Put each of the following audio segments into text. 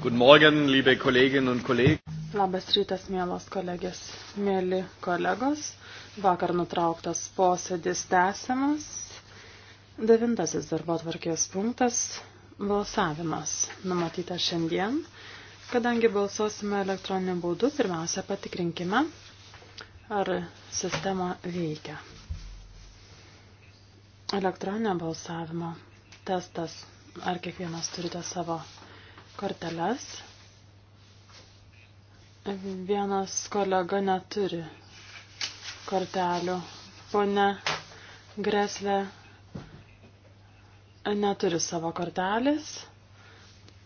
Guten Morgen, liebe Kolleginnen und Kollegen. Labas rytas, mielos kolegės, mėly kolegos. Vakar nutrauktas posėdis tęsiamas. Devintasis darbo tvarkės punktas - balsavimas, numatytas šiandien. Kadangi balsuosime elektroniniu būdu, pirmiausia patikrinkime, ar sistema veikia. Elektroninio balsavimo testas, ar kiekvienas turite savo korteles. Vienas kolega neturi kortelių. Pone Greslė neturi savo kortelės.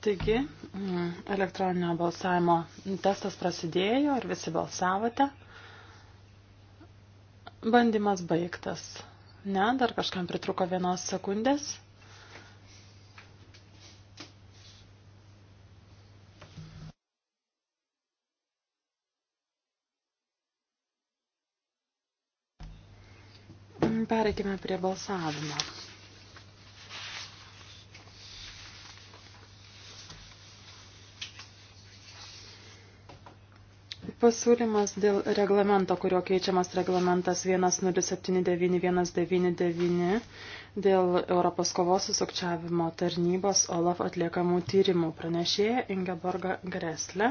Taigi, mm, elektroninio balsavimo testas prasidėjo, ar visi balsavote? Bandymas baigtas. Ne, dar kažkam pritruko vienos sekundės. pereikime prie balsavimo. Pasiūlymas dėl reglamento, kurio keičiamas reglamentas 1079-199 dėl Europos kovos susukčiavimo tarnybos OLAF atliekamų tyrimų pranešėja Ingeborga Greslė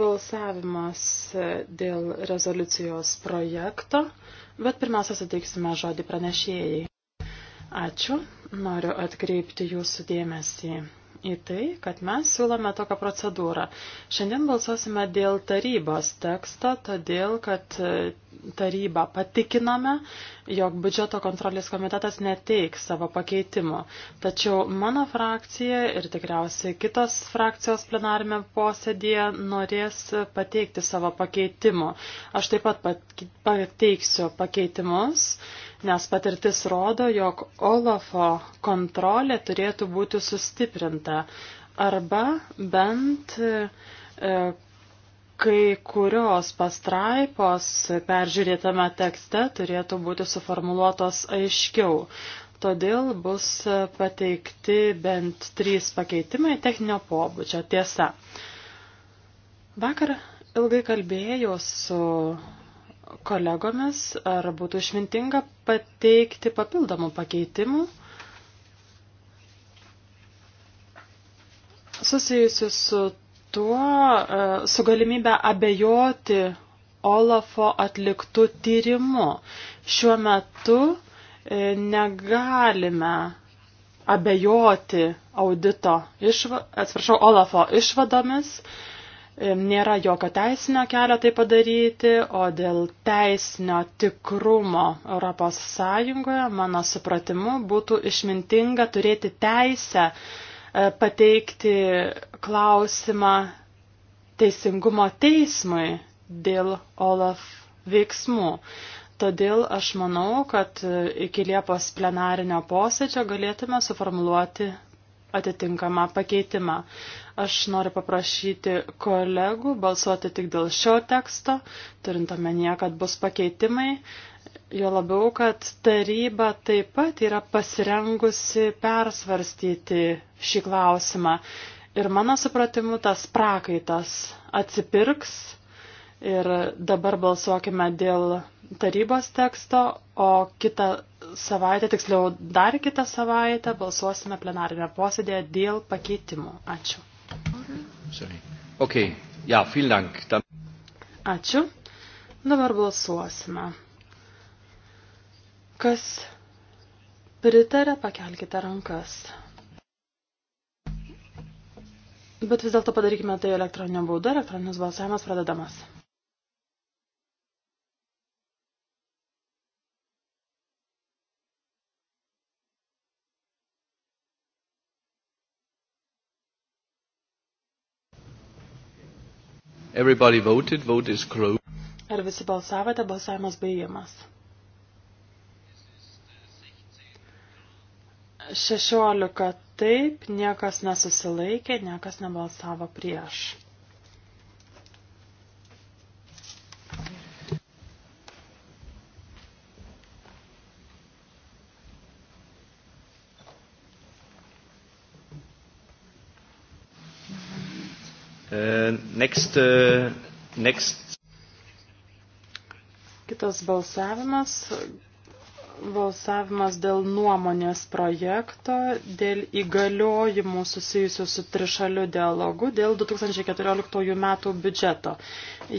balsavimas dėl rezoliucijos projekto, bet pirmiausia suteiksime žodį pranešėjai. Ačiū. Noriu atkreipti jūsų dėmesį į tai, kad mes siūlome tokią procedūrą. Šiandien balsuosime dėl tarybos teksto, todėl kad e, tarybą patikiname, jog biudžeto kontrolės komitetas neteiks savo pakeitimo. Tačiau mano frakcija ir tikriausiai kitos frakcijos plenarime posėdėje norės pateikti savo pakeitimo. Aš taip pat pateiksiu pakeitimus nes patirtis rodo, jog Olafo kontrolė turėtų būti sustiprinta arba bent e, kai kurios pastraipos peržiūrėtame tekste turėtų būti suformuluotos aiškiau. Todėl bus pateikti bent trys pakeitimai techninio pobūdžio. Tiesa. Vakar ilgai kalbėjau su kolegomis, ar būtų išmintinga pateikti papildomų pakeitimų susijusių su tuo, e, su galimybė abejoti Olafo atliktų tyrimu. Šiuo metu e, negalime abejoti audito, išva, atsiprašau, Olafo išvadomis, nėra jokio teisinio kelio tai padaryti, o dėl teisinio tikrumo Europos Sąjungoje, mano supratimu, būtų išmintinga turėti teisę e, pateikti klausimą teisingumo teismui dėl Olaf veiksmų. Todėl aš manau, kad e, iki Liepos plenarinio posėdžio galėtume suformuluoti atitinkamą pakeitimą. Aš noriu paprašyti kolegų balsuoti tik dėl šio teksto, turint omenyje, kad bus pakeitimai. Jo labiau, kad taryba taip pat yra pasirengusi persvarstyti šį klausimą. Ir mano supratimu, tas prakaitas atsipirks. Ir dabar balsuokime dėl tarybos teksto, o kitą savaitę, tiksliau dar kitą savaitę balsuosime plenarinėme posėdėje dėl pakeitimų. Ačiū. Okay. Ja, Dank. Dann... Ačiū. Dabar balsuosime. Kas pritarė, pakelkite rankas. Bet vis dėlto padarykime tai elektroninio būdu, elektroninis balsavimas pradedamas. Everybody voted, vote is closed. Ar visi balsavote, balsavimas baigiamas. 16 taip, niekas nesusilaikė, niekas nebalsavo prieš. Uh, next, uh, next. Kitas balsavimas. Balsavimas dėl nuomonės projekto, dėl įgaliojimų susijusių su trišaliu dialogu, dėl 2014 metų biudžeto.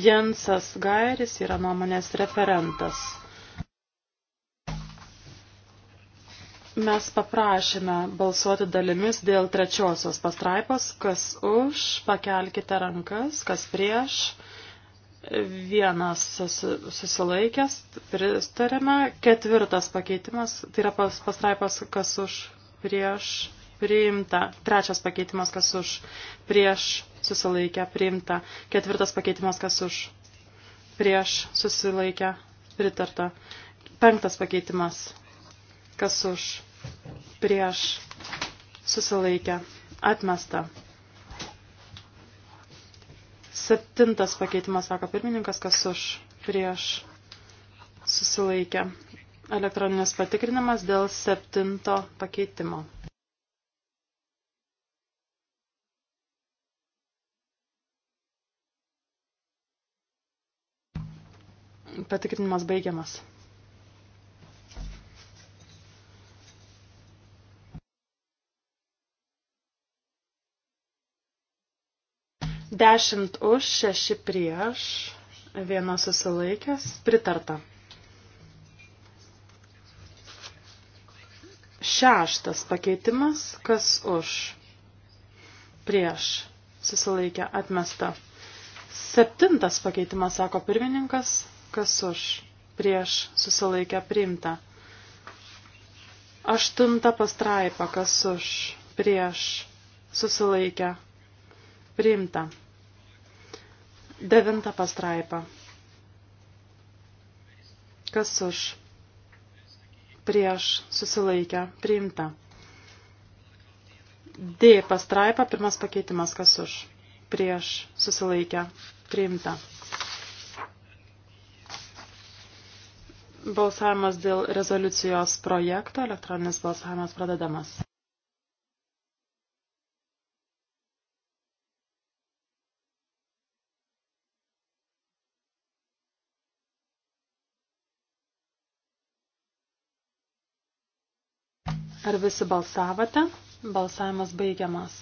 Jensas Gairis yra nuomonės referentas. Mes paprašėme balsuoti dalimis dėl trečiosios pastraipos, kas už, pakelkite rankas, kas prieš, vienas susilaikęs, pristarėme, ketvirtas pakeitimas, tai yra pas, pastraipos, kas už, prieš, priimta, trečias pakeitimas, kas už, prieš, susilaikę, priimta, ketvirtas pakeitimas, kas už, prieš, susilaikę, pritarta, penktas pakeitimas, kas už, prieš, susilaikę, atmesta. Septintas pakeitimas, sako pirmininkas, kas už, prieš, susilaikę. Elektroninis patikrinimas dėl septinto pakeitimo. Patikrinimas baigiamas. 10 už, 6 prieš, vienas susilaikęs, pritarta. Šeštas pakeitimas, kas už, prieš, susilaikę, atmesta. Septintas pakeitimas, sako pirmininkas, kas už, prieš, susilaikę, priimta. Aštunta pastraipa, kas už, prieš, susilaikę, priimta. Devinta pastraipa. Kas už? Prieš susilaikę priimta. D pastraipa, pirmas pakeitimas, kas už? Prieš susilaikę priimta. Balsavimas dėl rezoliucijos projekto, elektroninis balsavimas pradedamas. Ar visi balsavote? Balsavimas baigiamas.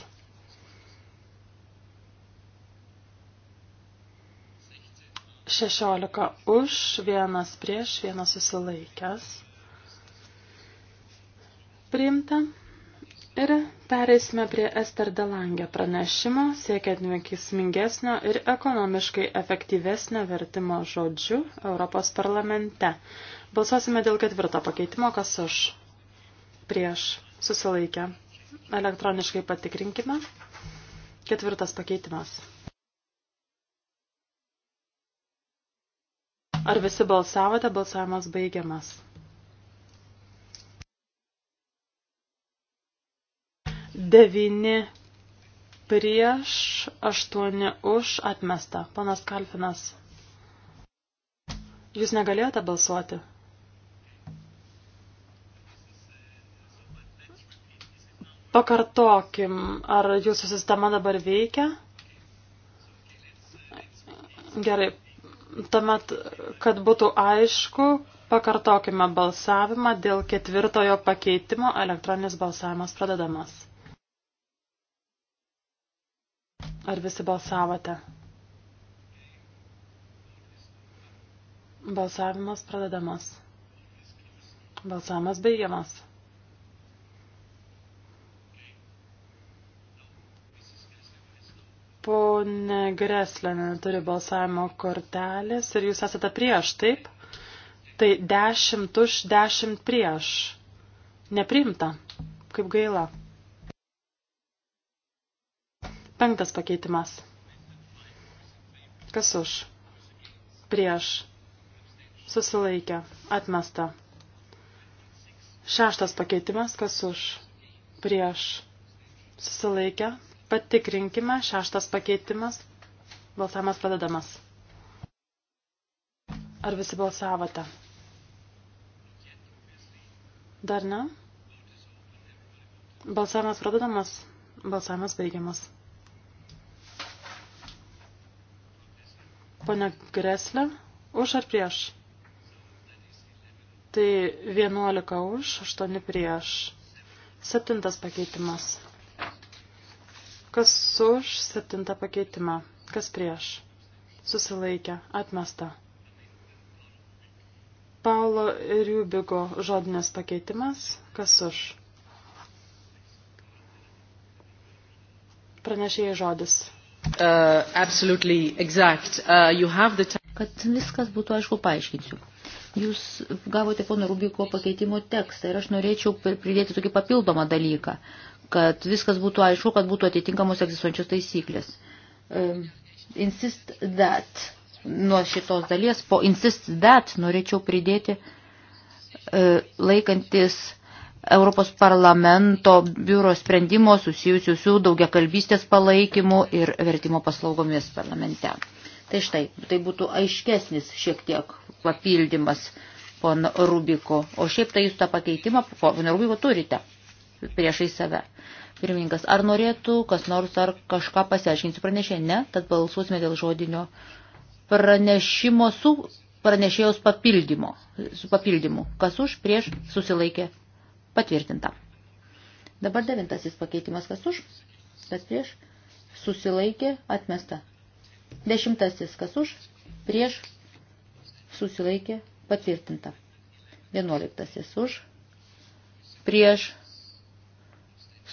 Šešiolika už, vienas prieš, vienas susilaikęs. Priimta. Ir pereisime prie Ester Delangė pranešimo, siekiant veiksmingesnio ir ekonomiškai efektyvesnio vertimo žodžių Europos parlamente. Balsuosime dėl ketvirto pakeitimo, kas už prieš susilaikę. Elektroniškai patikrinkime. Ketvirtas pakeitimas. Ar visi balsavote? Balsavimas baigiamas. Devini prieš, aštuoni už atmesta. Panas Kalfinas. Jūs negalėjote balsuoti? Pakartokim, ar jūsų sistema dabar veikia? Gerai, tuomet, kad būtų aišku, pakartokime balsavimą dėl ketvirtojo pakeitimo elektroninis balsavimas pradedamas. Ar visi balsavote? Balsavimas pradedamas. Balsavimas baigiamas. Pone Greslė neturi balsavimo kortelės ir jūs esate prieš, taip? Tai 10 už 10 prieš. Neprimta. Kaip gaila. Penktas pakeitimas. Kas už? Prieš. Susilaikė. Atmesta. Šeštas pakeitimas. Kas už? Prieš. Susilaikė. Patikrinkime, šeštas pakeitimas, balsavimas pradedamas. Ar visi balsavote? Dar ne? Balsavimas pradedamas, balsavimas baigiamas. Pone Greslė, už ar prieš? Tai 11 už, 8 prieš. Septintas pakeitimas. Kas už septintą pakeitimą? Kas prieš? Susilaikė. Atmesta. Paulo Riubigo žodinės pakeitimas. Kas už? Pranešėjai žodis. Uh, absolutely exact. Uh, you have the kad viskas būtų aišku paaiškinsiu. Jūs gavote pono Rubiko pakeitimo tekstą ir aš norėčiau pridėti tokį papildomą dalyką. Uh, kad viskas būtų aišku, kad būtų atitinkamos egzistuojančios taisyklės. Um, insist that. Nuo šitos dalies po insist that norėčiau pridėti uh, laikantis Europos parlamento biuro sprendimo susijusių su daugiakalbystės palaikymu ir vertimo paslaugomis parlamente. Tai štai, tai būtų aiškesnis šiek tiek papildymas pon Rubiko. O šiaip tai jūs tą pakeitimą pon Rubiko turite priešai save. Pirmininkas, ar norėtų kas nors ar kažką pasiaiškinti pranešė? Ne, tad balsuosime dėl žodinio pranešimo su pranešėjos papildymo, su papildymu. Kas už, prieš, susilaikė, patvirtinta. Dabar devintasis pakeitimas, kas už, kas prieš, susilaikė, atmesta. Dešimtasis, kas už, prieš, susilaikė, patvirtinta. Vienuoliktasis už, prieš,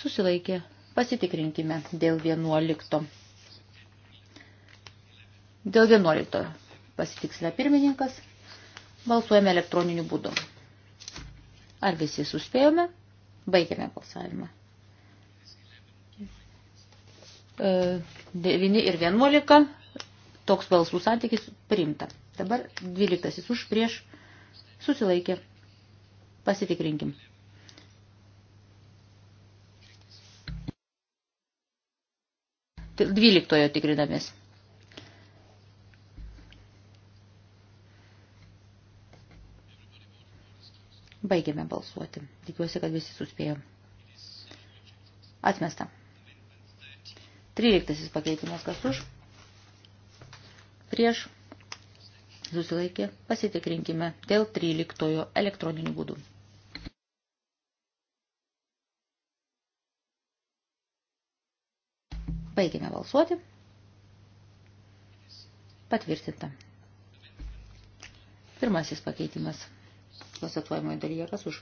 susilaikė. Pasitikrinkime dėl 11. Dėl 11 pasitikslina pirmininkas. Balsuojame elektroniniu būdu. Ar visi suspėjome? Baigiame balsavimą. 9 e, ir 11. Toks balsų santykis priimta. Dabar 12 už prieš susilaikė. Pasitikrinkim. 12 tikrinamės. Baigėme balsuoti. Tikiuosi, kad visi suspėjo. Atmesta. 13 pakeitimas kas už. Prieš. Susilaikė. Pasitikrinkime dėl 13 elektroninių būdų. Baigėme balsuoti. Patvirtinta. Pirmasis pakeitimas. Konstatuojamoje dalyje kas už.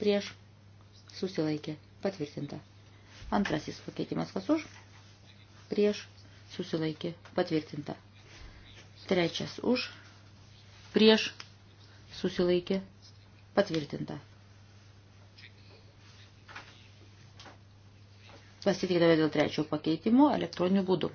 Prieš. Susilaikė. Patvirtinta. Antrasis pakeitimas kas už. Prieš. Susilaikė. Patvirtinta. Trečias už. Prieš. Susilaikė. Patvirtinta. Pasitikriname dėl trečio pakeitimo elektroniniu būdu.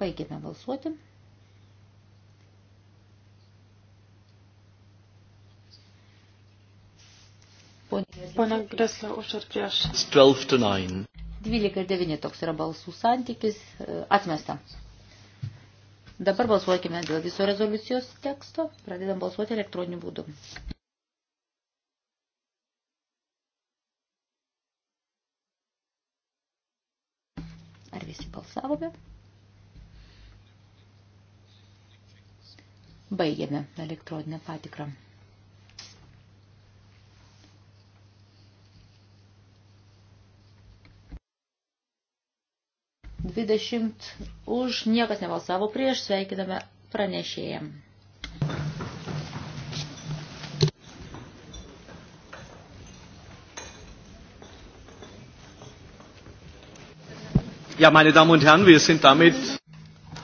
Baigėme balsuoti. Pone Gresle, už ar prieš? 12 to 9. 12 ir 9 toks yra balsų santykis. E, atmesta. Dabar balsuokime dėl viso rezoliucijos teksto. Pradedam balsuoti elektroniniu būdu. Ar visi balsavome? Baigėme elektroninę patikrą. 20 už, niekas nebalsavo prieš, sveikiname pranešėjam. Ja, meine Damen und Herren, wir sind damit.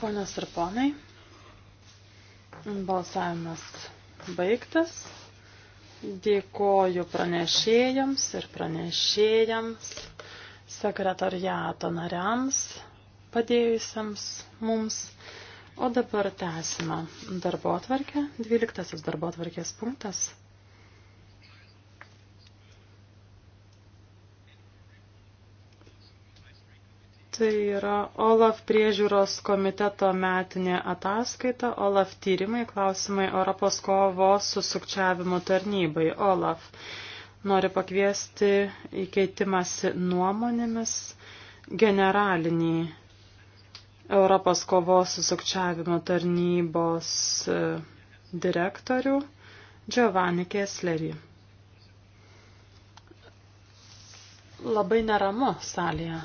Ponas ir ponai, balsavimas baigtas. Dėkoju pranešėjams ir pranešėjams, sekretariato nariams padėjusiems mums. O dabar tęsime darbo atvarkę, 12 darbo atvarkės punktas. Tai yra OLAF priežiūros komiteto metinė ataskaita, OLAF tyrimai, klausimai Europos kovos su sukčiavimu tarnybai. OLAF nori pakviesti į keitimąsi nuomonėmis generalinį Europos kovos su sukčiavimo tarnybos e, direktorių Giovanni Kesslerį. Labai neramu salėje.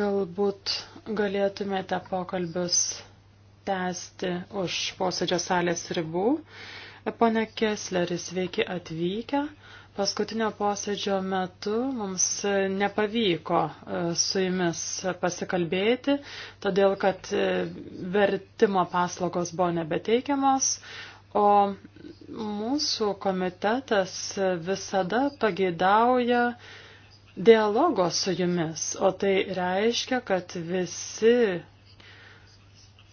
Galbūt galėtumėte pokalbius tęsti už posėdžio salės ribų. Pone Kessleris, sveiki atvykę. Paskutinio posėdžio metu mums nepavyko e, su jumis pasikalbėti, todėl kad e, vertimo paslaugos buvo nebeteikiamos, o mūsų komitetas visada pageidauja dialogo su jumis, o tai reiškia, kad visi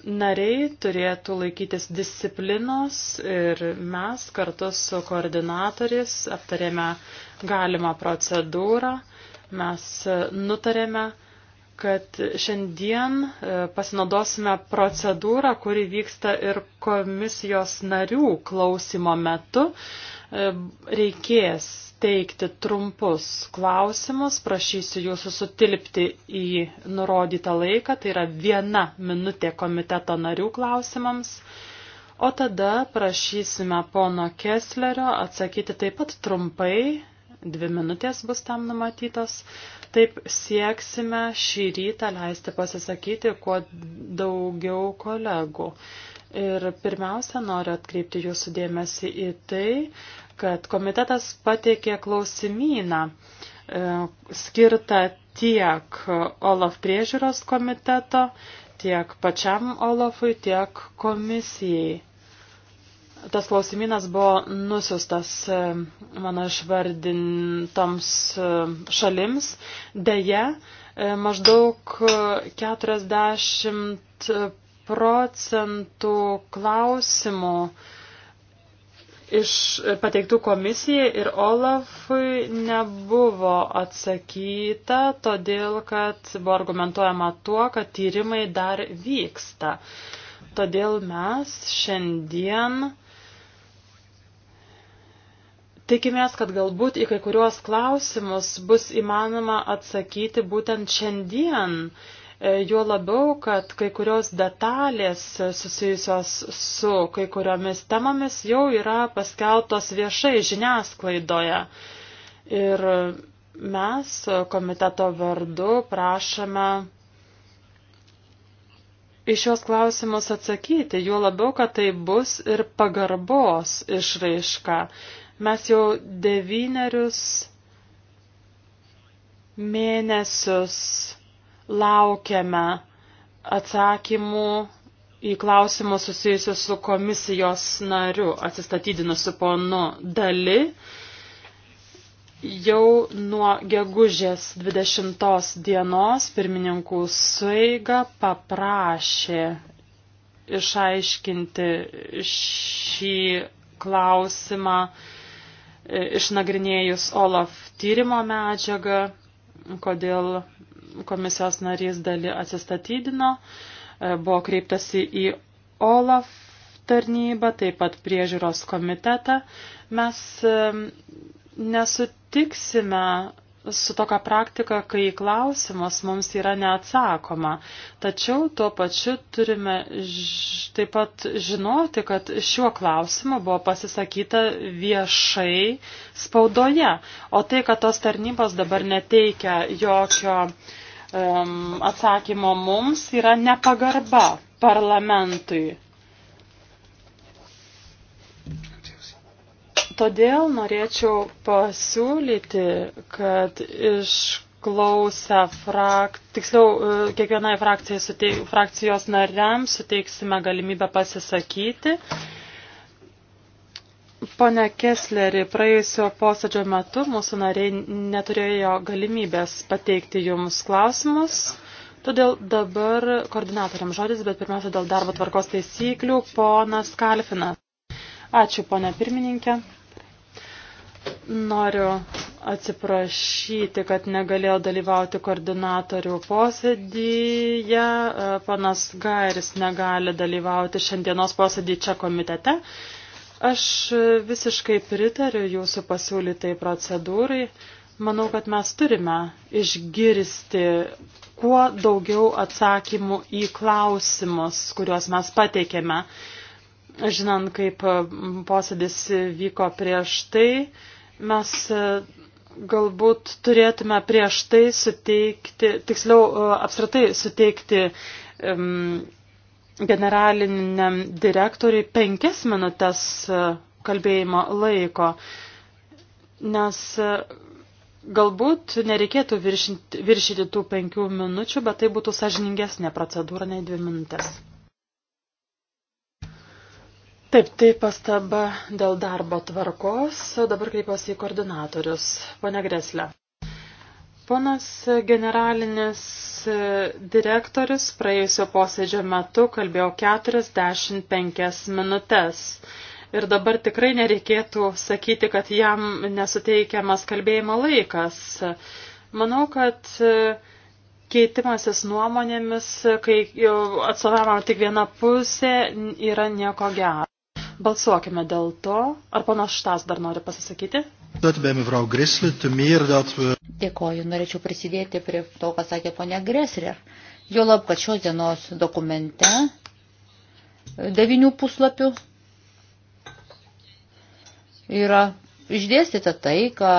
nariai turėtų laikytis disciplinos ir mes kartu su koordinatoriais aptarėme galimą procedūrą. Mes e, nutarėme, kad šiandien e, pasinaudosime procedūrą, kuri vyksta ir komisijos narių klausimo metu reikės teikti trumpus klausimus, prašysiu jūsų sutilpti į nurodytą laiką, tai yra viena minutė komiteto narių klausimams, o tada prašysime pono Kesslerio atsakyti taip pat trumpai, dvi minutės bus tam numatytos, taip sieksime šį rytą leisti pasisakyti kuo daugiau kolegų. Ir pirmiausia, noriu atkreipti jūsų dėmesį į tai, kad komitetas pateikė klausimyną e, skirtą tiek OLAF priežiūros komiteto, tiek pačiam OLAFui, tiek komisijai. Tas klausimynas buvo nusiustas e, mano išvardintoms e, šalims. Deja, maždaug 40 procentų klausimų iš pateiktų komisijai ir Olafui nebuvo atsakyta, todėl kad buvo argumentuojama tuo, kad tyrimai dar vyksta. Todėl mes šiandien Tikimės, kad galbūt į kai kuriuos klausimus bus įmanoma atsakyti būtent šiandien, E, juo labiau, kad kai kurios detalės susijusios su kai kuriomis temomis jau yra paskeltos viešai žiniasklaidoje. Ir mes komiteto vardu prašome į šios klausimus atsakyti, juo labiau, kad tai bus ir pagarbos išraiška. Mes jau devynerius mėnesius laukiame atsakymų į klausimus susijusius su komisijos nariu atsistatydinusiu ponu Dali. Jau nuo gegužės 20 dienos pirmininkų suiga paprašė išaiškinti šį klausimą, išnagrinėjus Olaf tyrimo medžiagą, kodėl komisijos narys dalį atsistatydino, e, buvo kreiptasi į OLAF tarnybą, taip pat priežiūros komitetą. Mes e, nesutiksime su tokia praktika, kai klausimas mums yra neatsakoma. Tačiau tuo pačiu turime ž... taip pat žinoti, kad šiuo klausimu buvo pasisakyta viešai spaudoje. O tai, kad tos tarnybos dabar neteikia jokio uh, um, atsakymo mums yra nepagarba parlamentui. Todėl norėčiau pasiūlyti, kad išklausę frak... tiksliau e, kiekvienai frakcijai suteik... frakcijos nariams suteiksime galimybę pasisakyti. Uh, Pone Kesleri, praėjusio posėdžio metu mūsų nariai neturėjo galimybės pateikti jums klausimus, todėl dabar koordinatoriam žodis, bet pirmiausia dėl darbo tvarkos taisyklių, ponas Kalfinas. Ačiū, ponė pirmininkė. Noriu atsiprašyti, kad negalėjau dalyvauti koordinatorių posėdyje. Panas Gairis negali dalyvauti šiandienos posėdį čia komitete. Aš visiškai pritariu jūsų pasiūlytai procedūrai. Manau, kad mes turime išgirsti kuo daugiau atsakymų į klausimus, kuriuos mes pateikėme. Žinant, kaip posėdis vyko prieš tai, mes e, galbūt turėtume prieš tai suteikti, tiksliau e, apskritai suteikti um, generaliniam direktoriui penkias minutės e, kalbėjimo laiko, nes e, galbūt nereikėtų viršinti, viršyti tų penkių minučių, bet tai būtų sažiningesnė procedūra nei dvi minutės. Taip, tai pastaba dėl darbo tvarkos. Dabar kreipiuosi į koordinatorius. Pone Greslė. Ponas generalinis direktorius praėjusio posėdžio metu kalbėjo 45 minutės. Ir dabar tikrai nereikėtų sakyti, kad jam nesuteikiamas kalbėjimo laikas. Manau, kad keitimasis nuomonėmis, kai atsovavama tik viena pusė, yra nieko gero. Balsuokime dėl to. Ar panas Štas dar nori pasisakyti? Dėkoju, norėčiau prisidėti prie to, ką sakė ponia Gresler. Jo lab, kad šios dienos dokumente e, devinių puslapių yra išdėstyta tai, ką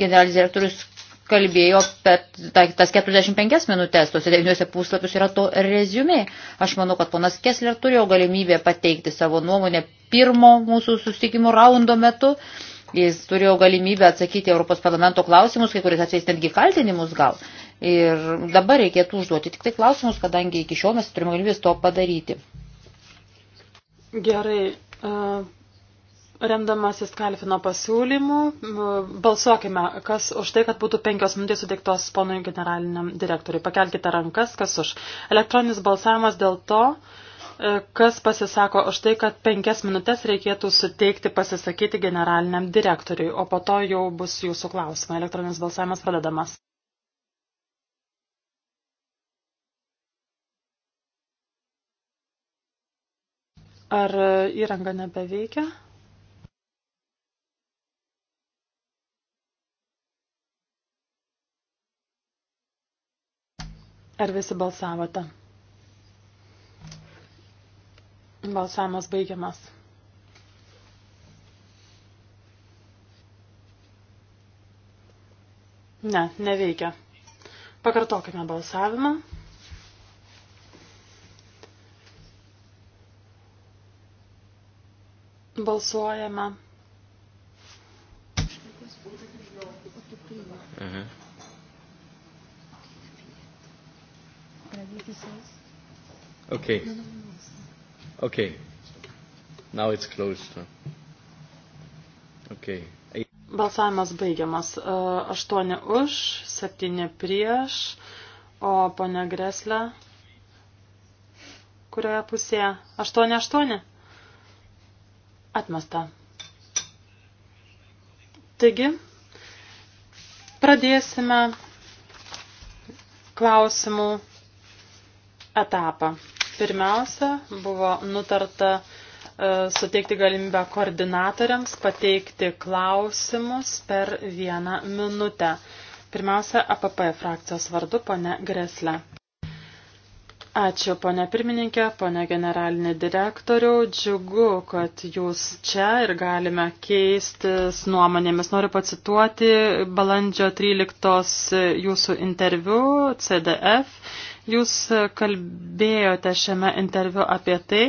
generalinis direktorius kalbėjo per tas 45 minutės, tuose devyniuose puslapius yra to rezumė. Aš manau, kad ponas Kessler turėjo galimybę pateikti savo nuomonę pirmo mūsų susitikimų raundo metu Jis turėjo galimybę atsakyti Europos parlamento klausimus, kai kuriais atvejais netgi kaltinimus gal. Ir dabar reikėtų užduoti tik tai klausimus, kadangi iki šiol mes turime galimybės to padaryti. Gerai. Remdamasis Kalfino pasiūlymų, balsuokime, kas už tai, kad būtų penkios minutės suteiktos ponui generaliniam direktoriui. Pakelkite rankas, kas už. Elektroninis balsavimas dėl to, kas pasisako už tai, kad penkias minutės reikėtų suteikti pasisakyti generaliniam direktoriui, o po to jau bus jūsų klausimai. Elektroninis balsavimas pradedamas. Ar įranga nebeveikia? Ar visi balsavote? Balsavimas baigiamas. Ne, neveikia. Pakartokime balsavimą. Balsuojame. Mhm. Okay. Okay. Now it's closed. Okay. Balsavimas baigiamas. 8 e, už, 7 prieš, o ponia Greslė. Kurioje pusėje? 8, 8. Atmesta. Taigi, pradėsime klausimų etapą. Pirmiausia, buvo nutarta e, suteikti galimybę koordinatoriams pateikti klausimus per vieną minutę. Pirmiausia, APP frakcijos vardu pone Greslė. Ačiū, ponė pirmininkė, ponė generalinė direktoriau. Džiugu, kad jūs čia ir galime keistis nuomonėmis. Noriu pacituoti balandžio 13 jūsų interviu CDF Jūs e, kalbėjote šiame interviu apie tai,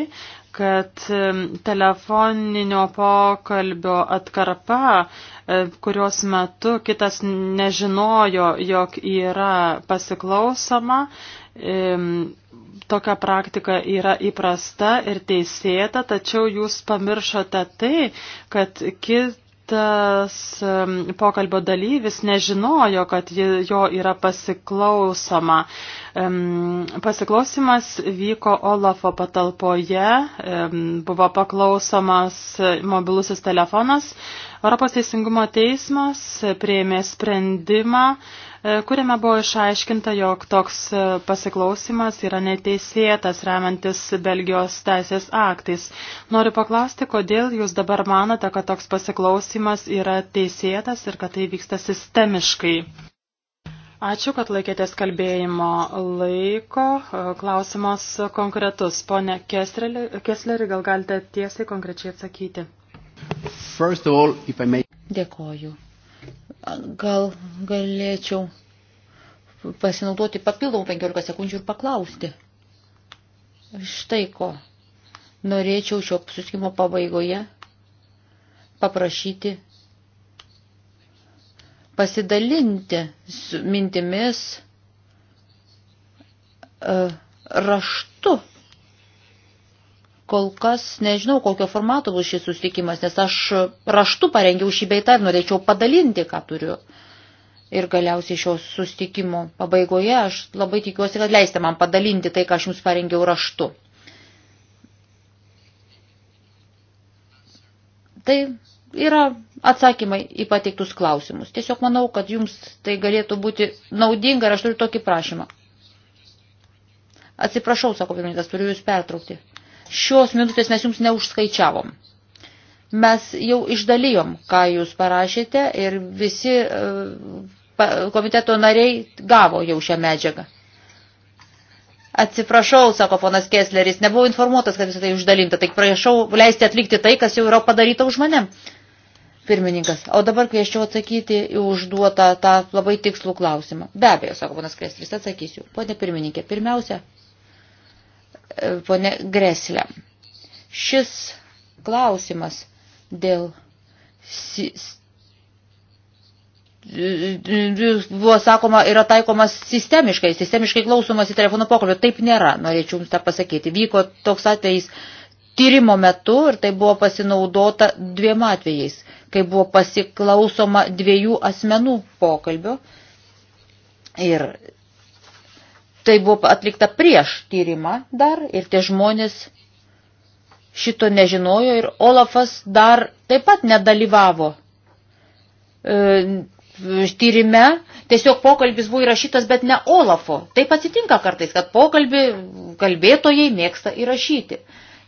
kad e, telefoninio pokalbio atkarpa, e, kurios metu kitas nežinojo, jog yra pasiklausoma, tokia praktika yra įprasta ir teisėta, tačiau jūs pamiršote tai, kad kit tas pokalbio dalyvis nežinojo, kad jo yra pasiklausoma. Pasiklausimas vyko Olafo patalpoje, buvo paklausomas mobilusis telefonas, Europos teisingumo teismas prieimė sprendimą, e, kuriame buvo išaiškinta, jog toks e, pasiklausimas yra neteisėtas remiantis Belgijos teisės aktais. Noriu paklausti, kodėl jūs dabar manote, kad toks pasiklausimas yra teisėtas ir kad tai vyksta sistemiškai. Ačiū, kad laikėtės kalbėjimo laiko. E, klausimas konkretus. Pone Kesleri, gal galite tiesiai konkrečiai atsakyti? All, may... Dėkoju. Gal galėčiau pasinaudoti papildomų 15 sekundžių ir paklausti. Štai ko. Norėčiau šio susikimo pabaigoje paprašyti pasidalinti mintimis e, raštu Kol kas nežinau, kokio formato bus šis susitikimas, nes aš raštu parengiau šį beitą ir norėčiau padalinti, ką turiu. Ir galiausiai šios sustikimo pabaigoje aš labai tikiuosi, kad leisite man padalinti tai, ką aš jums parengiau raštu. Tai yra atsakymai į pateiktus klausimus. Tiesiog manau, kad jums tai galėtų būti naudinga ir aš turiu tokį prašymą. Atsiprašau, sako pirmininkas, turiu jūs pertraukti šios minutės mes jums neužskaičiavom. Mes jau išdalijom, ką jūs parašėte ir visi e, komiteto nariai gavo jau šią medžiagą. Atsiprašau, sako ponas Kessleris, nebuvau informuotas, kad visą tai uždalinta, tai prašau leisti atlikti tai, kas jau yra padaryta už mane. Pirmininkas, o dabar kvieščiau atsakyti į užduotą tą labai tikslų klausimą. Be abejo, sako ponas Kessleris, atsakysiu. Pone pirmininkė, pirmiausia, ponė Greslė. Šis klausimas dėl buvo sakoma, yra taikomas sistemiškai, sistemiškai klausomas į telefono pokalbį. Taip nėra, norėčiau jums tą pasakyti. Vyko toks atvejis tyrimo metu ir tai buvo pasinaudota dviem atvejais, kai buvo pasiklausoma dviejų asmenų pokalbio. Ir tai buvo atlikta prieš tyrimą dar ir tie žmonės šito nežinojo ir Olafas dar taip pat nedalyvavo e, tyrime. Tiesiog pokalbis buvo įrašytas, bet ne Olafo. Taip atsitinka kartais, kad pokalbį kalbėtojai mėgsta įrašyti.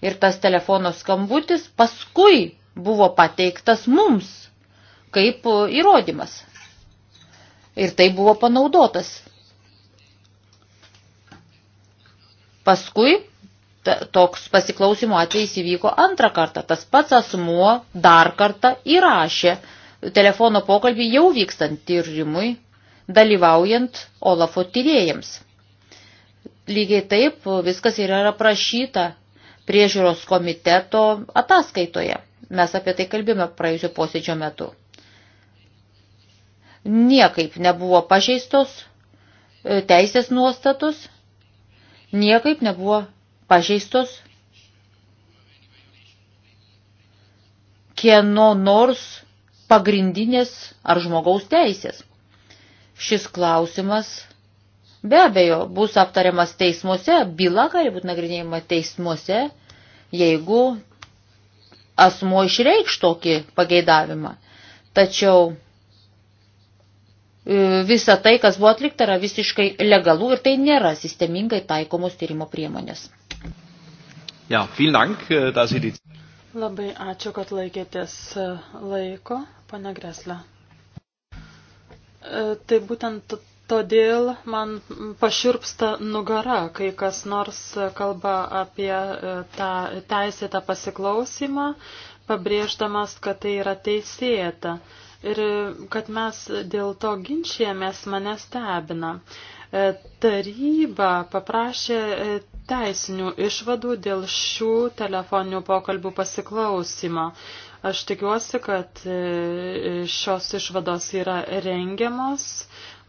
Ir tas telefono skambutis paskui buvo pateiktas mums kaip įrodymas. Ir tai buvo panaudotas Paskui toks pasiklausimo atvejis įvyko antrą kartą. Tas pats asmuo dar kartą įrašė telefono pokalbį jau vykstant tyrimui, dalyvaujant Olafo tyrėjams. Lygiai taip viskas yra aprašyta priežiūros komiteto ataskaitoje. Mes apie tai kalbėjome praėjusio posėdžio metu. Niekaip nebuvo pažeistos e, teisės nuostatus niekaip nebuvo pažeistos kieno nors pagrindinės ar žmogaus teisės. Šis klausimas be abejo bus aptariamas teismuose, byla gali būti nagrinėjama teismuose, jeigu asmo išreikš tokį pageidavimą. Tačiau E, visa tai, kas buvo atlikta, yra visiškai legalų ir tai nėra sistemingai taikomos tyrimo priemonės. Ja, dank, äh, die... Labai ačiū, kad laikėtės e, laiko, pana Gresla. E, tai būtent todėl man paširpsta nugara, kai kas nors kalba apie tą teisėtą pasiklausimą, pabrėždamas, kad tai yra teisėta ir kad mes dėl to ginčijamės mane stebina. E, taryba paprašė e, teisinių išvadų dėl šių telefoninių pokalbių pasiklausimo. Aš tikiuosi, kad e, šios išvados yra rengiamos.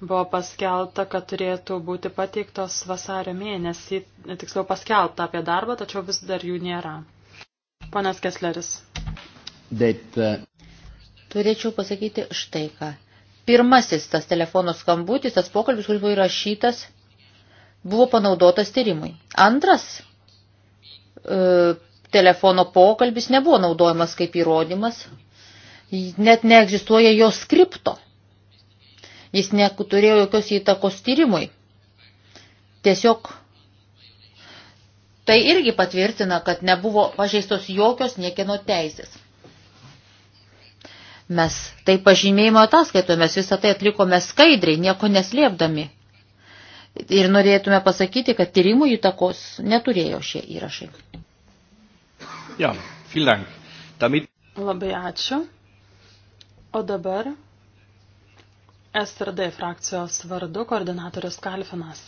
Buvo paskelta, kad turėtų būti pateiktos vasario mėnesį, tiksliau paskelta apie darbą, tačiau vis dar jų nėra. Ponas Kesleris. That, uh turėčiau pasakyti štai ką. Pirmasis tas telefono skambutis, tas pokalbis, kuris buvo įrašytas, buvo panaudotas tyrimui. Antras e, telefono pokalbis nebuvo naudojamas kaip įrodymas, net neegzistuoja jo skripto. Jis neturėjo jokios įtakos tyrimui. Tiesiog tai irgi patvirtina, kad nebuvo pažeistos jokios niekieno teisės. Mes tai pažymėjimo ataskaitoje, mes visą tai atlikome skaidriai, nieko neslėpdami. Ir norėtume pasakyti, kad tyrimų įtakos neturėjo šie įrašai. Ja, vielen Dank. Damit... Labai ačiū. O dabar SRD frakcijos vardu koordinatorius Kalfinas.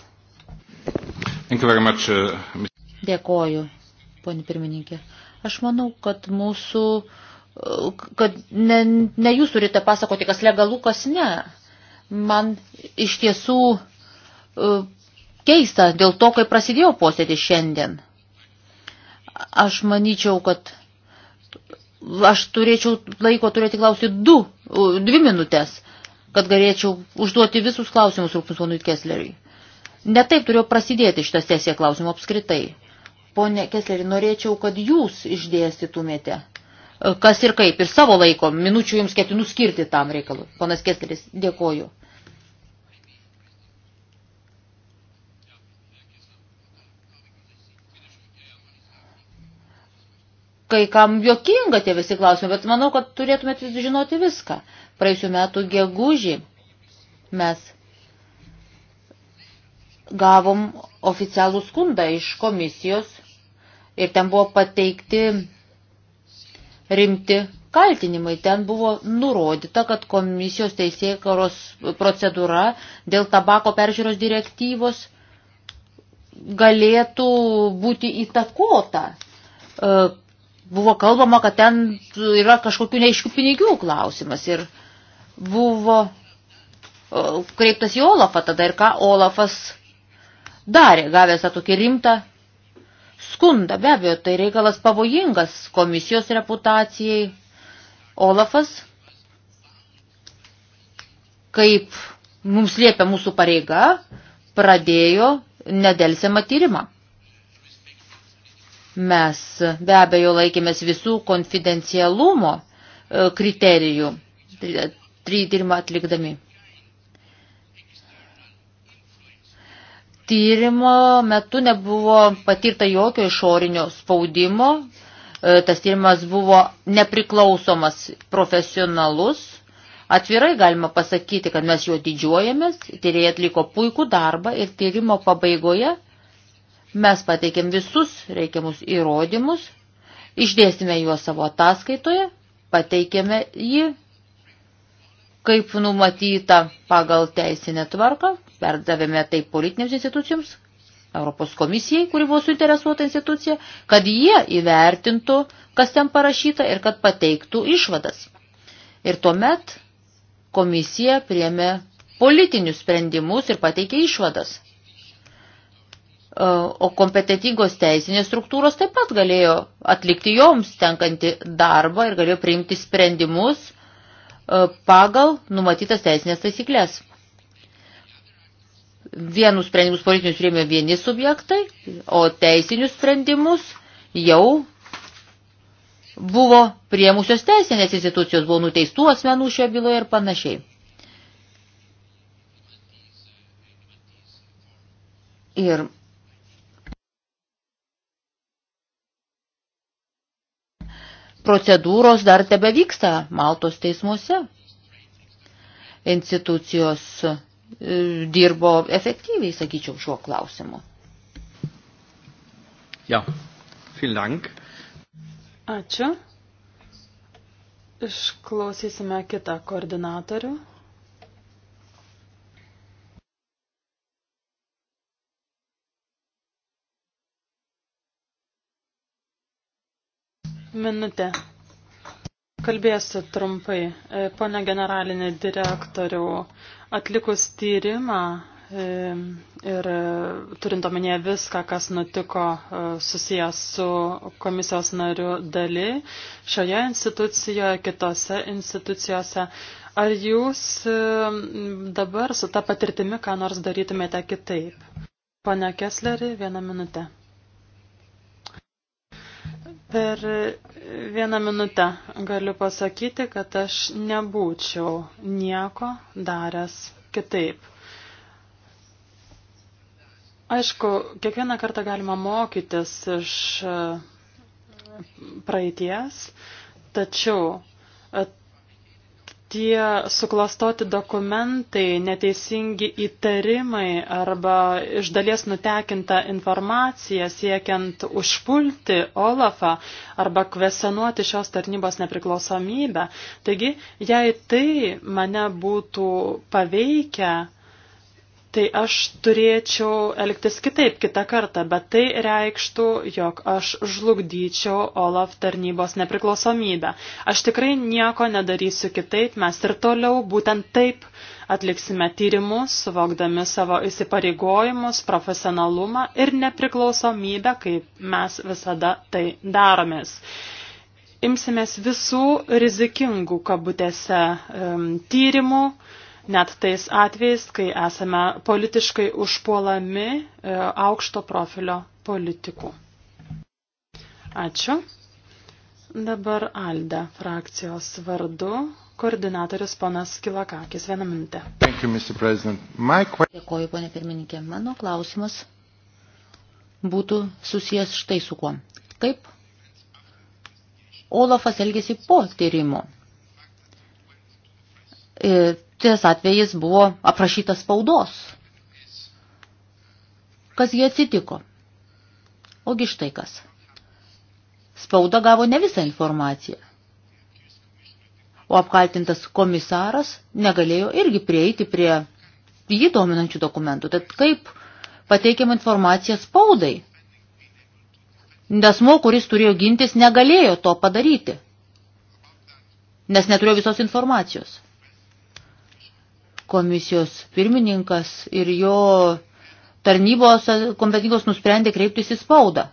Uh, Dėkoju, poni pirmininkė. Aš manau, kad mūsų uh, kad ne, ne jūs turite pasakoti, kas legalu, kas ne. Man iš tiesų e, keista dėl to, kai prasidėjo posėdis šiandien. Aš manyčiau, kad aš turėčiau laiko turėti klausyti du, dvi minutės, kad galėčiau užduoti visus klausimus rūpnus ponui Kesleriui. Netaip turėjo prasidėti šitą sesiją klausimų apskritai. Pone Kesleri, norėčiau, kad jūs išdėstytumėte uh, E, kas ir kaip. Ir savo laiko minučių jums ketinu skirti tam reikalui. Ponas Kestelis, dėkoju. Kai kam jokinga tie visi klausimai, bet manau, kad turėtumėt žinoti viską. Praėjusiu metu gegužį mes gavom oficialų skundą iš komisijos ir ten buvo pateikti rimti kaltinimai. Ten buvo nurodyta, kad komisijos teisėkaros procedūra dėl tabako peržiūros direktyvos galėtų būti įtakota. E, buvo kalbama, kad ten yra kažkokių neaiškių pinigų klausimas ir buvo e, kreiptas į Olafą tada ir ką Olafas darė, gavęs tą tokį rimtą skundą. Be abejo, tai reikalas pavojingas komisijos reputacijai. Olafas, kaip mums liepia mūsų pareiga, pradėjo nedelsiamą tyrimą. Mes be abejo laikėmės visų konfidencialumo e, kriterijų tyrimą atlikdami. tyrimo metu nebuvo patirta jokio išorinio spaudimo. E, tas tyrimas buvo nepriklausomas profesionalus. Atvirai galima pasakyti, kad mes juo didžiuojamės, tyrėjai atliko puikų darbą ir tyrimo pabaigoje mes pateikėm visus reikiamus įrodymus, išdėstėme juos savo ataskaitoje, pateikėme jį kaip numatyta pagal teisinę tvarką, perdavėme tai politinėms institucijoms, Europos komisijai, kuri buvo suinteresuota institucija, kad jie įvertintų, kas ten parašyta ir kad pateiktų išvadas. Ir tuomet komisija priemė politinius sprendimus ir pateikė išvadas. O kompetitingos teisinės struktūros taip pat galėjo atlikti joms tenkantį darbą ir galėjo priimti sprendimus E, pagal numatytas teisinės taisyklės. Vienus sprendimus politinius priėmė vieni subjektai, o teisinius sprendimus jau buvo priemusios teisinės institucijos, buvo nuteistų asmenų šioje byloje ir panašiai. Ir procedūros dar tebe vyksta Maltos teismuose. Institucijos e, dirbo efektyviai, sakyčiau, šiuo klausimu. Ja, vielen Dank. Ačiū. Išklausysime kitą koordinatorių. Minutė. Kalbėsiu trumpai. E, Pone generalinė direktoriau, atlikus tyrimą e, ir turint omenyje viską, kas nutiko e, susijęs su komisijos nariu dali, šioje institucijoje, kitose institucijose, ar jūs dabar su ta patirtimi ką nors darytumėte kitaip? Pane Kesleri, vieną minutę. Per vieną minutę galiu pasakyti, kad aš nebūčiau nieko daręs kitaip. Aišku, kiekvieną kartą galima mokytis iš e, praeities, tačiau e, tie suklastoti dokumentai, neteisingi įtarimai arba iš dalies nutekinta informacija siekiant užpulti Olafą arba kvesenuoti šios tarnybos nepriklausomybę. Taigi, jei tai mane būtų paveikę, tai aš turėčiau elgtis kitaip kitą kartą, bet tai reikštų, jog aš žlugdyčiau Olaf tarnybos nepriklausomybę. Aš tikrai nieko nedarysiu kitaip, mes ir toliau būtent taip atliksime tyrimus, suvokdami savo įsipareigojimus, profesionalumą ir nepriklausomybę, kaip mes visada tai daromės. Imsimės visų rizikingų kabutėse um, tyrimų, net tais atvejais, kai esame politiškai užpuolami e, aukšto profilio politikų. Ačiū. Dabar Alde frakcijos vardu koordinatorius ponas Kilakakis. Vieną minutę. Dėkoju, ponė pirmininkė. Mano klausimas būtų susijęs štai su kuo. Kaip Olafas elgėsi po tyrimo? E, ties atvejais buvo aprašytas spaudos. Kas jie atsitiko? Ogi štai kas. Spauda gavo ne visą informaciją. O apkaltintas komisaras negalėjo irgi prieiti prie jį dominančių dokumentų. Tad kaip pateikiam informaciją spaudai? Nesmo, kuris turėjo gintis, negalėjo to padaryti, nes neturėjo visos informacijos. Komisijos pirmininkas ir jo tarnybos kompetingos nusprendė kreiptis į spaudą.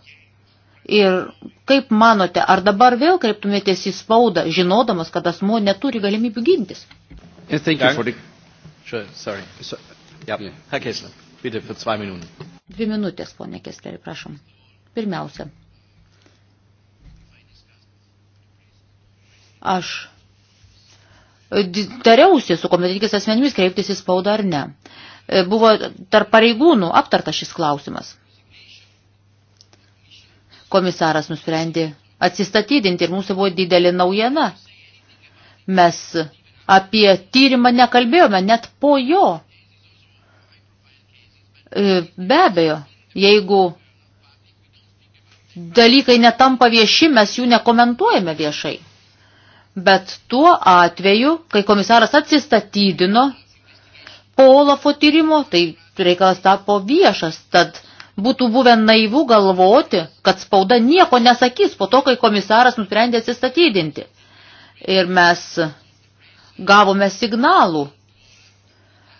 Ir kaip manote, ar dabar vėl kreiptumėtės į spaudą, žinodamas, kad asmo neturi galimybių gintis? Yes, thank you for the... Sure, sorry. So, yeah. Herr Kessler, bitte für zwei Minuten. Dvi minutės, ponė Kessleri, prašom. Pirmiausia. Aš tariausi su kompetentingais asmenimis kreiptis į spaudą ar ne. E, buvo tarp pareigūnų aptartas šis klausimas. Komisaras nusprendė atsistatydinti ir mūsų buvo didelė naujiena. Mes apie tyrimą nekalbėjome net po jo. E, be abejo, jeigu dalykai netampa vieši, mes jų nekomentuojame viešai. Bet tuo atveju, kai komisaras atsistatydino po Olafo tyrimo, tai reikalas tapo viešas, tad būtų buvę naivu galvoti, kad spauda nieko nesakys po to, kai komisaras nusprendė atsistatydinti. Ir mes gavome signalų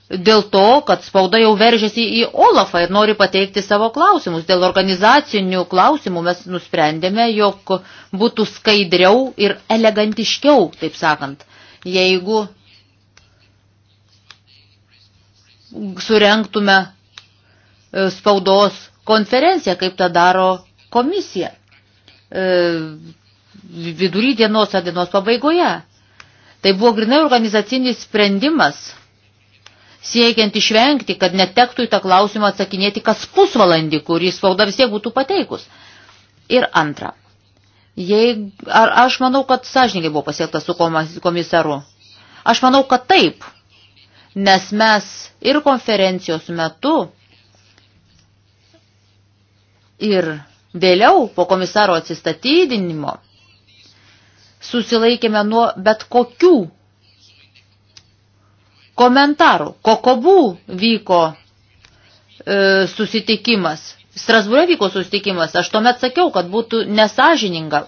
dėl to, kad spauda jau veržiasi į Olafą ir nori pateikti savo klausimus. Dėl organizacinių klausimų mes nusprendėme, jog būtų skaidriau ir elegantiškiau, taip sakant, jeigu surenktume e, spaudos konferenciją, kaip tą daro komisija e, vidury dienos ar dienos pabaigoje. Tai buvo grinai organizacinis sprendimas – siekiant išvengti, kad netektų į tą klausimą atsakinėti kas pusvalandį, kurį spauda vis tiek būtų pateikus. Ir antra, jei, ar aš manau, kad sąžininkai buvo pasiektas su komisaru? Aš manau, kad taip, nes mes ir konferencijos metu, ir vėliau po komisaro atsistatydinimo susilaikėme nuo bet kokių komentarų. Kokobų vyko e, susitikimas, Strasbūre vyko susitikimas, aš tuomet sakiau, kad būtų nesažininga,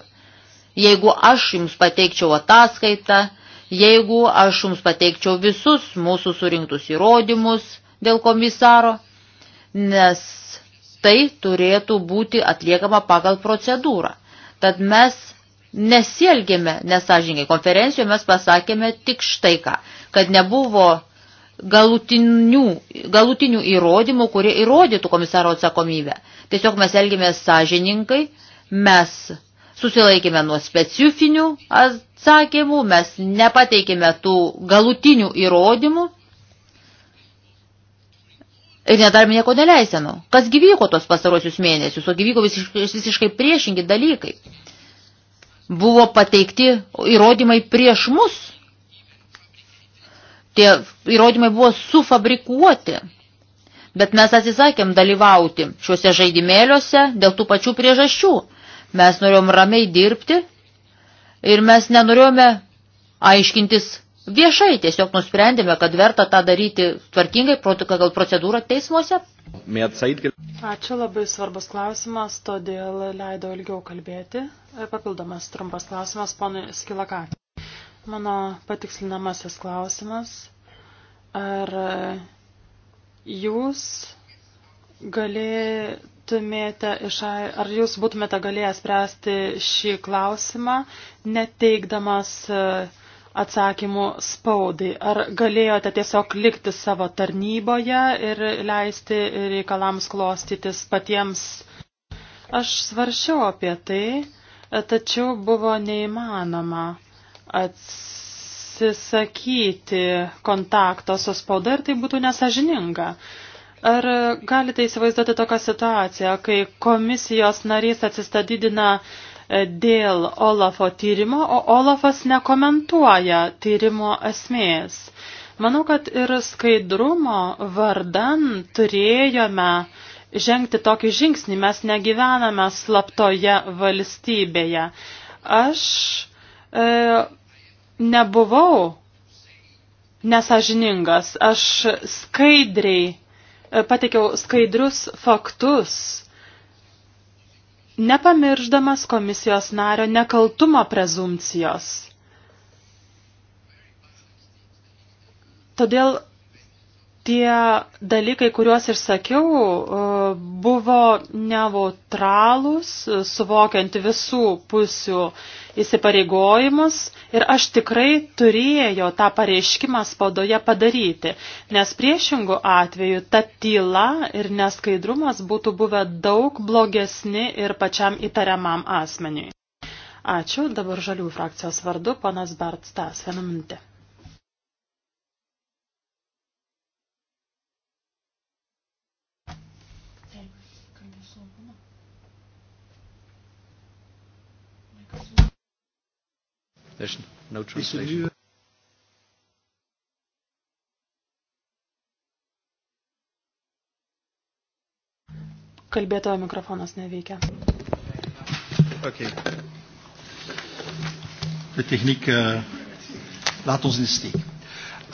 jeigu aš jums pateikčiau ataskaitą, jeigu aš jums pateikčiau visus mūsų surinktus įrodymus dėl komisaro, nes tai turėtų būti atliekama pagal procedūrą. Tad mes nesielgėme nesažingai. Konferencijoje mes pasakėme tik štai ką, kad nebuvo galutinių, galutinių įrodymų, kurie įrodytų komisaro atsakomybę. Tiesiog mes elgėmės sąžininkai, mes susilaikėme nuo specifinių atsakymų, mes nepateikėme tų galutinių įrodymų ir nedarėme nieko neleisenų. Kas gyvyko tos pastarosius mėnesius, o gyvyko visiškai, visiškai priešingi dalykai buvo pateikti įrodymai prieš mus. Tie įrodymai buvo sufabrikuoti. Bet mes atsisakėm dalyvauti šiuose žaidimėliuose dėl tų pačių priežasčių. Mes norėjom ramiai dirbti ir mes nenorėjome aiškintis viešai. Tiesiog nusprendėme, kad verta tą daryti tvarkingai, gal procedūrą teismuose Ačiū, labai svarbus klausimas, todėl leido ilgiau kalbėti. E, papildomas trumpas klausimas, ponai Skilaka. Mano patikslinamasis klausimas. Ar e, jūs galėtumėte, ar jūs būtumėte galėję spręsti šį klausimą, neteikdamas uh, atsakymų spaudai. Ar galėjote tiesiog likti savo tarnyboje ir leisti reikalams klostytis patiems? Aš svaršiau apie tai, tačiau buvo neįmanoma atsisakyti kontakto su spauda ir tai būtų nesažininga. Ar galite įsivaizduoti tokią situaciją, kai komisijos narys atsistadydina uh, dėl Olafo tyrimo, o Olafas nekomentuoja tyrimo esmės. Manau, kad ir skaidrumo vardan turėjome žengti tokį žingsnį. Mes negyvename slaptoje valstybėje. Aš e, nebuvau nesažiningas. Aš skaidriai e, pateikiau skaidrius faktus nepamirždamas komisijos nario nekaltumo prezumcijos. Todėl tie dalykai, kuriuos išsakiau, e, buvo neutralūs, e, suvokiant visų pusių įsipareigojimus ir aš tikrai turėjau tą pareiškimą spaudoje padaryti, nes priešingų atveju ta tyla ir neskaidrumas būtų buvę daug blogesni ir pačiam įtariamam asmeniui. Ačiū, dabar žalių frakcijos vardu, ponas Bartstas, vieną minutę. There's no translation. Kalbėtojo mikrofonas neveikia. Okay. De techniek uh, laat ons in de steek.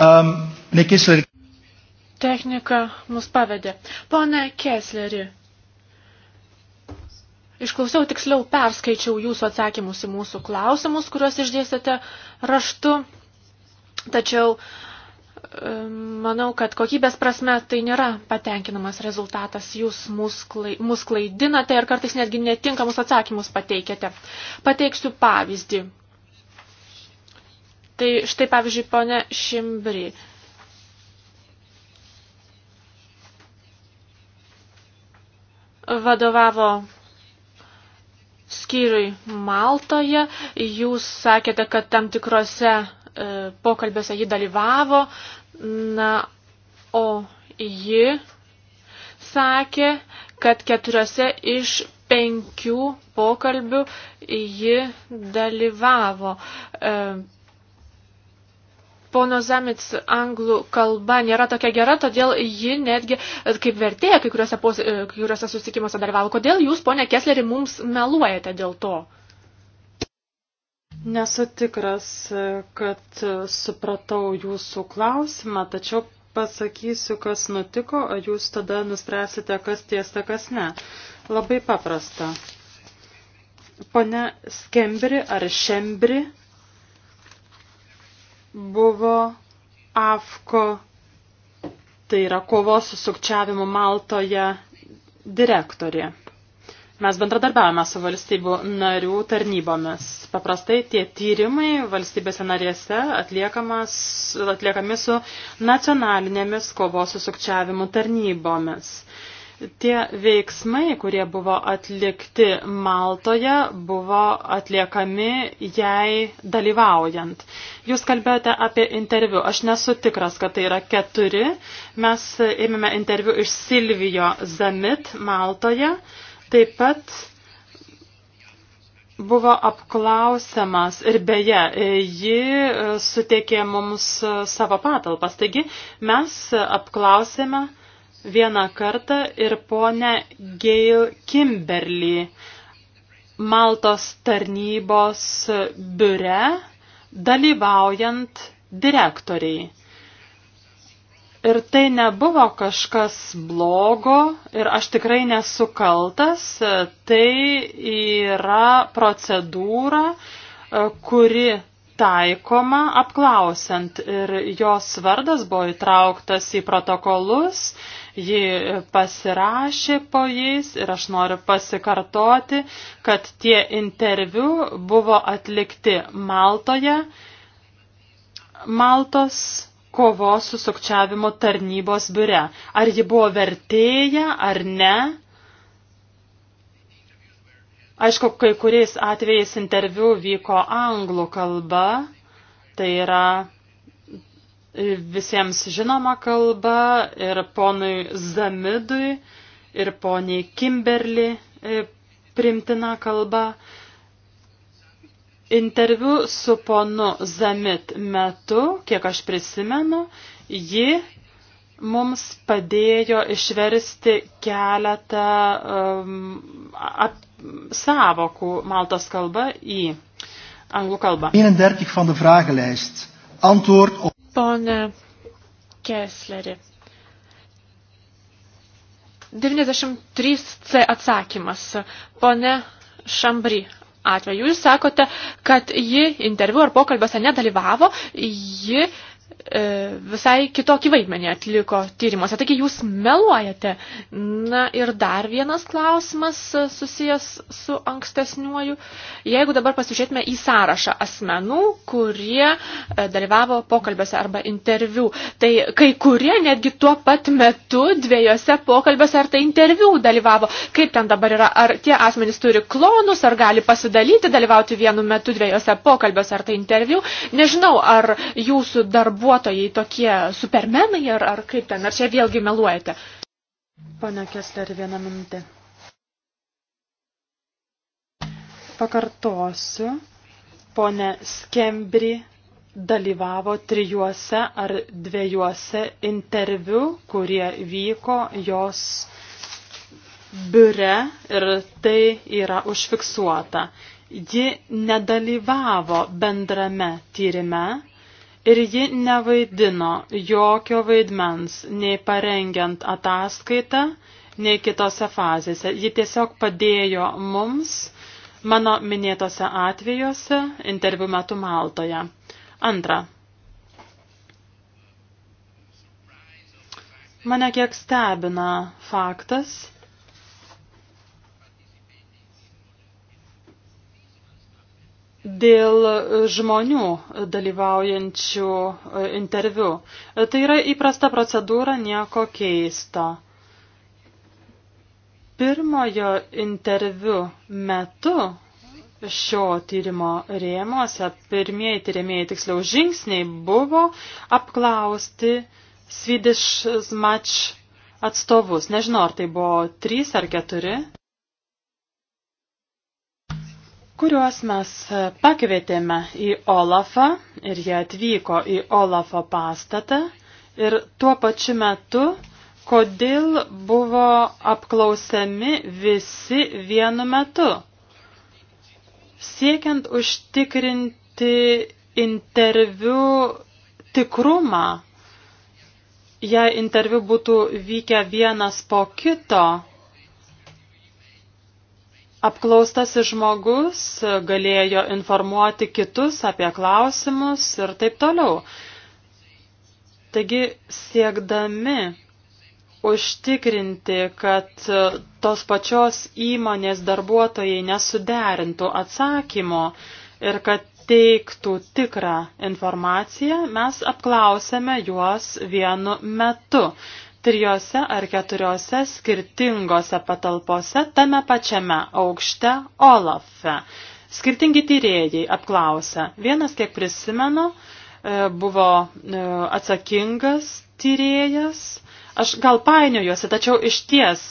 Um, meneer Kessler. Technika mus pavedė. Pone Kessleri, Išklausiau tiksliau, perskaičiau jūsų atsakymus į mūsų klausimus, kuriuos išdėstėte raštu, tačiau manau, kad kokybės prasme tai nėra patenkinamas rezultatas. Jūs mus, klai, mus klaidinate ir kartais netgi netinkamus atsakymus pateikėte. Pateiksiu pavyzdį. Tai štai pavyzdžiui, ponė Šimbri. Vadovavo skyriui Maltoje. Jūs sakėte, kad tam tikrose e, pokalbėse ji dalyvavo. Na, o ji sakė, kad keturiose iš penkių pokalbių ji dalyvavo. E, pono Zamits anglų kalba nėra tokia gera, todėl ji netgi e, kaip vertėja kai kuriuose, pos, e, kai kuriuose susitikimuose dalyvavo. Kodėl jūs, ponė Kesleri, mums meluojate dėl to? Nesu tikras, e, kad supratau jūsų klausimą, tačiau pasakysiu, kas nutiko, o jūs tada nuspręsite, kas tiesa, kas ne. Labai paprasta. Pone Skembri ar Šembri buvo AFKO, tai yra kovos su sukčiavimu Maltoje direktorė. Mes bendradarbiavame su valstybių narių tarnybomis. Paprastai tie tyrimai valstybėse narėse atliekami su nacionalinėmis kovos su sukčiavimu tarnybomis. Tie veiksmai, kurie buvo atlikti Maltoje, buvo atliekami jai dalyvaujant. Jūs kalbėjote apie interviu. Aš nesu tikras, kad tai yra keturi. Mes ėmėme interviu iš Silvijo Zamit Maltoje. Taip pat buvo apklausiamas ir beje, ji suteikė mums savo patalpas. Taigi mes apklausėme vieną kartą ir ponę Gail Kimberly Maltos tarnybos biure dalyvaujant direktoriai. Ir tai nebuvo kažkas blogo ir aš tikrai nesu kaltas, tai yra procedūra, kuri taikoma apklausiant ir jos vardas buvo įtrauktas į protokolus, ji pasirašė po jais ir aš noriu pasikartoti, kad tie interviu buvo atlikti Maltoje, Maltos kovos su sukčiavimu tarnybos biure. Ar ji buvo vertėja ar ne? Aišku, kai kuriais atvejais interviu vyko anglų kalba, tai yra visiems žinoma kalba ir ponui Zamidui ir poniai Kimberly e, primtina kalba. Interviu su ponu Zamit metu, kiek aš prisimenu, ji mums padėjo išversti keletą um, ap, savokų Maltos kalba į anglų kalbą. 31 van de vragenlijst. Antwoord op... Pone Kessleri. 93C atsakymas. Pone Šambry atveju jūs sakote, kad ji interviu ar pokalbiuose nedalyvavo, ji E, visai kitokį vaidmenį atliko tyrimuose. Taigi jūs meluojate. Na ir dar vienas klausimas e, susijęs su ankstesniuoju. Jeigu dabar pasižiūrėtume į sąrašą asmenų, kurie e, dalyvavo pokalbiuose arba interviu, tai kai kurie netgi tuo pat metu dviejose pokalbiuose ar tai interviu dalyvavo. Kaip ten dabar yra? Ar tie asmenys turi klonus, ar gali pasidalyti, dalyvauti vienu metu dviejose pokalbiuose ar tai interviu? Nežinau, ar jūsų darbų darbuotojai tokie supermenai ar, ar kaip ten, ar čia vėlgi meluojate? Pane Kessler, vieną minutę. Pakartosiu, ponė Skembri dalyvavo trijuose ar dviejuose interviu, kurie vyko jos biure ir tai yra užfiksuota. Ji nedalyvavo bendrame tyrime, ir ji nevaidino jokio vaidmens nei parengiant ataskaitą, nei kitose fazėse. Ji tiesiog padėjo mums mano minėtose atvejuose interviu metu Maltoje. Antra. Mane kiek stebina faktas, dėl žmonių dalyvaujančių e, interviu. E, tai yra įprasta procedūra, nieko keista. Pirmojo interviu metu šio tyrimo rėmose pirmieji tyrimieji tiksliau žingsniai buvo apklausti Swedish Match atstovus. Nežinau, ar tai buvo trys ar keturi kuriuos mes e, pakvietėme į Olafą ir jie atvyko į Olafo pastatą ir tuo pačiu metu, kodėl buvo apklausiami visi vienu metu, siekiant užtikrinti interviu tikrumą. Jei interviu būtų vykę vienas po kito, Apklaustasis žmogus galėjo informuoti kitus apie klausimus ir taip toliau. Taigi, siekdami užtikrinti, kad tos pačios įmonės darbuotojai nesuderintų atsakymo ir kad teiktų tikrą informaciją, mes apklausėme juos vienu metu trijose ar keturiose skirtingose patalpose tame pačiame aukšte Olafe. Skirtingi tyrėjai apklausė. Vienas, kiek prisimenu, e, buvo e, atsakingas tyrėjas. Aš gal painiojuosi, tačiau iš ties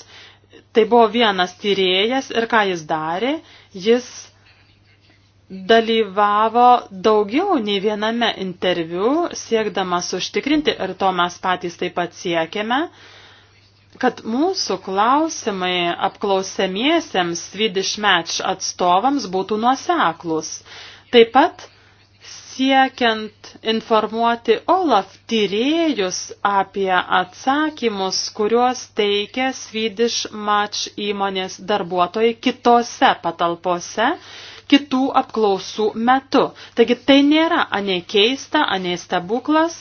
tai buvo vienas tyrėjas ir ką jis darė, jis dalyvavo daugiau nei viename interviu, siekdamas užtikrinti, ir to mes patys taip pat siekiame, kad mūsų klausimai apklausiamiesiems Swedish Match atstovams būtų nuoseklus. Taip pat siekiant informuoti Olaf tyrėjus apie atsakymus, kuriuos teikia Swedish Match įmonės darbuotojai kitose patalpose, kitų apklausų metu. Taigi tai nėra anei keista, anei stebuklas.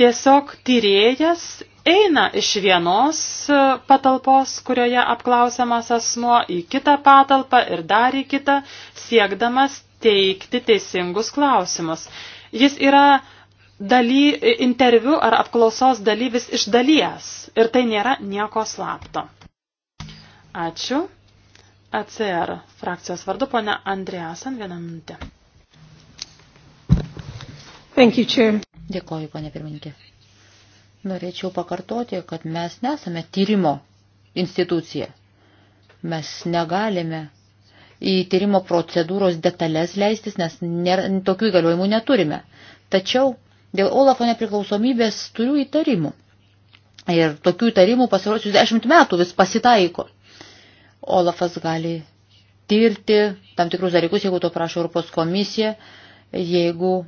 Tiesiog tyrėjas eina iš vienos e, patalpos, kurioje apklausiamas asmuo, į kitą patalpą ir dar į kitą, siekdamas teikti teisingus klausimus. Jis yra daly, interviu ar apklausos dalyvis iš dalies ir tai nėra nieko slapto. Ačiū. ACR e frakcijos vardu, ponia Andreasan, vieną minutę. Thank you, Chair. Dėkoju, ponia pirmininkė. Norėčiau pakartoti, kad mes nesame tyrimo institucija. Mes negalime į tyrimo procedūros detalės leistis, nes nėra, tokių įgaliojimų neturime. Tačiau dėl Olafo nepriklausomybės turiu įtarimų. Ir tokių įtarimų pasirodžius dešimt metų vis pasitaiko. Olafas gali tirti tam tikrus dalykus, jeigu to prašo Europos komisija, jeigu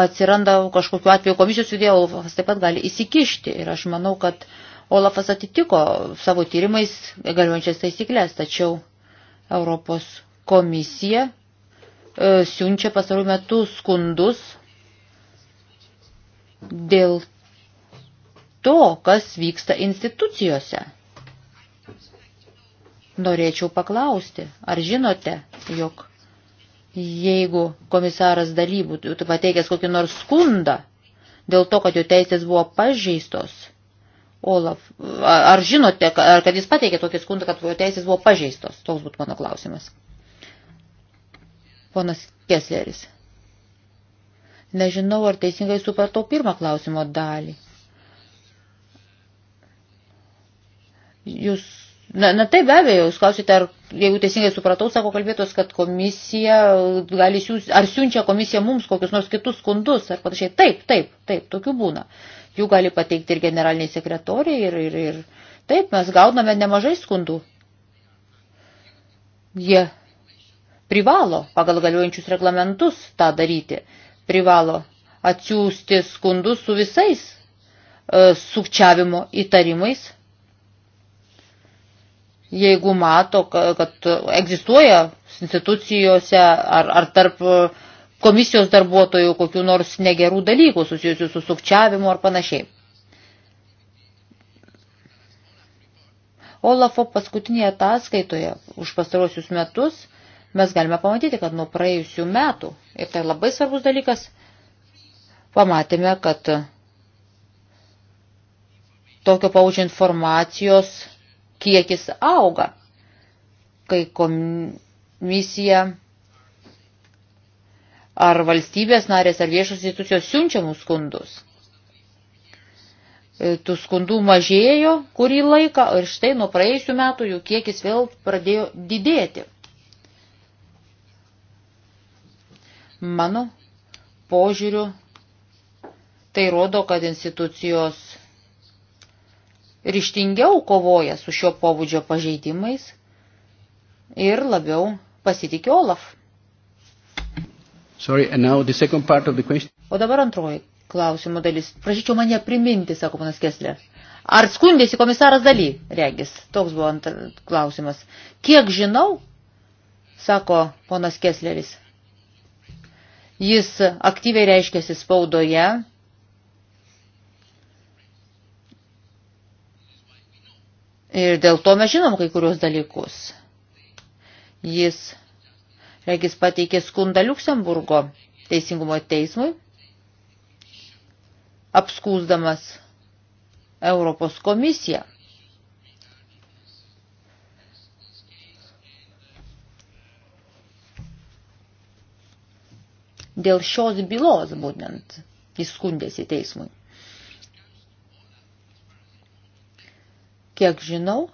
atsiranda kažkokiu atveju komisijos vidėje, Olafas taip pat gali įsikišti. Ir aš manau, kad Olafas atitiko savo tyrimais galiojančias taisyklės, tačiau Europos komisija e, siunčia pasarų metų skundus dėl to, kas vyksta institucijose. Norėčiau paklausti, ar žinote, jog jeigu komisaras dalybų pateikęs kokį nors skundą dėl to, kad jo teisės buvo pažeistos, Olaf, ar žinote, ar kad jis pateikė tokį skundą, kad jo teisės buvo pažeistos? Toks būtų mano klausimas. Ponas Kesleris. Nežinau, ar teisingai supratau pirmą klausimo dalį. Jūs Na, na taip, be abejo, jūs klausite, ar, jeigu teisingai supratau, sako kalbėtos, kad komisija gali siūsti, ar siunčia komisija mums kokius nors kitus skundus ar panašiai. Taip, taip, taip, tokių būna. Jų gali pateikti ir generaliniai sekretoriai ir, ir, ir taip, mes gauname nemažai skundų. Jie privalo pagal galiojančius reglamentus tą daryti, privalo atsiųsti skundus su visais e, sukčiavimo įtarimais jeigu mato, kad egzistuoja institucijose ar, ar tarp e, komisijos darbuotojų kokių nors negerų dalykų susijusių su sukčiavimu ar panašiai. Olafo paskutinėje ataskaitoje už pastarosius metus mes galime pamatyti, kad nuo praėjusių metų, ir tai labai svarbus dalykas, pamatėme, kad tokio paučio informacijos kiekis auga, kai komisija ar valstybės narės ar viešos institucijos siunčiamus skundus. E, tų skundų mažėjo kurį laiką ir štai nuo praėjusių metų jų kiekis vėl pradėjo didėti. Mano požiūriu, tai rodo, kad institucijos ryštingiau kovoja su šio pobūdžio pažeidimais ir labiau pasitikė Olaf. Sorry, and now the second part of the question. O dabar antroji klausimo dalis. Prašyčiau mane priminti, sako panas Kesler. Ar skundėsi komisaras daly, regis? Toks buvo klausimas. Kiek žinau, sako ponas Kesleris. Jis aktyviai reiškėsi spaudoje, Ir dėl to mes žinom kai kurios dalykus. Jis, regis, pateikė skundą Liuksemburgo teisingumo teismui, apskūsdamas Europos komisiją. Dėl šios bylos būtent jis skundėsi teismui. Kiek žinau,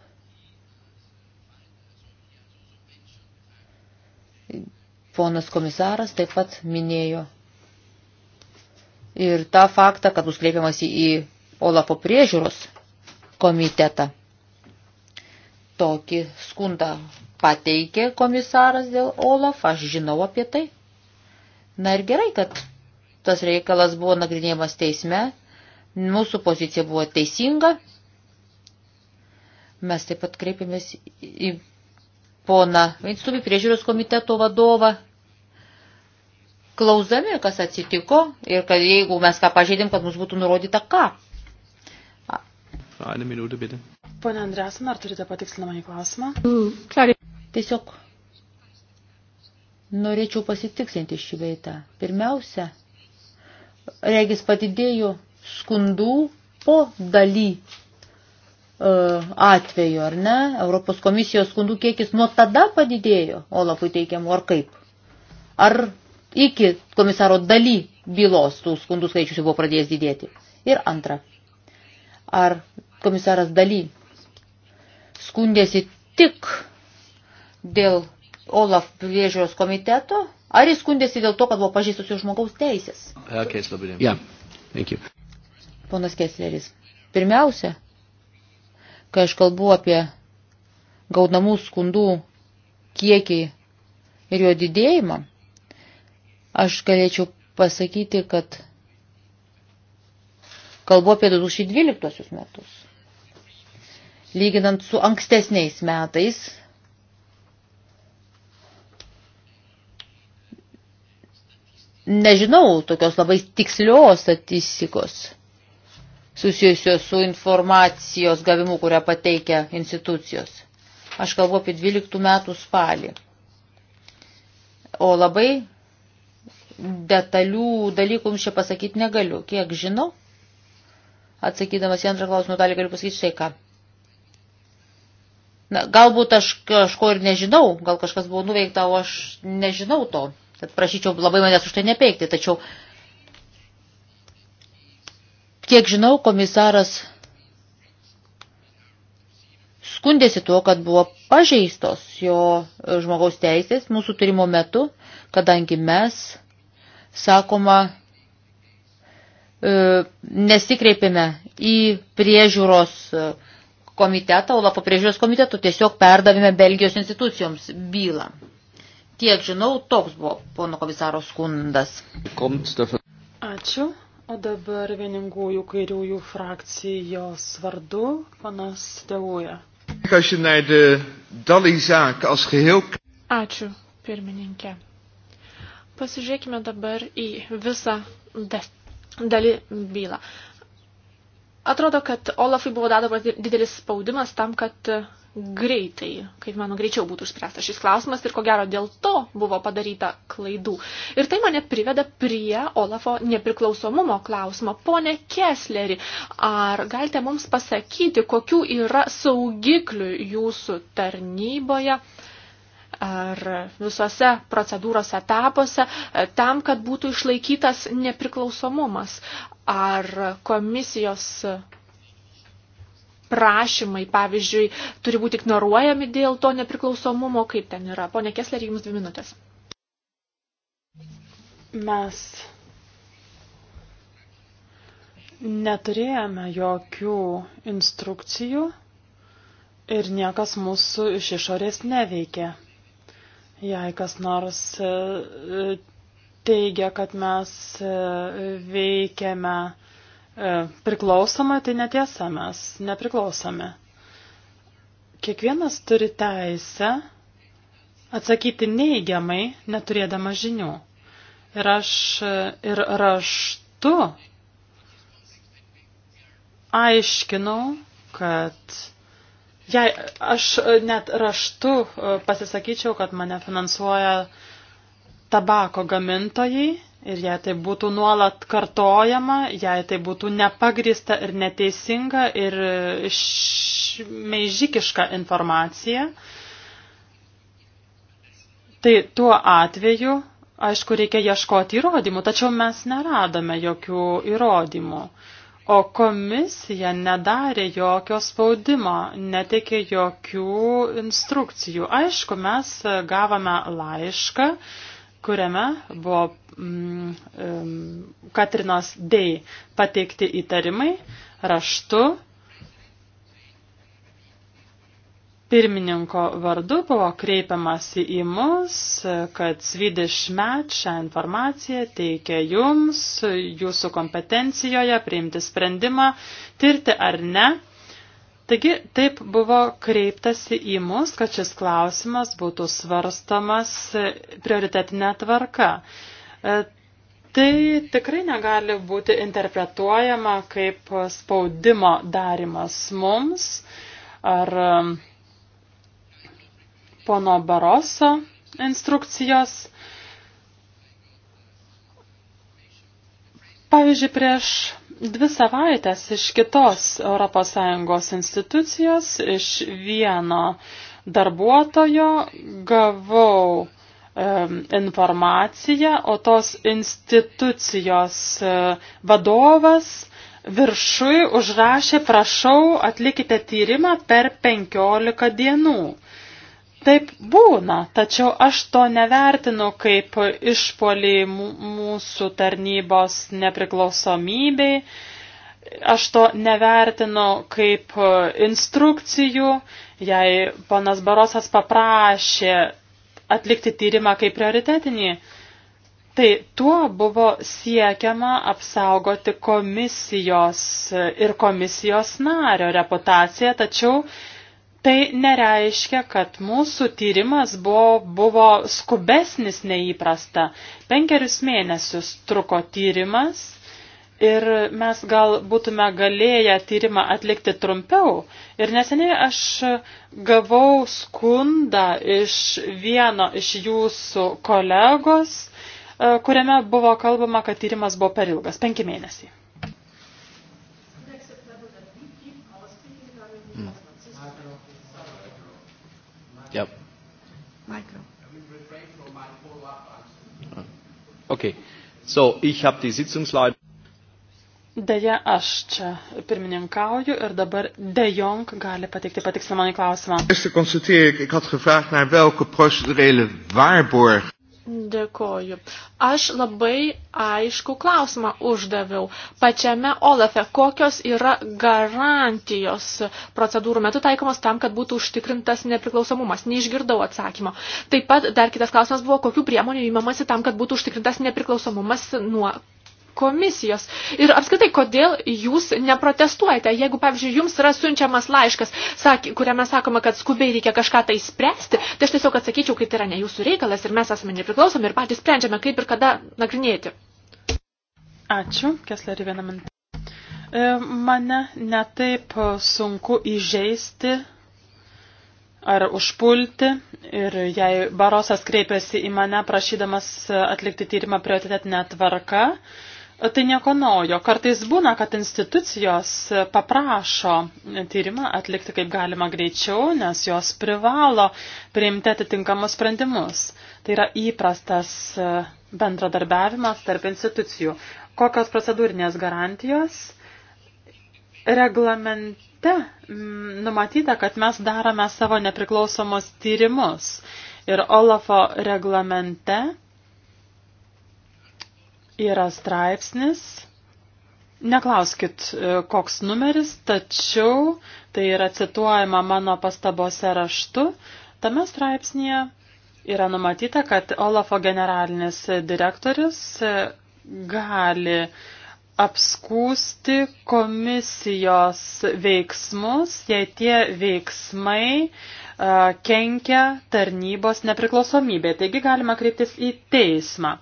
ponas komisaras taip pat minėjo ir tą faktą, kad bus kreipiamasi į Olapo priežiūros komitetą. Tokį skundą pateikė komisaras dėl Olaf, aš žinau apie tai. Na ir gerai, kad tas reikalas buvo nagrinėjamas teisme, mūsų pozicija buvo teisinga, Mes taip pat kreipėmės į poną Vinstubį priežiūros komiteto vadovą, klausdami, kas atsitiko ir kad jeigu mes ką pažeidėm, kad mums būtų nurodyta ką. Eine Minute, bitte. Pone Andreasen, ar turite patikslinamą į klausimą? Klariai. Tiesiog norėčiau pasitikslinti šį veitą. Pirmiausia, regis padidėjo skundų po daly E, atveju, ar ne? Europos komisijos skundų kiekis nuo tada padidėjo Olafui teikiamų, ar kaip? Ar iki komisaro daly bylos tų skundų skaičius jau buvo pradėjęs didėti? Ir antra, ar komisaras daly skundėsi tik dėl Olaf priežiūros komiteto, ar jis skundėsi dėl to, kad buvo pažįstus jų žmogaus teisės? Okay, yeah. Ponas Kessleris, pirmiausia, Kai aš kalbu apie gaunamų skundų kiekį ir jo didėjimą, aš galėčiau pasakyti, kad kalbu apie 2012 metus. Lyginant su ankstesniais metais, nežinau tokios labai tikslios statistikos susijusios su informacijos gavimu, kurią pateikia institucijos. Aš kalbu apie 12 metų spalį. O labai detalių dalykų jums čia pasakyti negaliu. Kiek žinau, atsakydamas į antrą klausimą dalį galiu pasakyti štai ką. Na, galbūt aš kažko ir nežinau, gal kažkas buvo nuveikta, o aš nežinau to. Tad prašyčiau labai manęs už tai nepeikti, tačiau uh, Kiek žinau, komisaras skundėsi tuo, kad buvo pažeistos jo e, žmogaus teisės mūsų turimo metu, kadangi mes, sakoma, e, nesikreipėme į priežiūros e, komitetą, Olafo priežiūros komitetų, tiesiog perdavėme Belgijos institucijoms bylą. Tiek žinau, toks buvo pono komisaro skundas. Ačiū. O dabar vieningųjų kairiųjų frakcijos vardu panas Devoja. Ačiū, pirmininkė. Pasižiūrėkime dabar į visą dalį bylą. Atrodo, kad Olafui buvo daromas didelis spaudimas tam, kad greitai, kaip mano greičiau būtų išspręstas šis klausimas ir ko gero dėl to buvo padaryta klaidų. Ir tai mane priveda prie Olafo nepriklausomumo klausimo. Pone Kessleri, ar galite mums pasakyti, kokių yra saugiklių jūsų tarnyboje? ar visose procedūros etapuose tam, kad būtų išlaikytas nepriklausomumas. Ar komisijos prašymai, pavyzdžiui, turi būti ignoruojami dėl to nepriklausomumo, kaip ten yra. Pone Kesler, jums dvi minutės. Mes neturėjome jokių instrukcijų ir niekas mūsų iš išorės neveikė. Jei kas nors e, e, teigia, kad mes e, veikiame E, priklausoma, tai netiesa mes nepriklausome. Kiekvienas turi teisę atsakyti neigiamai, neturėdama žinių. Ir aš e, ir raštu aiškinau, kad jei aš net raštu e, pasisakyčiau, kad mane finansuoja tabako gamintojai, Ir jei tai būtų nuolat kartojama, jei tai būtų nepagrista ir neteisinga ir šmeižikiška informacija, tai tuo atveju, aišku, reikia ieškoti įrodymų, tačiau mes neradome jokių įrodymų. O komisija nedarė jokio spaudimo, netikė jokių instrukcijų. Aišku, mes gavome laišką, kuriame buvo Mm, Katrinos Dei pateikti įtarimai raštu pirmininko vardu buvo kreipiamasi į mus, kad Swedish šią informaciją teikia jums, jūsų kompetencijoje priimti sprendimą, tirti ar ne. Taigi taip buvo kreiptasi į mus, kad šis klausimas būtų svarstamas prioritetinė tvarka. E, tai tikrai negali būti interpretuojama kaip spaudimo darimas mums ar pono Baroso instrukcijos. Pavyzdžiui, prieš dvi savaitės iš kitos ES institucijos, iš vieno darbuotojo gavau informaciją, o tos institucijos e, vadovas viršui užrašė, prašau, atlikite tyrimą per 15 dienų. Taip būna, tačiau aš to nevertinu kaip išpolį mūsų tarnybos nepriklausomybei, aš to nevertinu kaip instrukcijų, jei ponas Barosas paprašė atlikti tyrimą kaip prioritetinį. Tai tuo buvo siekiama apsaugoti komisijos ir komisijos nario reputaciją, tačiau Tai nereiškia, kad mūsų tyrimas buvo, buvo skubesnis neįprasta. Penkerius mėnesius truko tyrimas ir mes gal būtume galėję tyrimą atlikti trumpiau. Ir neseniai aš gavau skundą iš vieno iš jūsų kolegos, e, kuriame buvo kalbama, kad tyrimas buvo per ilgas - penki mėnesiai. Mm. Yep. Micro. Okay. So, ich habe die Sitzungsleitung. Deja, aš čia pirmininkauju ir dabar De Jong gali pateikti patikslimą į klausimą. Dėkoju. Aš labai aišku klausimą uždaviau. Pačiame Olafe, kokios yra garantijos procedūrų metu taikomos tam, kad būtų užtikrintas nepriklausomumas? Neišgirdau atsakymo. Taip pat dar kitas klausimas buvo, kokiu priemonių įmamasi tam, kad būtų užtikrintas nepriklausomumas nuo komisijos. Ir apskritai, kodėl jūs neprotestuojate? Jeigu, pavyzdžiui, jums yra siunčiamas laiškas, sakė, kuriame sakoma, kad skubiai reikia kažką tai spręsti, tai aš tiesiog atsakyčiau, kad tai yra ne jūsų reikalas ir mes esame nepriklausomi ir patys sprendžiame, kaip ir kada nagrinėti. Ačiū, Kesleri, vieną minutę. E, mane netaip sunku įžeisti ar užpulti. Ir jei Barosas kreipėsi į mane prašydamas atlikti tyrimą prioritetinę tvarką, tai nieko naujo. Kartais būna, kad institucijos paprašo tyrimą atlikti kaip galima greičiau, nes jos privalo priimti atitinkamus sprendimus. Tai yra įprastas e, bendradarbiavimas tarp institucijų. Kokios procedūrinės garantijos? Reglamente mm, numatyta, kad mes darome savo nepriklausomus tyrimus. Ir Olafo reglamente yra straipsnis. Neklauskit, e, koks numeris, tačiau tai yra cituojama mano pastabose raštu. Tame straipsnėje yra numatyta, kad Olafo generalinis direktorius e, gali apskūsti komisijos veiksmus, jei tie veiksmai e, kenkia tarnybos nepriklausomybė. Taigi galima kreiptis į teismą.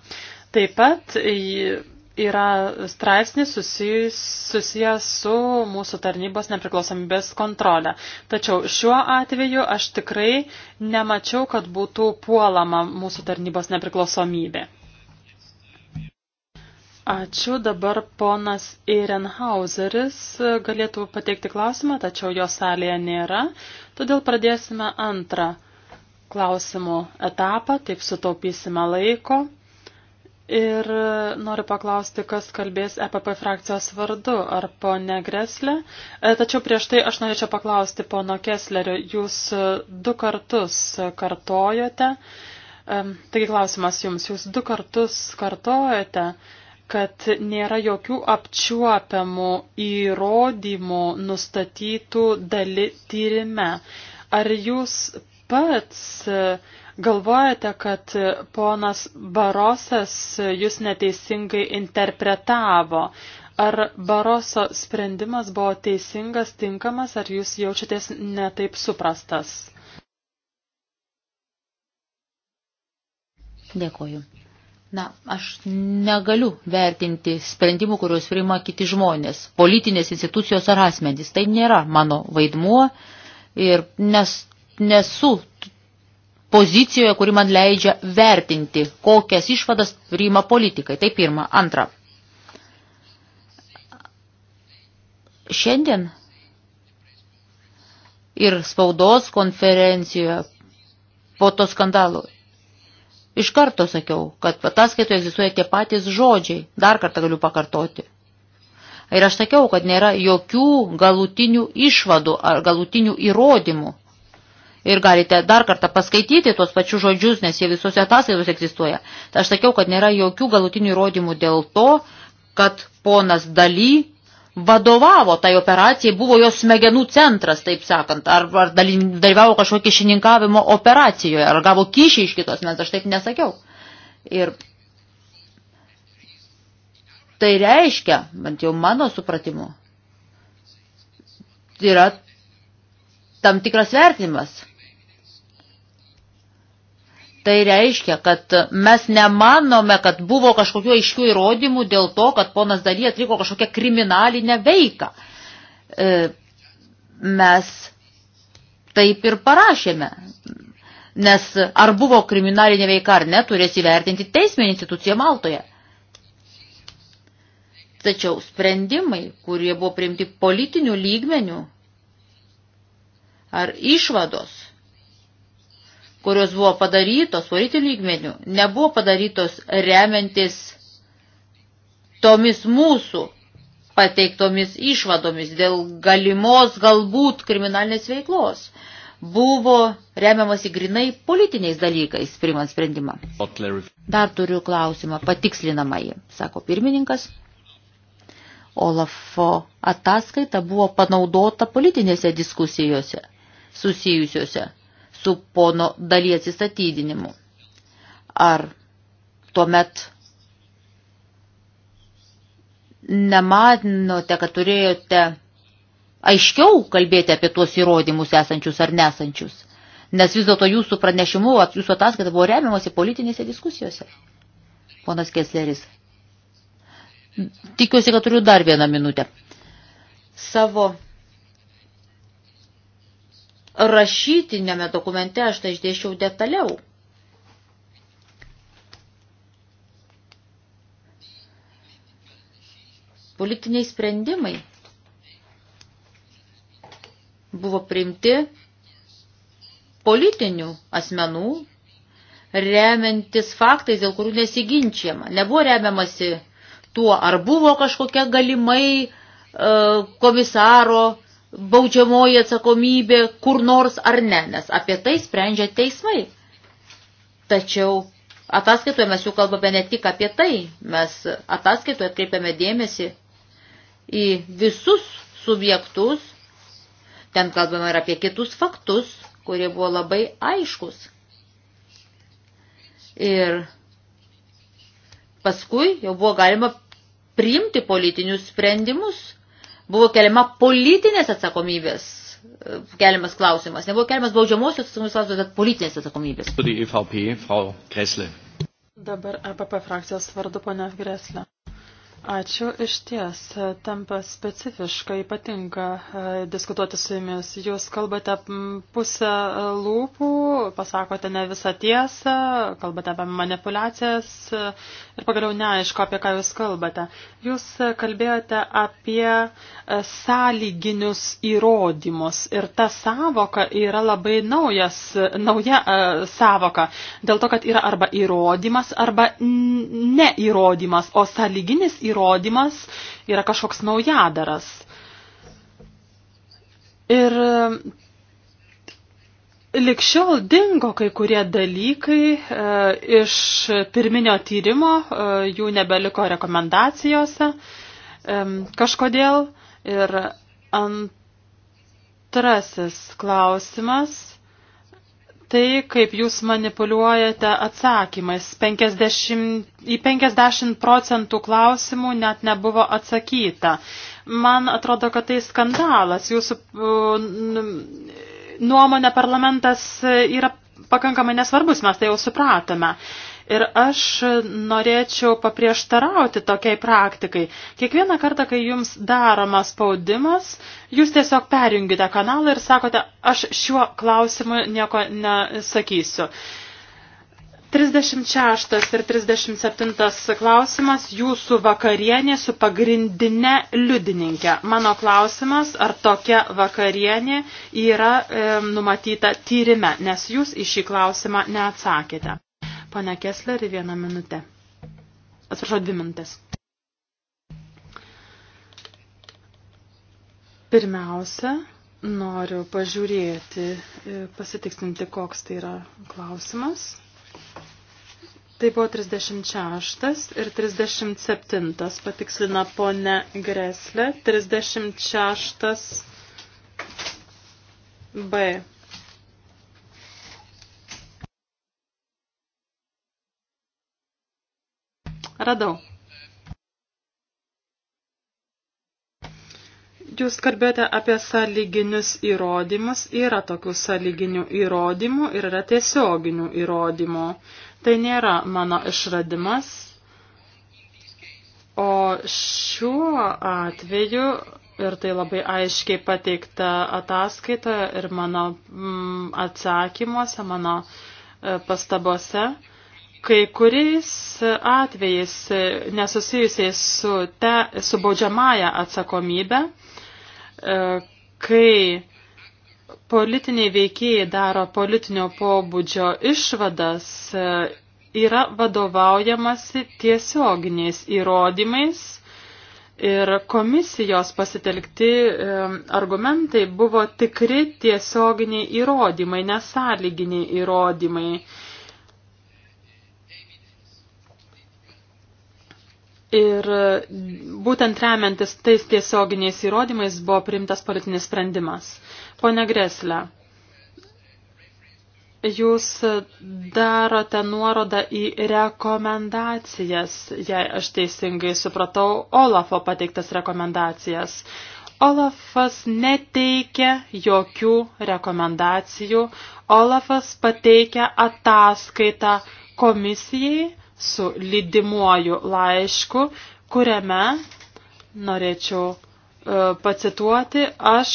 Taip pat yra straipsnis susijęs, susijęs su mūsų tarnybos nepriklausomybės kontrolė. Tačiau šiuo atveju aš tikrai nemačiau, kad būtų puolama mūsų tarnybos nepriklausomybė. Ačiū. Dabar ponas Ehrenhauseris galėtų pateikti klausimą, tačiau jo salėje nėra. Todėl pradėsime antrą klausimų etapą, taip sutaupysime laiko. Ir noriu paklausti, kas kalbės EPP frakcijos vardu, ar ponė Greslė. E, tačiau prieš tai aš norėčiau paklausti pono Keslerio, jūs du kartus kartojote, e, taigi klausimas jums, jūs du kartus kartojate, kad nėra jokių apčiuopiamų įrodymų nustatytų dali tyrime. Ar jūs pats Galvojate, kad ponas Barosas jūs neteisingai interpretavo. Ar Baroso sprendimas buvo teisingas, tinkamas, ar jūs jaučiatės netaip suprastas? Dėkoju. Na, aš negaliu vertinti sprendimų, kuriuos priima kiti žmonės, politinės institucijos ar asmenys. Tai nėra mano vaidmuo ir nes, nesu pozicijoje, kuri man leidžia vertinti, kokias išvadas priima politikai. Tai pirma. Antra. Šiandien ir spaudos konferencijoje po to skandalo. Iš karto sakiau, kad ataskaitoje egzistuoja tie patys žodžiai. Dar kartą galiu pakartoti. Ir aš sakiau, kad nėra jokių galutinių išvadų ar galutinių įrodymų Ir galite dar kartą paskaityti tuos pačius žodžius, nes jie visose ataskaitos egzistuoja. Tai aš sakiau, kad nėra jokių galutinių įrodymų dėl to, kad ponas Daly vadovavo tai operacijai, buvo jos smegenų centras, taip sakant, ar, ar dalyvavo kažkokį šininkavimo operacijoje, ar gavo kyšį iš kitos, nes aš taip nesakiau. Ir tai reiškia, bent jau mano supratimu, yra tam tikras vertinimas. Tai reiškia, kad mes nemanome, kad buvo kažkokių aiškių įrodymų dėl to, kad ponas Daly atliko kažkokią kriminalinę veiką. E, mes taip ir parašėme. Nes ar buvo kriminalinė veika ar ne, turės įvertinti teisminė institucija Maltoje. Tačiau sprendimai, kurie buvo priimti politinių lygmenių ar išvados, kurios buvo padarytos politinių lygmenių, nebuvo padarytos remiantis tomis mūsų pateiktomis išvadomis dėl galimos galbūt kriminalinės veiklos. Buvo remiamasi grinai politiniais dalykais, primant sprendimą. Dar turiu klausimą, patikslinamąjį, sako pirmininkas. Olafo ataskaita buvo panaudota politinėse diskusijose susijusiuose su pono daly atsistatydinimu. Ar tuomet nematinote, kad turėjote aiškiau kalbėti apie tuos įrodymus esančius ar nesančius? Nes vis dėlto jūsų pranešimu, jūsų ataskaita buvo remiamasi politinėse diskusijose. Ponas Kesleris. Tikiuosi, kad turiu dar vieną minutę. Savo rašytinėme dokumente aš tai išdėščiau detaliau. Politiniai sprendimai buvo priimti politinių asmenų, remiantis faktais, dėl kurių nesiginčiama. Nebuvo remiamasi tuo, ar buvo kažkokia galimai e, komisaro baudžiamoji atsakomybė kur nors ar ne, nes apie tai sprendžia teismai. Tačiau ataskaitoje mes jau kalbame ne tik apie tai, mes ataskaitoje atkreipiame dėmesį į visus subjektus, ten kalbame ir apie kitus faktus, kurie buvo labai aiškus. Ir paskui jau buvo galima priimti politinius sprendimus Buvo keliama politinės atsakomybės e, keliamas klausimas. Nebuvo keliamas baudžiamosios atsakomybės klausimas, bet politinės atsakomybės. EVP, Dabar EPP frakcijos vardu ponia Greslė. Ačiū iš ties. Tampa specifiška, ypatinga e, diskutuoti su jumis. Jūs kalbate pusę lūpų, pasakote ne visą tiesą, kalbate apie manipulacijas e, ir pagaliau neaišku, apie ką jūs kalbate. Jūs kalbėjote apie e, sąlyginius įrodymus ir ta savoka yra labai naujas, nauja savoka, dėl to, kad yra arba įrodymas, arba neįrodymas, o sąlyginis įrodymas įrodymas yra kažkoks naujadaras. Ir e, Likščiau dingo kai kurie dalykai e, iš pirminio tyrimo, e, jų nebeliko rekomendacijose e, kažkodėl. Ir antrasis klausimas tai, kaip jūs manipuliuojate atsakymais. 50, į 50 procentų klausimų net nebuvo atsakyta. Man atrodo, kad tai skandalas. Jūsų nu, nuomonė parlamentas yra pakankamai nesvarbus, mes tai jau supratome. Ir aš norėčiau paprieštarauti tokiai praktikai. Kiekvieną kartą, kai jums daromas spaudimas, jūs tiesiog perjungite kanalą ir sakote, aš šiuo klausimu nieko nesakysiu. 36 ir 37 klausimas jūsų vakarienė su pagrindinė liudininkė. Mano klausimas, ar tokia vakarienė yra e, numatyta tyrime, nes jūs į šį klausimą neatsakėte. Pane Kessleri, vieną minutę. Atsiprašau, dvi minutės. Pirmiausia, noriu pažiūrėti, e, pasitikslinti, koks tai yra klausimas. Tai buvo 36 ir 37, patikslina ponė Greslė. 36 B Radau. Jūs kalbėjote apie sąlyginius įrodymus. Yra tokių sąlyginių įrodymų ir yra tiesioginių įrodymų. Tai nėra mano išradimas. O šiuo atveju, ir tai labai aiškiai pateikta ataskaitoje ir mano mm, atsakymuose, mano e, pastabose, kai kuriais atvejais nesusijusiais su, te, su baudžiamąją atsakomybę, e, kai politiniai veikėjai daro politinio pobūdžio išvadas, e, yra vadovaujamasi tiesioginiais įrodymais ir komisijos pasitelkti e, argumentai buvo tikri tiesioginiai įrodymai, nesaliginiai įrodymai. Ir būtent remiantis tais tiesioginiais įrodymais buvo priimtas politinis sprendimas. Pone Greslė, jūs darote nuorodą į rekomendacijas, jei aš teisingai supratau, Olafo pateiktas rekomendacijas. Olafas neteikia jokių rekomendacijų, Olafas pateikia ataskaitą komisijai su lydimuoju laišku, kuriame, norėčiau e, pacituoti, aš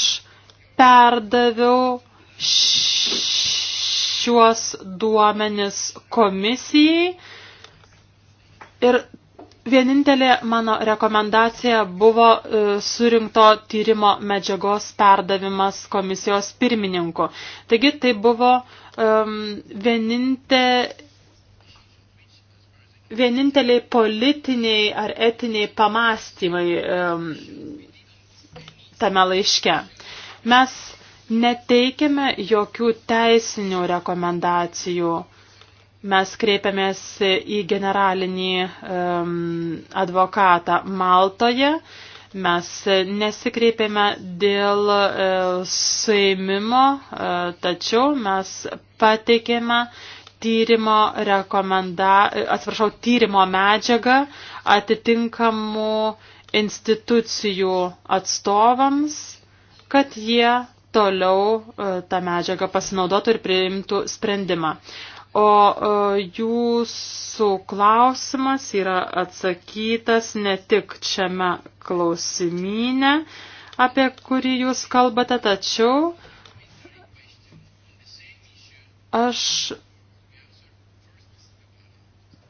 perdaviau šiuos duomenis komisijai ir vienintelė mano rekomendacija buvo e, surinkto tyrimo medžiagos perdavimas komisijos pirmininku. Taigi tai buvo um, vienintelė vieninteliai politiniai ar etiniai pamastymai um, tame laiške. Mes neteikiame jokių teisinių rekomendacijų. Mes kreipiamės į generalinį um, advokatą Maltoje. Mes nesikreipėme dėl e, suėmimo, e, tačiau mes pateikėme e, tyrimo rekomenda, atsiprašau, tyrimo medžiagą atitinkamų institucijų atstovams, kad jie toliau e, tą medžiagą pasinaudotų ir priimtų sprendimą. O e, jūsų klausimas yra atsakytas ne tik šiame klausimyne, apie kurį jūs kalbate, tačiau aš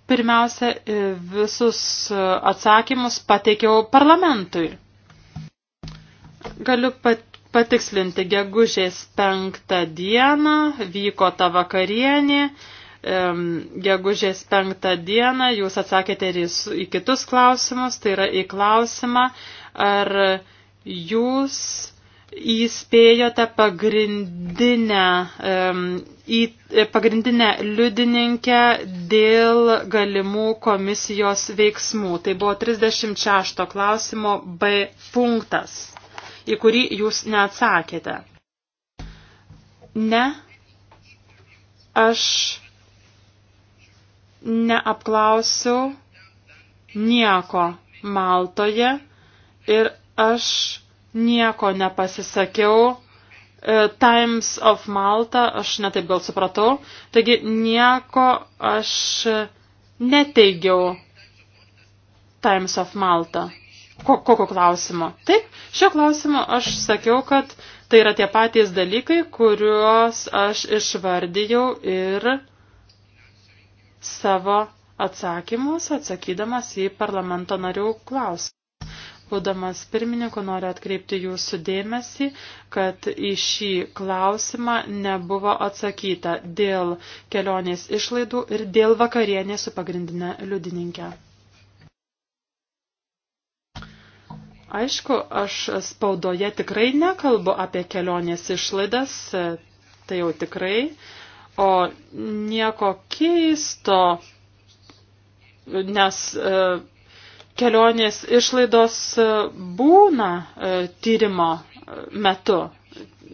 pirmiausia, e, visus e, atsakymus pateikiau parlamentui. Galiu patikslinti, gegužės penktą dieną vyko ta vakarienė, gegužės penktą dieną jūs atsakėte ir į kitus klausimus, tai yra į klausimą, ar jūs įspėjote pagrindinę, į, e, pagrindinę liudininkę dėl galimų komisijos veiksmų. Tai buvo 36 klausimo B punktas, į kurį jūs neatsakėte. Ne, aš neapklausiau nieko Maltoje ir aš nieko nepasisakiau. E, Times of Malta, aš netaip gal supratau. Taigi nieko aš neteigiau Times of Malta. Kokio klausimo? Taip, šio klausimo aš sakiau, kad tai yra tie patys dalykai, kuriuos aš išvardijau ir savo atsakymus, atsakydamas į parlamento narių klausimą. Būdamas pirmininku noriu atkreipti jūsų dėmesį, kad į šį klausimą nebuvo atsakyta dėl kelionės išlaidų ir dėl vakarienės su pagrindinė liudininkė. Aišku, aš spaudoje tikrai nekalbu apie kelionės išlaidas, tai jau tikrai, o nieko keisto, nes. E, kelionės išlaidos e, būna e, tyrimo e, metu,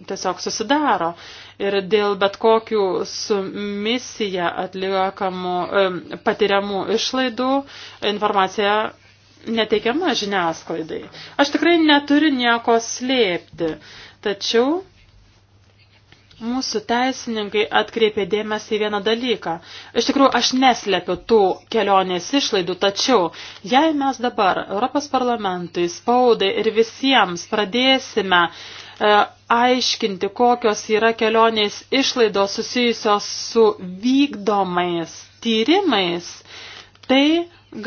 tiesiog susidaro. Ir dėl bet kokių su misija atliekamų patiriamų išlaidų informacija neteikiama žiniasklaidai. Aš tikrai neturiu nieko slėpti, tačiau Mūsų teisininkai atkreipė dėmesį į vieną dalyką. Iš tikrųjų, aš neslepiu tų kelionės išlaidų, tačiau jei mes dabar Europos parlamentui, spaudai ir visiems pradėsime e, aiškinti, kokios yra kelionės išlaidos susijusios su vykdomais tyrimais, tai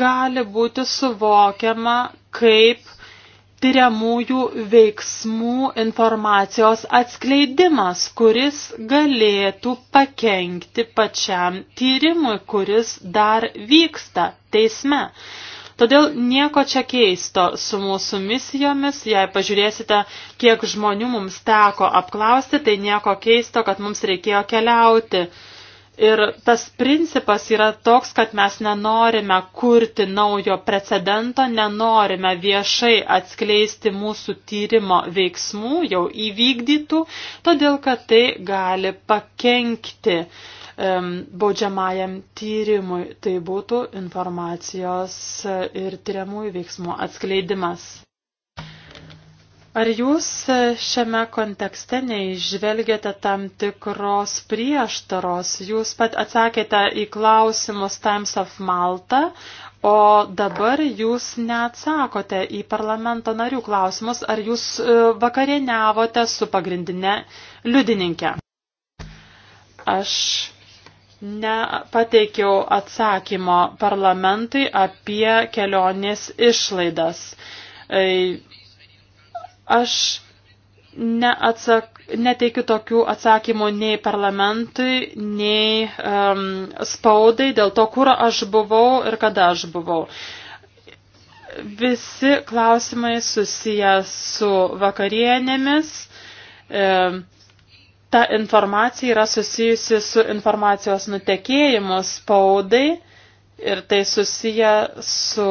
gali būti suvokiama kaip tyriamųjų veiksmų informacijos atskleidimas, kuris galėtų pakenkti pačiam tyrimui, kuris dar vyksta teisme. Todėl nieko čia keisto su mūsų misijomis, jei pažiūrėsite, kiek žmonių mums teko apklausti, tai nieko keisto, kad mums reikėjo keliauti Ir tas principas yra toks, kad mes nenorime kurti naujo precedento, nenorime viešai atskleisti mūsų tyrimo veiksmų, jau įvykdytų, todėl kad tai gali pakenkti um, baudžiamajam tyrimui. Tai būtų informacijos e, ir tyriamųjų veiksmų atskleidimas. Ar jūs šiame kontekste neižvelgiate tam tikros prieštaros? Jūs pat atsakėte į klausimus Times of Malta, o dabar jūs neatsakote į parlamento narių klausimus, ar jūs e, vakarieniavote su pagrindinė liudininkė. Aš nepateikiau atsakymo parlamentui apie kelionės išlaidas. E, Aš neatsak, neteikiu tokių atsakymų nei parlamentui, nei um, spaudai dėl to, kur aš buvau ir kada aš buvau. Visi klausimai susiję su vakarienėmis. Um, ta informacija yra susijusi su informacijos nutekėjimu spaudai ir tai susiję su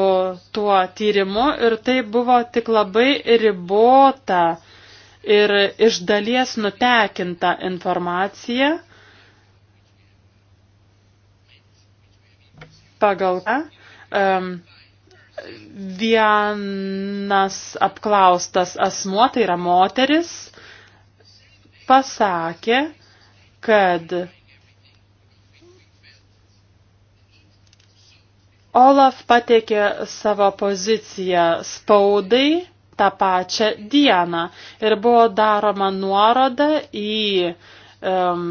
tuo tyrimu ir tai buvo tik labai ribota ir iš dalies nutekinta informacija, pagal ką um, vienas apklaustas asmuo, tai yra moteris, pasakė, kad Olaf pateikė savo poziciją spaudai tą pačią dieną ir buvo daroma nuoroda į um,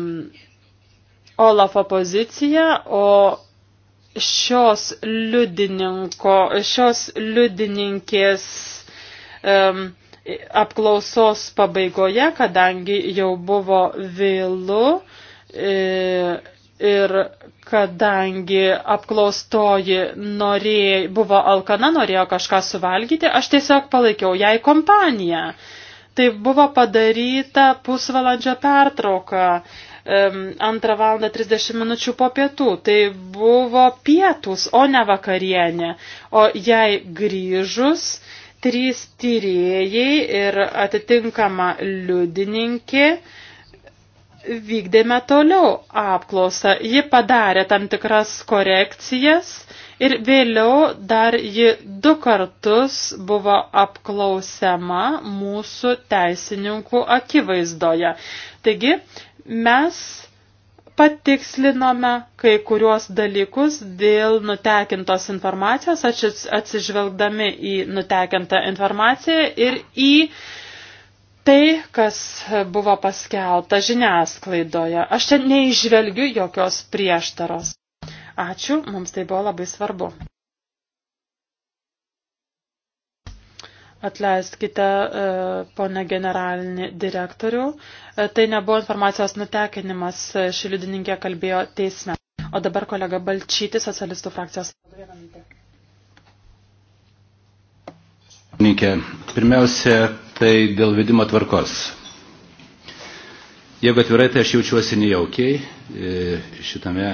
Olafo poziciją, o šios liudininko, šios liudininkės um, apklausos pabaigoje, kadangi jau buvo vėlu, e, Ir kadangi apklaustoji norėjo, buvo alkana, norėjo kažką suvalgyti, aš tiesiog palaikiau jai kompaniją. Tai buvo padaryta pusvalandžio pertrauka antrą valandą 30 minučių po pietų. Tai buvo pietus, o ne vakarienė. O jai grįžus, trys tyrėjai ir atitinkama liudininkė vykdėme toliau apklausą. Ji padarė tam tikras korekcijas ir vėliau dar ji du kartus buvo apklausiama mūsų teisininkų akivaizdoje. Taigi mes patikslinome kai kuriuos dalykus dėl nutekintos informacijos, atsižvelgdami į nutekintą informaciją ir į uh, tai, kas buvo paskelta žiniasklaidoje. Aš čia neižvelgiu jokios prieštaros. Ačiū, mums tai buvo labai svarbu. Atleiskite, e, pone generalinį direktorių, e, tai nebuvo informacijos nutekinimas, e, ši liudininkė kalbėjo teisme. O dabar kolega Balčytis, socialistų frakcijos. Pirmiausia, tai dėl vedimo tvarkos. Jeigu atvirai, tai aš jaučiuosi nejaukiai e, šitame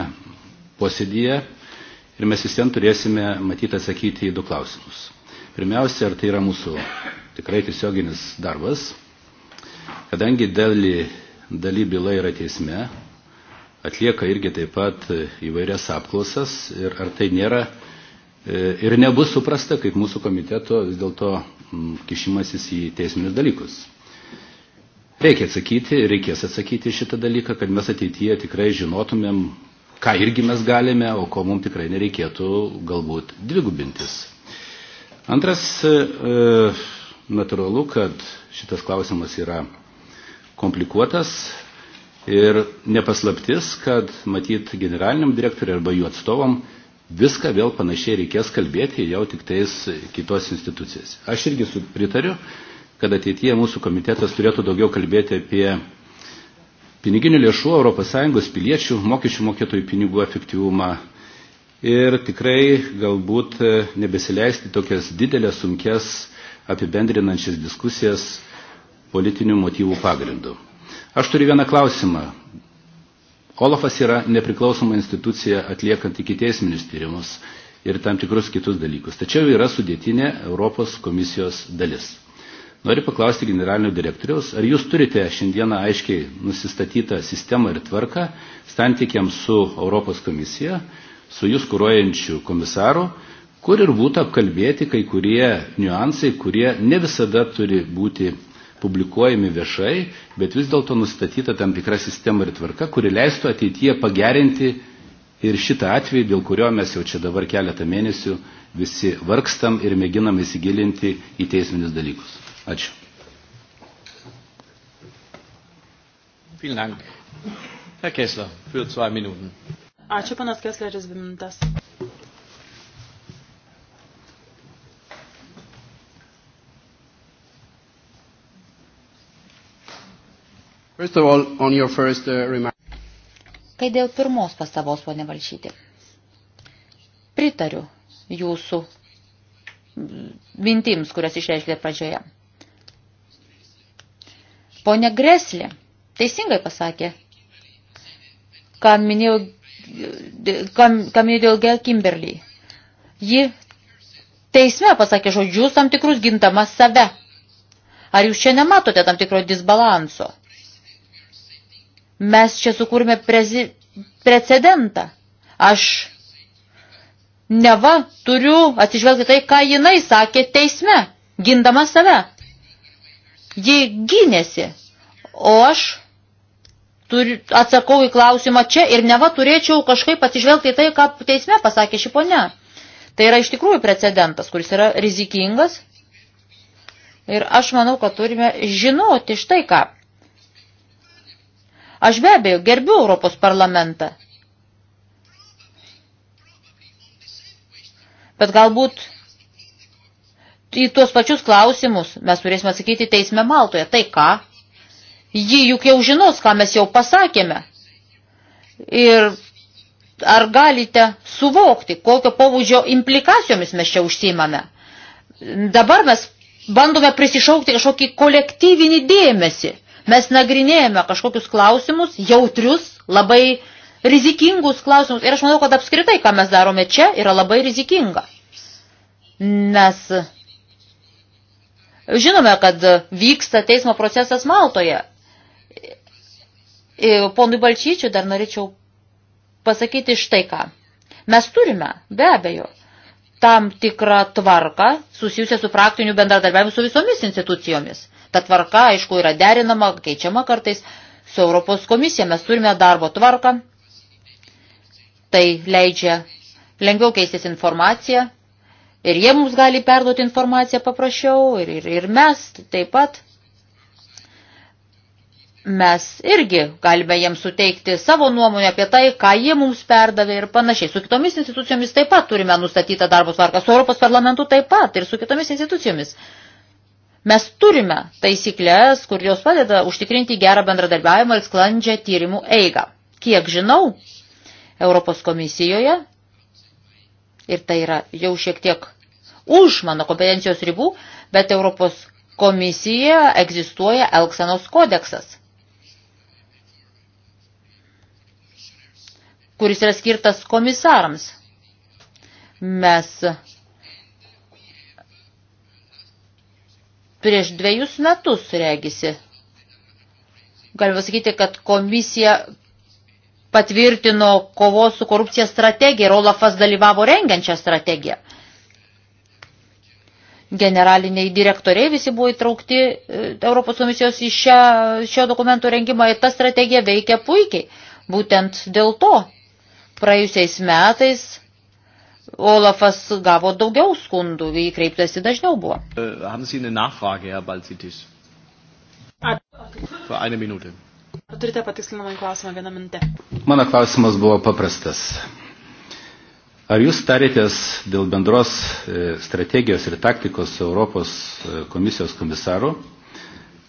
posėdyje ir mes visiems turėsime matyti atsakyti į du klausimus. Pirmiausia, ar tai yra mūsų tikrai tiesioginis darbas, kadangi daly, daly byla yra teisme, atlieka irgi taip pat įvairias apklausas ir ar tai nėra e, ir nebus suprasta kaip mūsų komiteto vis dėlto kišimasis į teisminius dalykus. Reikia atsakyti, reikės atsakyti šitą dalyką, kad mes ateityje tikrai žinotumėm, ką irgi mes galime, o ko mums tikrai nereikėtų galbūt dvigubintis. Antras, e, natūralu, kad šitas klausimas yra komplikuotas ir nepaslaptis, kad matyt generaliniam direktoriui arba jų atstovam viską vėl panašiai reikės kalbėti jau tik tais kitos institucijose. Aš irgi pritariu, kad ateityje mūsų komitetas turėtų daugiau kalbėti apie piniginių lėšų ES piliečių, mokesčių mokėtojų pinigų efektyvumą ir tikrai galbūt e, nebesileisti tokias didelės, sunkes, apibendrinančias diskusijas politinių motyvų pagrindu. Aš turiu vieną klausimą Olafas yra nepriklausoma institucija atliekant iki teisminius tyrimus ir tam tikrus kitus dalykus, tačiau yra sudėtinė Europos komisijos dalis. Noriu paklausti generalinio direktoriaus, ar jūs turite šiandieną aiškiai nusistatytą sistemą ir tvarką santykiams su Europos komisija, su jūs kuruojančiu komisaru, kur ir būtų apkalbėti kai kurie niuansai, kurie ne visada turi būti publikuojami viešai, bet vis dėlto nustatyta tam tikra sistema ir tvarka, kuri leistų ateityje pagerinti ir šitą atvejį, dėl kurio mes jau čia dabar keletą mėnesių visi vargstam ir mėginam įsigilinti į teisminius dalykus. Ačiū. Vielen Dank. Herr Kessler, für zwei Minuten. Ačiū, panas Kessleris, dvi minutės. First of all, on your first uh, remark. Kai dėl pirmos pastabos, ponė Valšyti. Pritariu jūsų mm, mintims, kurias išreiškite pradžioje. Pone Greslė teisingai pasakė, ką minėjau, ką, ką minėjau dėl Gel Kimberly. Ji teisme pasakė žodžius tam tikrus gintama save. Ar jūs čia nematote tam tikro disbalanso? Mes čia sukūrime prezi, precedentą. Aš neva turiu atsižvelgti tai, ką jinai sakė teisme, gindama save. Ji gynėsi, o aš turi, atsakau į klausimą čia ir neva turėčiau kažkaip atsižvelgti tai, ką teisme pasakė ši ponia. Tai yra iš tikrųjų precedentas, kuris yra rizikingas. Ir aš manau, kad turime žinoti štai ką. Aš be abejo gerbiu Europos parlamentą. Bet galbūt į tuos pačius klausimus mes turėsime atsakyti teisme Maltoje. Tai ką? Ji juk jau žinos, ką mes jau pasakėme. Ir ar galite suvokti, kokio pobūdžio implikacijomis mes čia užsiimame? Dabar mes bandome prisišaukti kažkokį kolektyvinį dėmesį. Mes nagrinėjame kažkokius klausimus, jautrius, labai rizikingus klausimus. Ir aš manau, kad apskritai, ką mes darome čia, yra labai rizikinga. Nes žinome, kad vyksta teismo procesas Maltoje. E, ponui Balčyčiui dar norėčiau pasakyti štai ką. Mes turime, be abejo, tam tikrą tvarką susijusią su praktiniu bendradarbiavimu su visomis institucijomis. Ta tvarka, aišku, yra derinama, keičiama kartais su Europos komisija. Mes turime darbo tvarką, tai leidžia lengviau keistis informaciją ir jie mums gali perduoti informaciją paprasčiau ir, ir, ir mes taip pat. Mes irgi galime jiems suteikti savo nuomonę apie tai, ką jie mums perdavė ir panašiai. Su kitomis institucijomis taip pat turime nustatytą darbo tvarką, su Europos parlamentu taip pat ir su kitomis institucijomis. Uh, Mes turime taisyklės, kur jos padeda užtikrinti gerą bendradarbiavimą ir sklandžią tyrimų eigą. Kiek žinau, Europos komisijoje, ir tai yra jau šiek tiek už mano kompetencijos ribų, bet Europos komisijoje egzistuoja Elksenos kodeksas, kuris yra skirtas komisarams. Mes Prieš dviejus metus regisi. Galima sakyti, kad komisija patvirtino kovos su korupcija strategiją ir Olafas dalyvavo rengiančią strategiją. Generaliniai direktoriai visi buvo įtraukti e, Europos komisijos į šią, šio dokumento rengimą ir ta strategija veikia puikiai. Būtent dėl to praėjusiais metais Olafas gavo daugiau skundų, į kreiptasi dažniau buvo. Äh, haben Sie eine Nachfrage, Herr Balcitis? Für eine Minute. Ar turite patikslinamą klausimą vieną minutę? Mano klausimas buvo paprastas. Ar jūs tarėtės dėl bendros e, strategijos ir taktikos su Europos e, komisijos komisaru,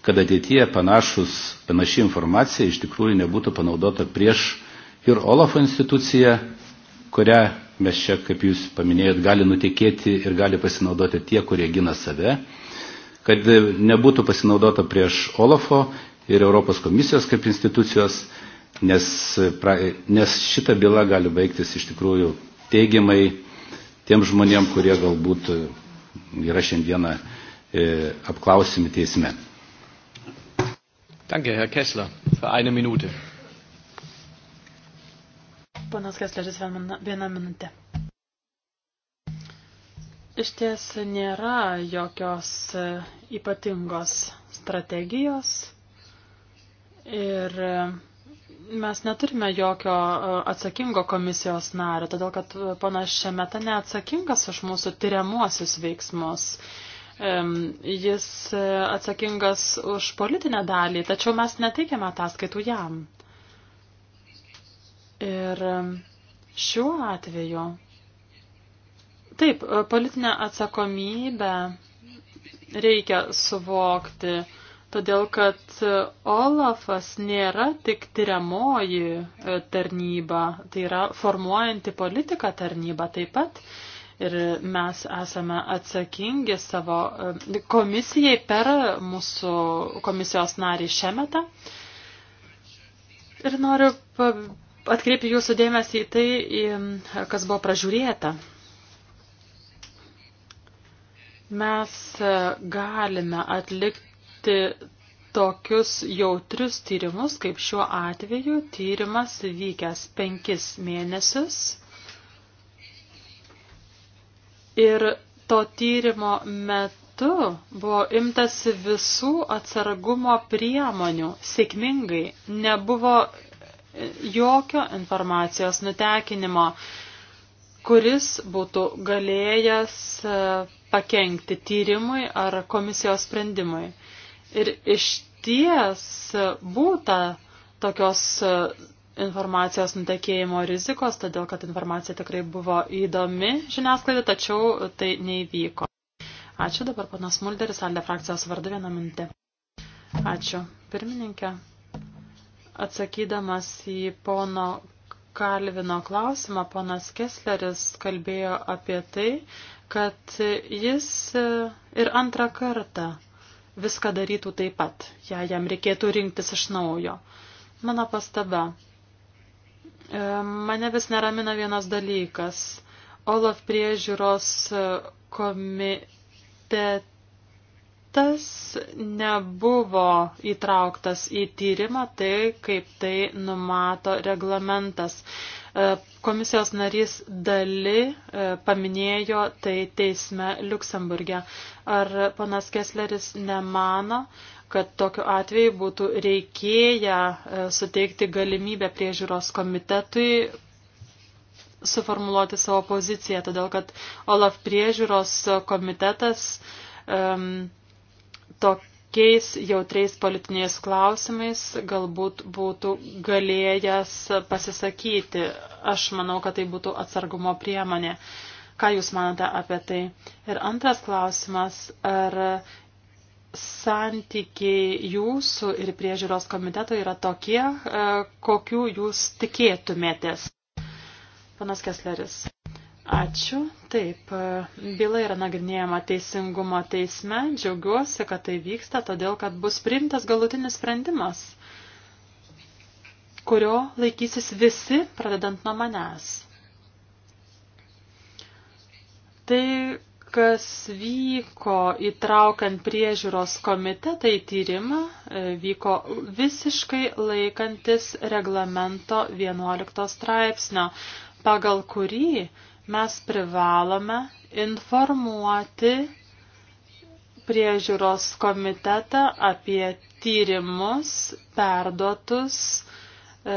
kad ateityje panašus, panaši informacija iš tikrųjų nebūtų panaudota prieš ir Olafo instituciją, kurią mes čia, kaip jūs paminėjot, gali nutikėti ir gali pasinaudoti tie, kurie gina save, kad nebūtų pasinaudota prieš Olafo ir Europos komisijos kaip institucijos, nes, pra, nes šita byla gali baigtis iš tikrųjų teigiamai tiem žmonėm, kurie galbūt yra šiandieną e, apklausimi teisme. Danke, Herr Kessler, für eine Minute. Panas Kesleris vieną minutę. Iš ties nėra jokios e, ypatingos strategijos ir e, mes neturime jokio e, atsakingo komisijos nario, todėl kad panašia meta neatsakingas už mūsų tyriamuosius veiksmus. Jis atsakingas už politinę dalį, tačiau mes neteikiame ataskaitų jam. Ir um, šiuo atveju, taip, politinę atsakomybę reikia suvokti, todėl kad Olafas nėra tik tyriamoji e, tarnyba, tai yra formuojanti politiką tarnyba taip pat. Ir mes esame atsakingi savo e, komisijai per mūsų komisijos narį šiemetą. Ir noriu atkreipiu jūsų dėmesį į tai, kas buvo pražiūrėta. Mes e, galime atlikti tokius jautrius tyrimus, kaip šiuo atveju tyrimas vykęs penkis mėnesius. Ir to tyrimo metu buvo imtasi visų atsargumo priemonių sėkmingai. Nebuvo jokio informacijos nutekinimo, kuris būtų galėjęs e, pakenkti tyrimui ar komisijos sprendimui. Ir iš ties būta tokios e, informacijos nutekėjimo rizikos, todėl kad informacija tikrai buvo įdomi žiniasklaidai, tačiau tai neįvyko. Ačiū dabar panas Mulderis, Alde frakcijos vardu vieną mintį. Ačiū, pirmininkė. Atsakydamas į pono Kalvino klausimą, ponas Kessleris kalbėjo apie tai, kad jis e, ir antrą kartą viską darytų taip pat, jei jam reikėtų rinktis iš naujo. Mano pastaba. E, mane vis neramina vienas dalykas. Olaf priežiūros e, komitete tas nebuvo įtrauktas į tyrimą, tai kaip tai numato reglamentas. E, komisijos narys Dali e, paminėjo tai teisme Luksemburgė. Ar panas Kesleris nemano, kad tokiu atveju būtų reikėję e, suteikti galimybę priežiūros komitetui suformuluoti savo poziciją, todėl kad OLAF priežiūros komitetas um, tokiais jautriais politiniais klausimais galbūt būtų galėjęs pasisakyti. Aš manau, kad tai būtų atsargumo priemonė. Ką Jūs manate apie tai? Ir antras klausimas, ar santykiai jūsų ir priežiūros komiteto yra tokie, e, kokių Jūs tikėtumėtės? Panas Kesleris. Ačiū. Taip, e, byla yra nagrinėjama teisingumo teisme. Džiaugiuosi, kad tai vyksta, todėl kad bus priimtas galutinis sprendimas, kurio laikysis visi, pradedant nuo manęs. Tai, kas vyko įtraukiant priežiūros komitetą į tyrimą, e, vyko visiškai laikantis reglamento 11 straipsnio, pagal kurį Mes privalome informuoti priežiūros komitetą apie tyrimus perduotus e,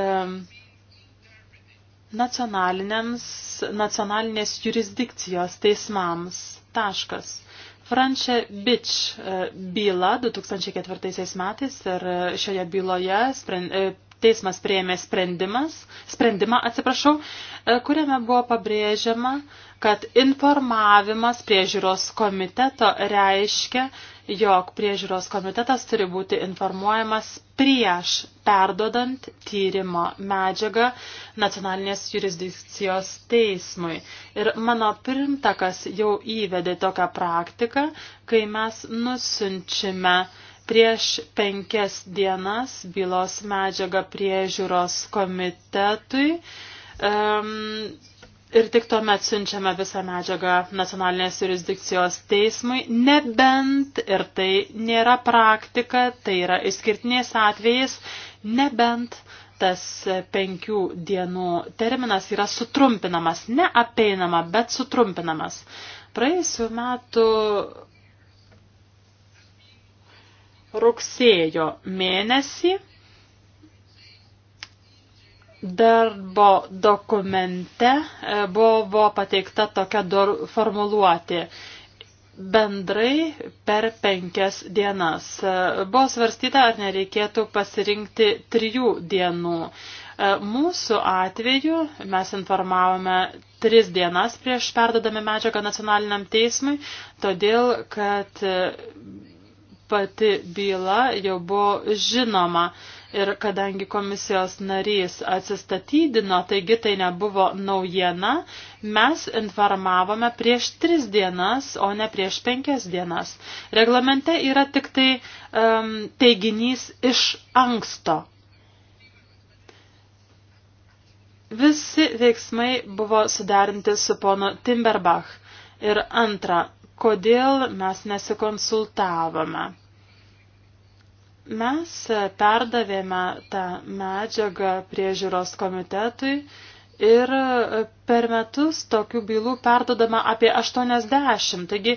nacionalinės jurisdikcijos teismams. Taškas. Franče Bič e, byla 2004 metais ir e, šioje byloje e, teismas prieėmė sprendimas, sprendimą, atsiprašau, e, kuriame buvo pabrėžiama, kad informavimas priežiūros komiteto reiškia, jog priežiūros komitetas turi būti informuojamas prieš perdodant tyrimo medžiagą nacionalinės jurisdikcijos teismui. Ir mano pirmtakas jau įvedė tokią praktiką, kai mes nusinčiame uh, Prieš penkias dienas bylos medžiaga priežiūros komitetui um, ir tik tuomet siunčiame visą medžiagą nacionalinės jurisdikcijos teismui, nebent ir tai nėra praktika, tai yra išskirtiniais atvejais, nebent tas penkių dienų terminas yra sutrumpinamas, neapeinama, bet sutrumpinamas. Praėjusiu metu rugsėjo mėnesį darbo dokumente e, buvo pateikta tokia formuluotė bendrai per penkias dienas. E, buvo svarstyta, ar nereikėtų pasirinkti trijų dienų. E, mūsų atveju mes informavome tris dienas prieš perdodami medžiagą nacionaliniam teismui, todėl kad pati byla jau buvo žinoma ir kadangi komisijos narys atsistatydino, taigi tai nebuvo naujiena, mes informavome prieš tris dienas, o ne prieš penkias dienas. Reglamente yra tik tai um, teiginys iš anksto. Visi veiksmai buvo sudarinti su pono Timberbach. Ir antra, kodėl mes nesikonsultavome. Mes perdavėme tą medžiagą priežiūros komitetui ir per metus tokių bylų perdodama apie 80, taigi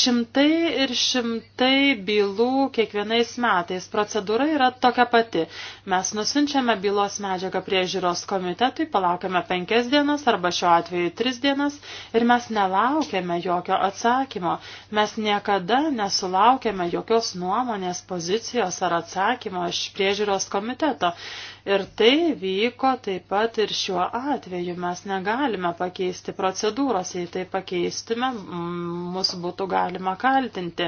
šimtai ir šimtai bylų kiekvienais metais. Procedūra yra tokia pati. Mes nusinčiame bylos medžiagą priežiūros komitetui, palaukiame penkias dienas arba šiuo atveju tris dienas ir mes nelaukiame jokio atsakymo. Mes niekada nesulaukiame jokios nuomonės, pozicijos ar atsakymo iš priežiūros komiteto. Ir tai vyko taip pat ir šiuo atveju. Mes negalime negalime pakeisti procedūros, jei tai pakeistume, mus būtų galima kaltinti.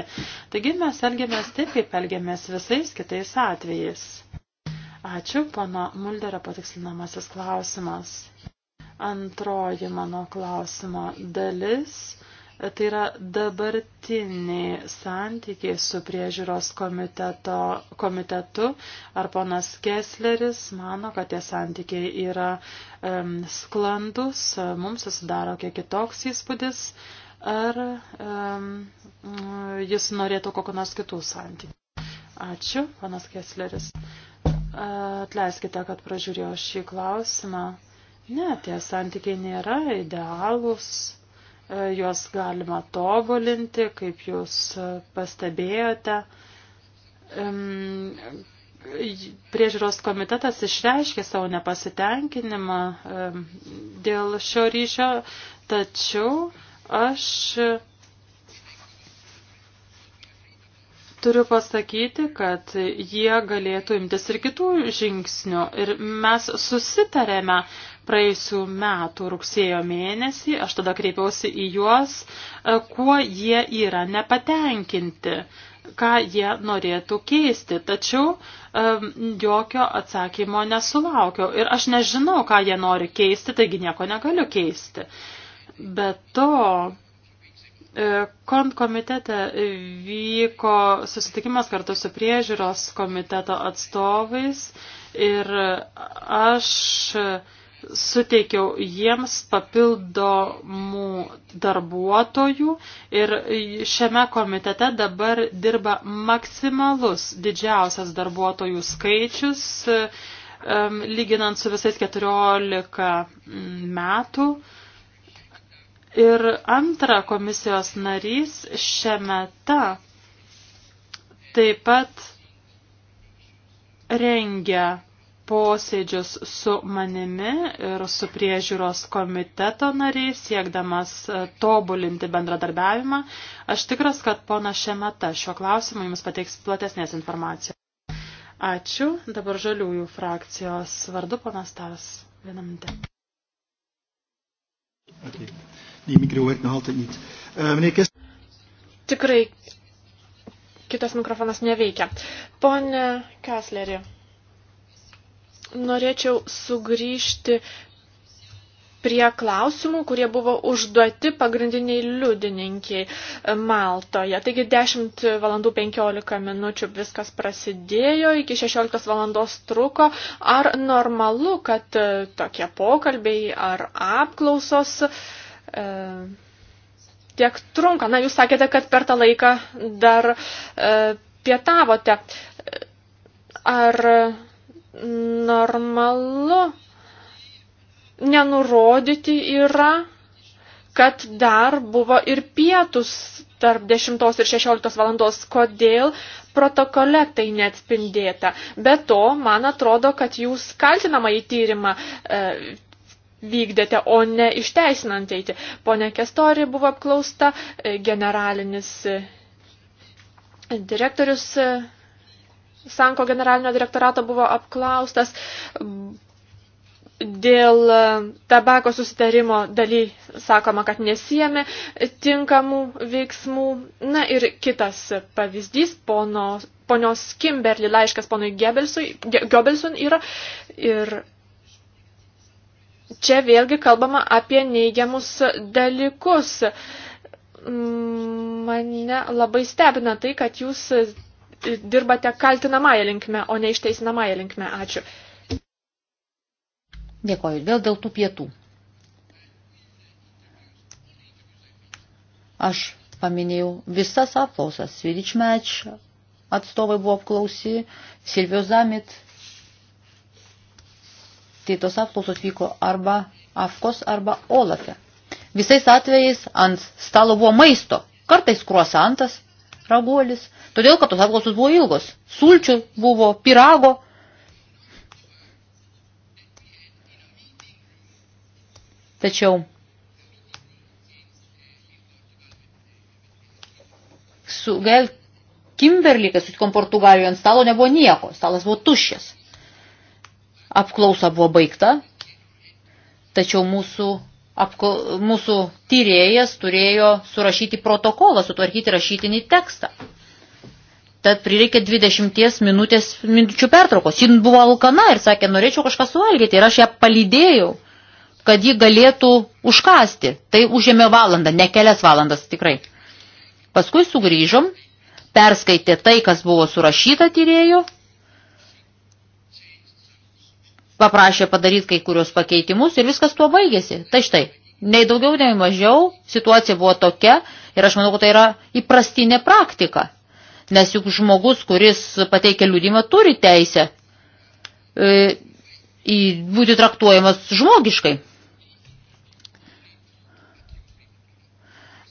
Taigi mes elgiamės taip, kaip elgiamės visais kitais atvejais. Ačiū, pono Mulderio patikslinamasis klausimas. Antroji mano klausimo dalis Tai yra dabartiniai santykiai su priežiūros komiteto, komitetu. Ar ponas Kessleris mano, kad tie santykiai yra um, sklandus, mums susidaro kiek kitoks įspūdis, ar um, jis norėtų kokio nors kitų santykių. Ačiū, panas Kessleris. Atleiskite, kad pražiūrėjau šį klausimą. Ne, tie santykiai nėra idealūs E, juos galima tobulinti, kaip jūs pastebėjote. Priežiūros komitetas išreiškė savo nepasitenkinimą dėl šio ryšio, tačiau aš turiu pasakyti, kad jie galėtų imtis ir kitų žingsnių. Ir mes susitarėme, praėjusių metų rugsėjo mėnesį. Aš tada kreipiausi į juos, e, kuo jie yra nepatenkinti, ką jie norėtų keisti. Tačiau e, jokio atsakymo nesulaukiau ir aš nežinau, ką jie nori keisti, taigi nieko negaliu keisti. Bet to e, Kont komitete vyko susitikimas kartu su priežiūros komiteto atstovais ir aš suteikiau jiems papildomų darbuotojų ir šiame komitete dabar dirba maksimalus didžiausias darbuotojų skaičius, lyginant su visais 14 metų. Ir antra komisijos narys šiame ta taip pat rengia posėdžius su manimi ir su priežiūros komiteto nariais, siekdamas e, tobulinti bendradarbiavimą. Aš tikras, kad pona Šemeta šiuo klausimu jums pateiks platesnės informacijos. Ačiū. Dabar žaliųjų frakcijos vardu ponas Tavas. Vieną minutę. Okay. Die micro werkt nog altijd niet. Uh, meneer Kest... Tikrai kitas mikrofonas neveikia. Pone Kasleri, norėčiau sugrįžti prie klausimų, kurie buvo užduoti pagrindiniai liudininkiai e, Maltoje. Taigi 10 valandų 15 minučių viskas prasidėjo, iki 16 valandos truko. Ar normalu, kad e, tokie pokalbiai ar apklausos e, tiek trunka? Na, jūs sakėte, kad per tą laiką dar e, pietavote. Ar normalu nenurodyti yra, kad dar buvo ir pietus tarp 10 ir 16 valandos, kodėl protokole tai neatspindėta. Be to, man atrodo, kad jūs kaltinamą į tyrimą e, vykdėte, o ne išteisinant eiti. Pone Kestori buvo apklausta, e, generalinis e, direktorius e, Sanko generalinio direktorato buvo apklaustas dėl tabako susitarimo daly sakoma, kad nesijėmė tinkamų veiksmų. Na ir kitas pavyzdys, pono, ponios Kimberly laiškas ponui Goebbelsun yra ir čia vėlgi kalbama apie neigiamus dalykus. Mm, mane labai stebina tai, kad jūs dirbate kaltinamąją linkme, o ne išteisinamąją linkme. Ačiū. Dėkoju. Vėl dėl tų pietų. Aš paminėjau visas apklausas. Svidičmeč atstovai buvo apklausi, Silvijos Zamit. Tai tos apklausos vyko arba Afkos arba Olafe. Visais atvejais ant stalo buvo maisto, kartais kruosantas, raguolis, todėl, kad tos apklausos buvo ilgos. Sulčių buvo, pirago. Tačiau su Gail Kimberly, kai sutikom Portugalijoje, ant stalo nebuvo nieko, stalas buvo tuščias. Apklausa buvo baigta, tačiau mūsų apkol, mūsų tyrėjas turėjo surašyti protokolą, sutvarkyti rašytinį tekstą. Tad prireikė 20 minutės minučių pertraukos. Jin buvo alkana ir sakė, norėčiau kažką suvalgyti. Ir aš ją palydėjau, kad ji galėtų užkasti. Tai užėmė valandą, ne kelias valandas tikrai. Paskui sugrįžom, perskaitė tai, kas buvo surašyta tyrėjo paprašė padaryti kai kurios pakeitimus ir viskas tuo baigėsi. Tai štai, nei daugiau, nei mažiau situacija buvo tokia ir aš manau, kad tai yra įprastinė praktika. Nes juk žmogus, kuris pateikia liūdimą, turi teisę e, į būti traktuojamas žmogiškai.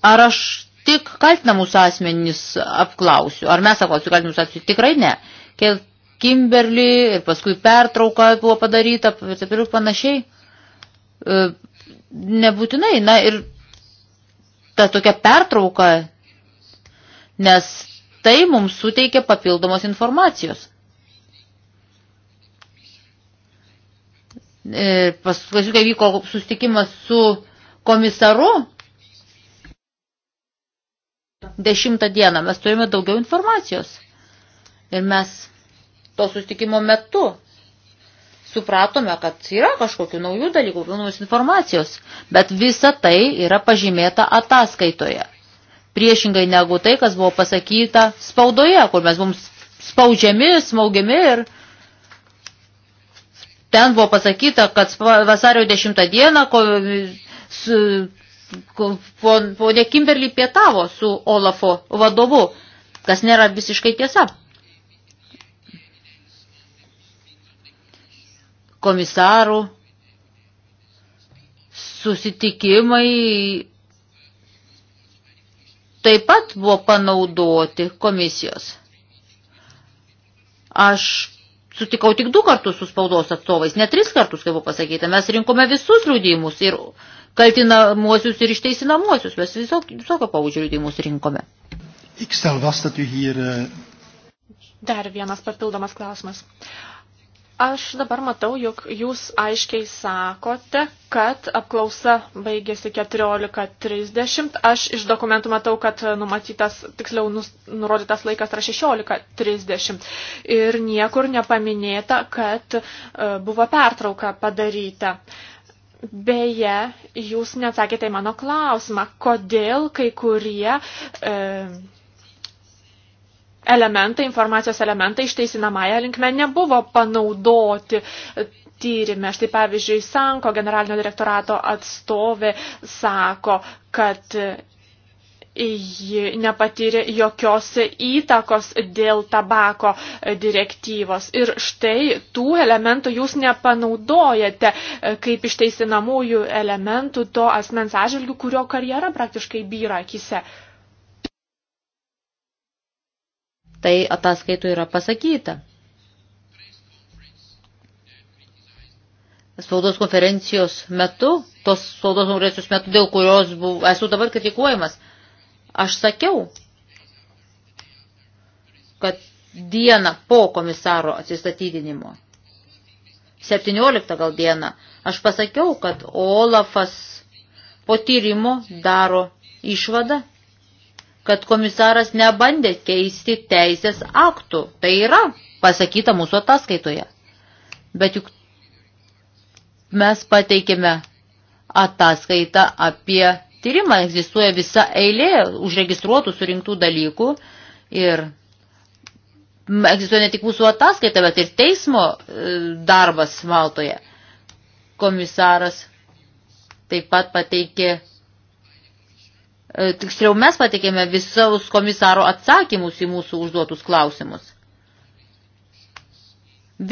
Ar aš tik kaltinamus asmenys apklausiu, ar mes apklausiu kaltinamus asmenys? Tikrai ne. Kiek Kimberly ir paskui pertrauka buvo padaryta ir taip ir panašiai. E, nebūtinai, na ir ta tokia pertrauka, nes tai mums suteikia papildomos informacijos. Ir paskui, kai vyko susitikimas su komisaru, dešimtą dieną mes turime daugiau informacijos. Ir mes to sustikimo metu supratome, kad yra kažkokių naujų dalykų, naujus informacijos, bet visa tai yra pažymėta ataskaitoje. Priešingai negu tai, kas buvo pasakyta spaudoje, kur mes mums spaudžiami, smaugiami ir ten buvo pasakyta, kad vasario 10 dieną ko, su, ko, ponė Kimberly pietavo su Olafo vadovu, kas nėra visiškai tiesa. komisarų susitikimai taip pat buvo panaudoti komisijos. Aš sutikau tik du kartus su spaudos atstovais, ne tris kartus, kaip buvo pasakyta. Mes rinkome visus liudijimus ir kaltinamuosius ir išteisinamuosius. Mes visok, visokio pavyzdžio liudijimus rinkome. Eh, Dar vienas papildomas klausimas. Aš dabar matau, jog jūs aiškiai sakote, kad apklausa baigėsi 14.30. Aš iš dokumentų matau, kad numatytas, tiksliau nus, nurodytas laikas yra 16.30. Ir niekur nepaminėta, kad e, buvo pertrauka padaryta. Beje, jūs neatsakėte į mano klausimą, kodėl kai kurie. E, elementai, informacijos elementai išteisinamąją linkme nebuvo panaudoti tyrimė. Štai pavyzdžiui, Sanko generalinio direktorato atstovė sako, kad ji nepatyrė jokios įtakos dėl tabako direktyvos. Ir štai tų elementų jūs nepanaudojate kaip išteisinamųjų elementų to asmens atžvilgių, kurio karjera praktiškai byra akise. Tai ataskaitų yra pasakyta. Spaudos konferencijos metu, tos spaudos konferencijos metu, dėl kurios buvau, esu dabar kritikuojamas, aš sakiau, kad dieną po komisaro atsistatydinimo, 17 gal dieną, aš pasakiau, kad Olafas po tyrimo daro išvadą, kad komisaras nebandė keisti teisės aktų. Tai yra pasakyta mūsų ataskaitoje. Bet juk mes pateikėme ataskaitą apie tyrimą. Egzistuoja visa eilė užregistruotų surinktų dalykų ir egzistuoja ne tik mūsų ataskaita, bet ir teismo e, darbas Maltoje. Komisaras taip pat pateikė E, tiksliau mes patikėme visus komisaro atsakymus į mūsų užduotus klausimus.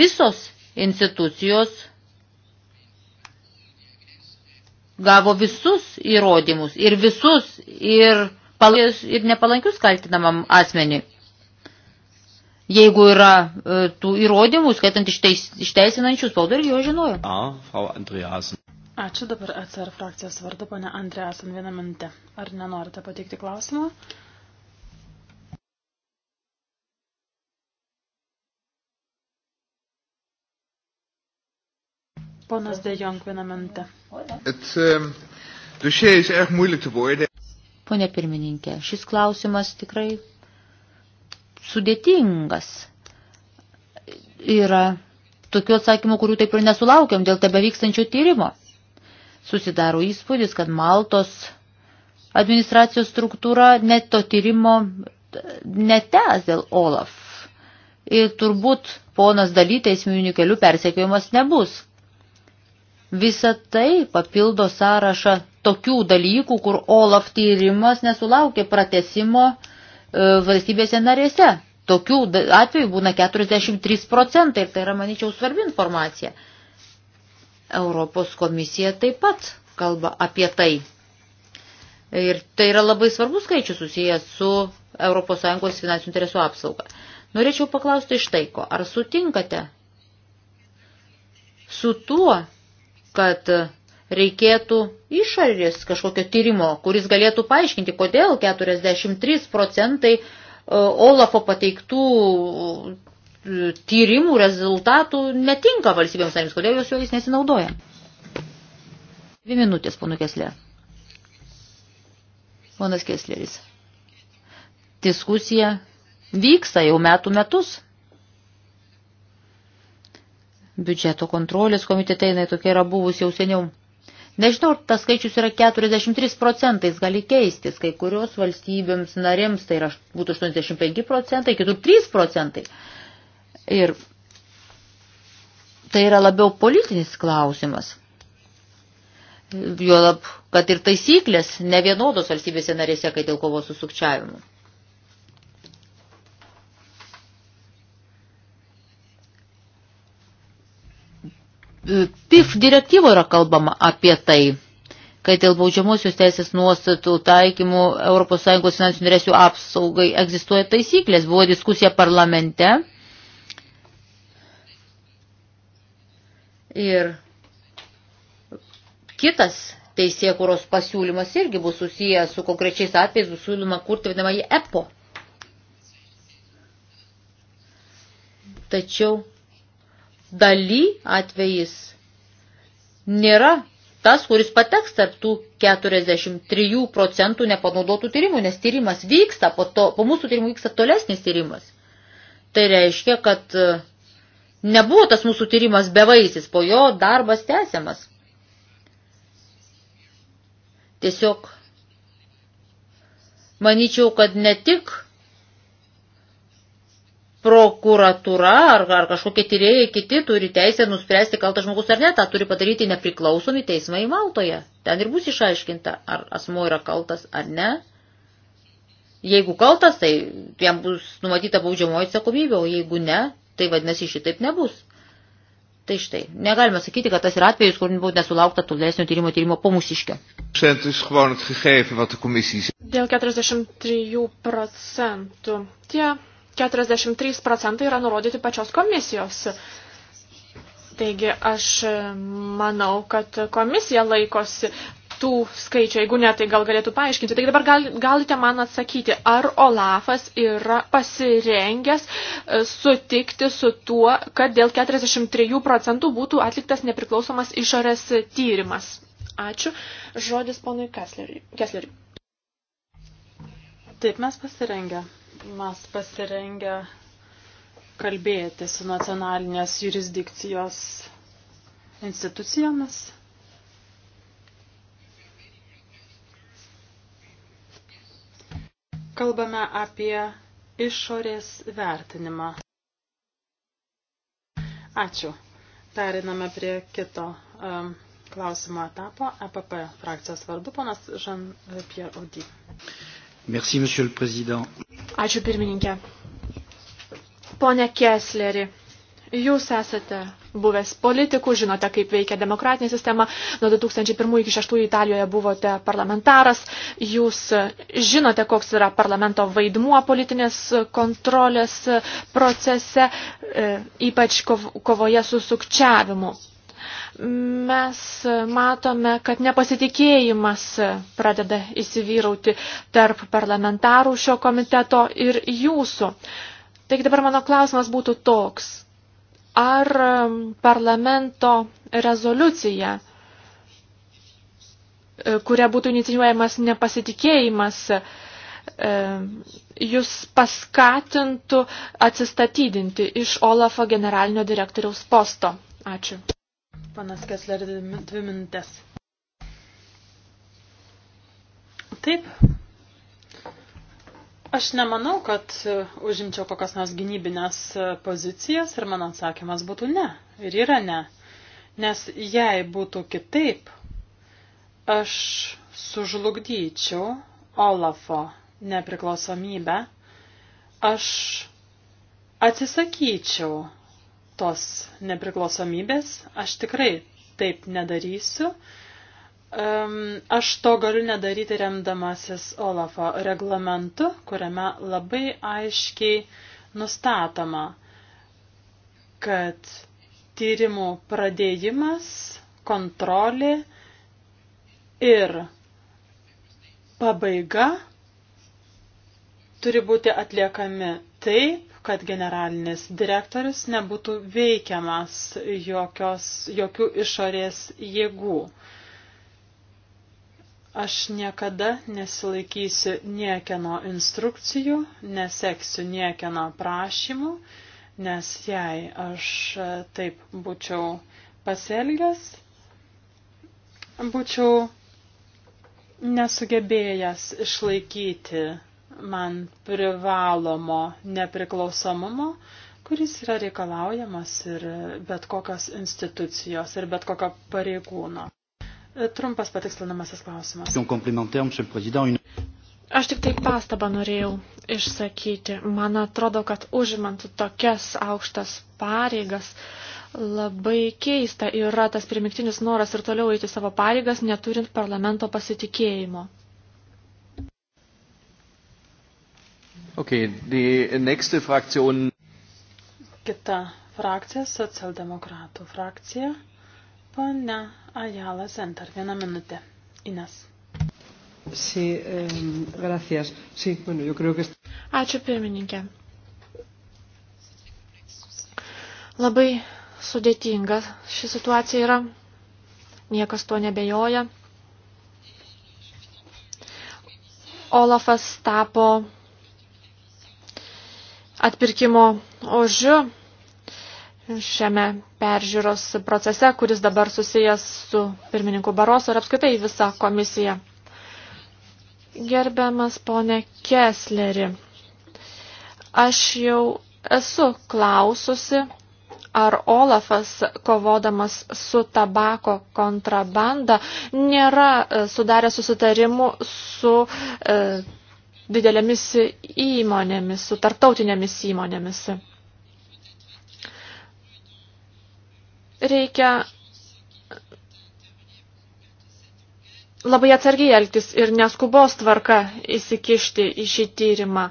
Visos institucijos gavo visus įrodymus ir visus ir, ir nepalankius kaltinamam asmenį. Jeigu yra e, tų įrodymų, skaitant išteisinančių spaudų, ir jo žinojo. A, Frau Andreasen. Ačiū dabar atsar frakcijos vardu, pane Andreasan, vieną minutę. Ar nenorite pateikti klausimą? Ponas De Jong, vieną minutę. Het um, dossier is erg moeilijk te beoordelen. Pone pirmininkė, šis klausimas tikrai sudėtingas. Yra tokių atsakymų, kurių taip ir nesulaukėm dėl tebe vykstančio tyrimo susidaro įspūdis, kad Maltos administracijos struktūra net to tyrimo netęs dėl Olaf. Ir turbūt ponas dalytais mininių kelių persekiojimas nebus. Visa tai papildo sąrašą tokių dalykų, kur Olaf tyrimas nesulaukė pratesimo e, valstybėse narėse. Tokių atvejų būna 43 procentai ir tai yra, manyčiau, svarbi informacija. Europos komisija taip pat kalba apie tai. Ir tai yra labai svarbus skaičius susijęs su ES finansinių interesų apsauga. Norėčiau paklausti iš tai, ko ar sutinkate su tuo, kad reikėtų išorės kažkokio tyrimo, kuris galėtų paaiškinti, kodėl 43 procentai e, Olafo pateiktų tyrimų rezultatų netinka valstybėms narėms, kodėl jos jais nesinaudoja. Dvi minutės, ponu Keslė. Ponas Kesleris. Diskusija vyksta jau metų metus. Biudžeto kontrolės komitete jinai tokia yra buvus jau seniau. Nežinau, tas skaičius yra 43 procentais, gali keistis, kai kurios valstybėms narėms tai yra, būtų 85 procentai, kitur 3 procentai. Ir tai yra labiau politinis klausimas. Juolab, kad ir taisyklės nevienodos valstybėse narėse, kai dėl kovos su sukčiavimu. PIF direktyvo yra kalbama apie tai, kai dėl baudžiamosios teisės nuostatų taikymų ES finansinių interesių apsaugai egzistuoja taisyklės. Buvo diskusija parlamente Ir kitas teisėkuros pasiūlymas irgi bus susijęs su konkrečiais atvejais, bus siūloma kurti vadinamą į EPO. Tačiau daly atvejis nėra tas, kuris pateks tarp tų 43 procentų nepanaudotų tyrimų, nes tyrimas vyksta, po, to, po mūsų tyrimų vyksta tolesnis tyrimas. Tai reiškia, kad nebuvo tas mūsų tyrimas bevaisis, po jo darbas tęsiamas. Tiesiog manyčiau, kad ne tik prokuratūra ar, ar kažkokie tyrėjai kiti turi teisę nuspręsti, kaltas žmogus ar ne, tą turi padaryti nepriklausomi teismai Maltoje. Ten ir bus išaiškinta, ar asmo yra kaltas ar ne. Jeigu kaltas, tai jam bus numatyta baudžiamoji atsakomybė, o jeigu ne, Tai vadinasi, šitaip nebus. Tai štai, negalime sakyti, kad tas yra atvejus, kur buvo nesulaukta tolesnio tyrimo tyrimo po mūsiškio. Dėl 43 procentų. Tie 43 procentai yra nurodyti pačios komisijos. Taigi aš manau, kad komisija laikosi tų skaičių, jeigu ne, tai gal galėtų paaiškinti. Tai dabar gal, galite man atsakyti, ar Olafas yra pasirengęs e, sutikti su tuo, kad dėl 43 procentų būtų atliktas nepriklausomas išorės tyrimas. Ačiū. Žodis ponui Kessleriui. Taip, mes pasirengę. Mes pasirengę kalbėti su nacionalinės jurisdikcijos institucijomis. kalbame apie išorės vertinimą. Ačiū. Periname prie kito um, klausimo etapo. EPP frakcijos vardu, ponas Jean-Pierre Audi. Merci, monsieur le président. Ačiū pirmininkė. Pone Kessleri, Jūs esate buvęs politikų, žinote, kaip veikia demokratinė sistema. Nuo 2001 iki 2006 Italijoje buvote parlamentaras. Jūs žinote, koks yra parlamento vaidmuo politinės kontrolės procese, e, ypač kovoje su sukčiavimu. Mes matome, kad nepasitikėjimas pradeda įsivyrauti tarp parlamentarų šio komiteto ir jūsų. Taigi dabar mano klausimas būtų toks ar parlamento rezoliucija, e, kuria būtų inicijuojamas nepasitikėjimas, e, jūs paskatintų atsistatydinti iš Olafo generalinio direktoriaus posto. Ačiū. Panas Kessler, dvi minutės. Taip, Aš nemanau, kad e, užimčiau kokias nors gynybinės e, pozicijas ir mano atsakymas būtų ne. Ir yra ne. Nes jei būtų kitaip, aš sužlugdyčiau Olafo nepriklausomybę, aš atsisakyčiau tos nepriklausomybės, aš tikrai taip nedarysiu Aš to galiu nedaryti remdamasis Olafo reglamentu, kuriame labai aiškiai nustatoma, kad tyrimų pradėjimas, kontrolė ir pabaiga turi būti atliekami taip, kad generalinis direktorius nebūtų veikiamas jokios, jokių išorės jėgų. Aš niekada nesilaikysiu niekieno instrukcijų, neseksiu niekieno prašymų, nes jei aš taip būčiau pasielgęs, būčiau nesugebėjęs išlaikyti man privalomo nepriklausomumo, kuris yra reikalaujamas ir bet kokios institucijos, ir bet kokio pareigūno. E, trumpas patikslinamasis klausimas. Aš tik tai pastabą norėjau išsakyti. Man atrodo, kad užimant tokias aukštas pareigas labai keista yra tas primiktinis noras ir toliau eiti savo pareigas, neturint parlamento pasitikėjimo. Okay, die nächste Fraktion. Kita frakcija, socialdemokratų frakcija. Pane Ajala Center, vieną minutę. Ines. Sí, eh, gracias. Sí, bueno, yo creo que... Ačiū pirmininkė. Labai sudėtinga ši situacija yra. Niekas tuo nebejoja. Olafas tapo atpirkimo ožiu šiame peržiūros procese, kuris dabar susijęs su pirmininku Baroso ir apskaitai visa komisija. Gerbiamas ponė Kesleri, aš jau esu klaususi, ar Olafas, kovodamas su tabako kontrabanda, nėra e, sudarę susitarimų su e, didelėmis įmonėmis, su tartautinėmis įmonėmis. reikia labai atsargiai elgtis ir neskubos tvarka įsikišti į šį tyrimą.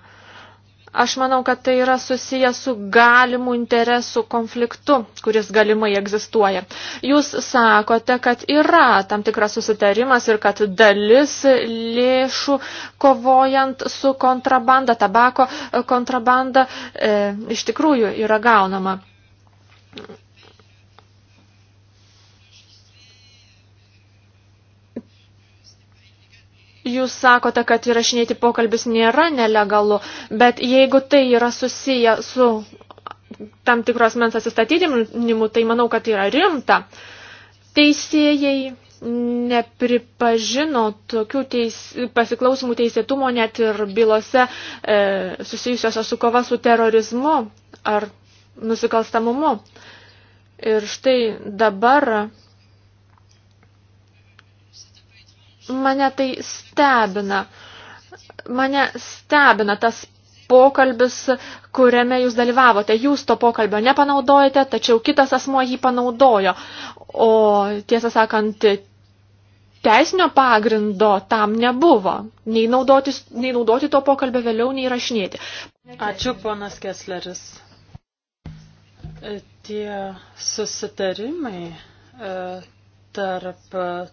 Aš manau, kad tai yra susiję su galimu interesų konfliktu, kuris galimai egzistuoja. Jūs sakote, kad yra tam tikras susitarimas ir kad dalis lėšų kovojant su kontrabanda, tabako kontrabanda e, iš tikrųjų yra gaunama. Jūs sakote, kad įrašinėti pokalbis nėra nelegalu, bet jeigu tai yra susiję su tam tikros mens atsistatydinimu, tai manau, kad tai yra rimta. Teisėjai nepripažino tokių teis, pasiklausimų teisėtumo net ir bylose e, susijusiose su kova su terorizmu ar nusikalstamumu. Ir štai dabar mane tai stebina. Mane stebina tas pokalbis, kuriame jūs dalyvavote. Jūs to pokalbio nepanaudojate, tačiau kitas asmo jį panaudojo. O tiesą sakant, teisinio pagrindo tam nebuvo. Nei, naudotis, nei naudoti to pokalbio vėliau, nei rašinėti. Ačiū, ponas Kesleris. E, tie susitarimai e, tarp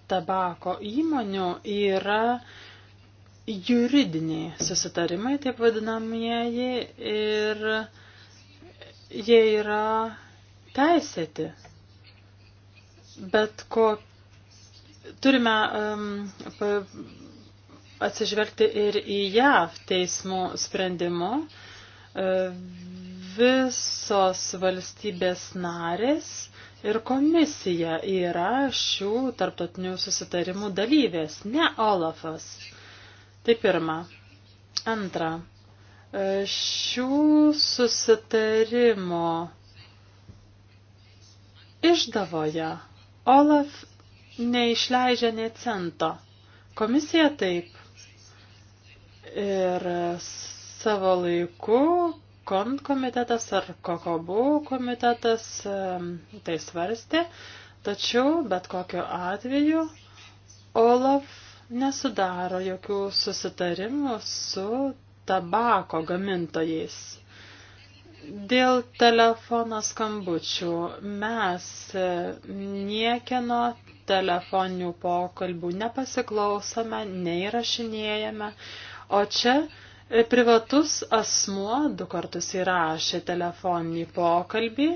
tabako įmonių yra juridiniai susitarimai, taip vadinamieji, ir jie yra teisėti. Bet ko turime um, atsižvelgti ir į JAV teismų sprendimu. Uh, visos valstybės narės ir komisija yra šių tarptautinių susitarimų dalyvės, ne Olafas. Tai pirma. Antra. E, šių susitarimo išdavoje Olaf neišleidžia nei cento. Komisija taip. Ir savo laiku Kon komitetas ar Kokobu komitetas tai svarstė, tačiau bet kokiu atveju Olaf nesudaro jokių susitarimų su tabako gamintojais. Dėl telefono skambučių mes niekieno telefoninių pokalbių nepasiklausome, neįrašinėjame, o čia E, privatus asmuo du kartus įrašė telefoninį pokalbį.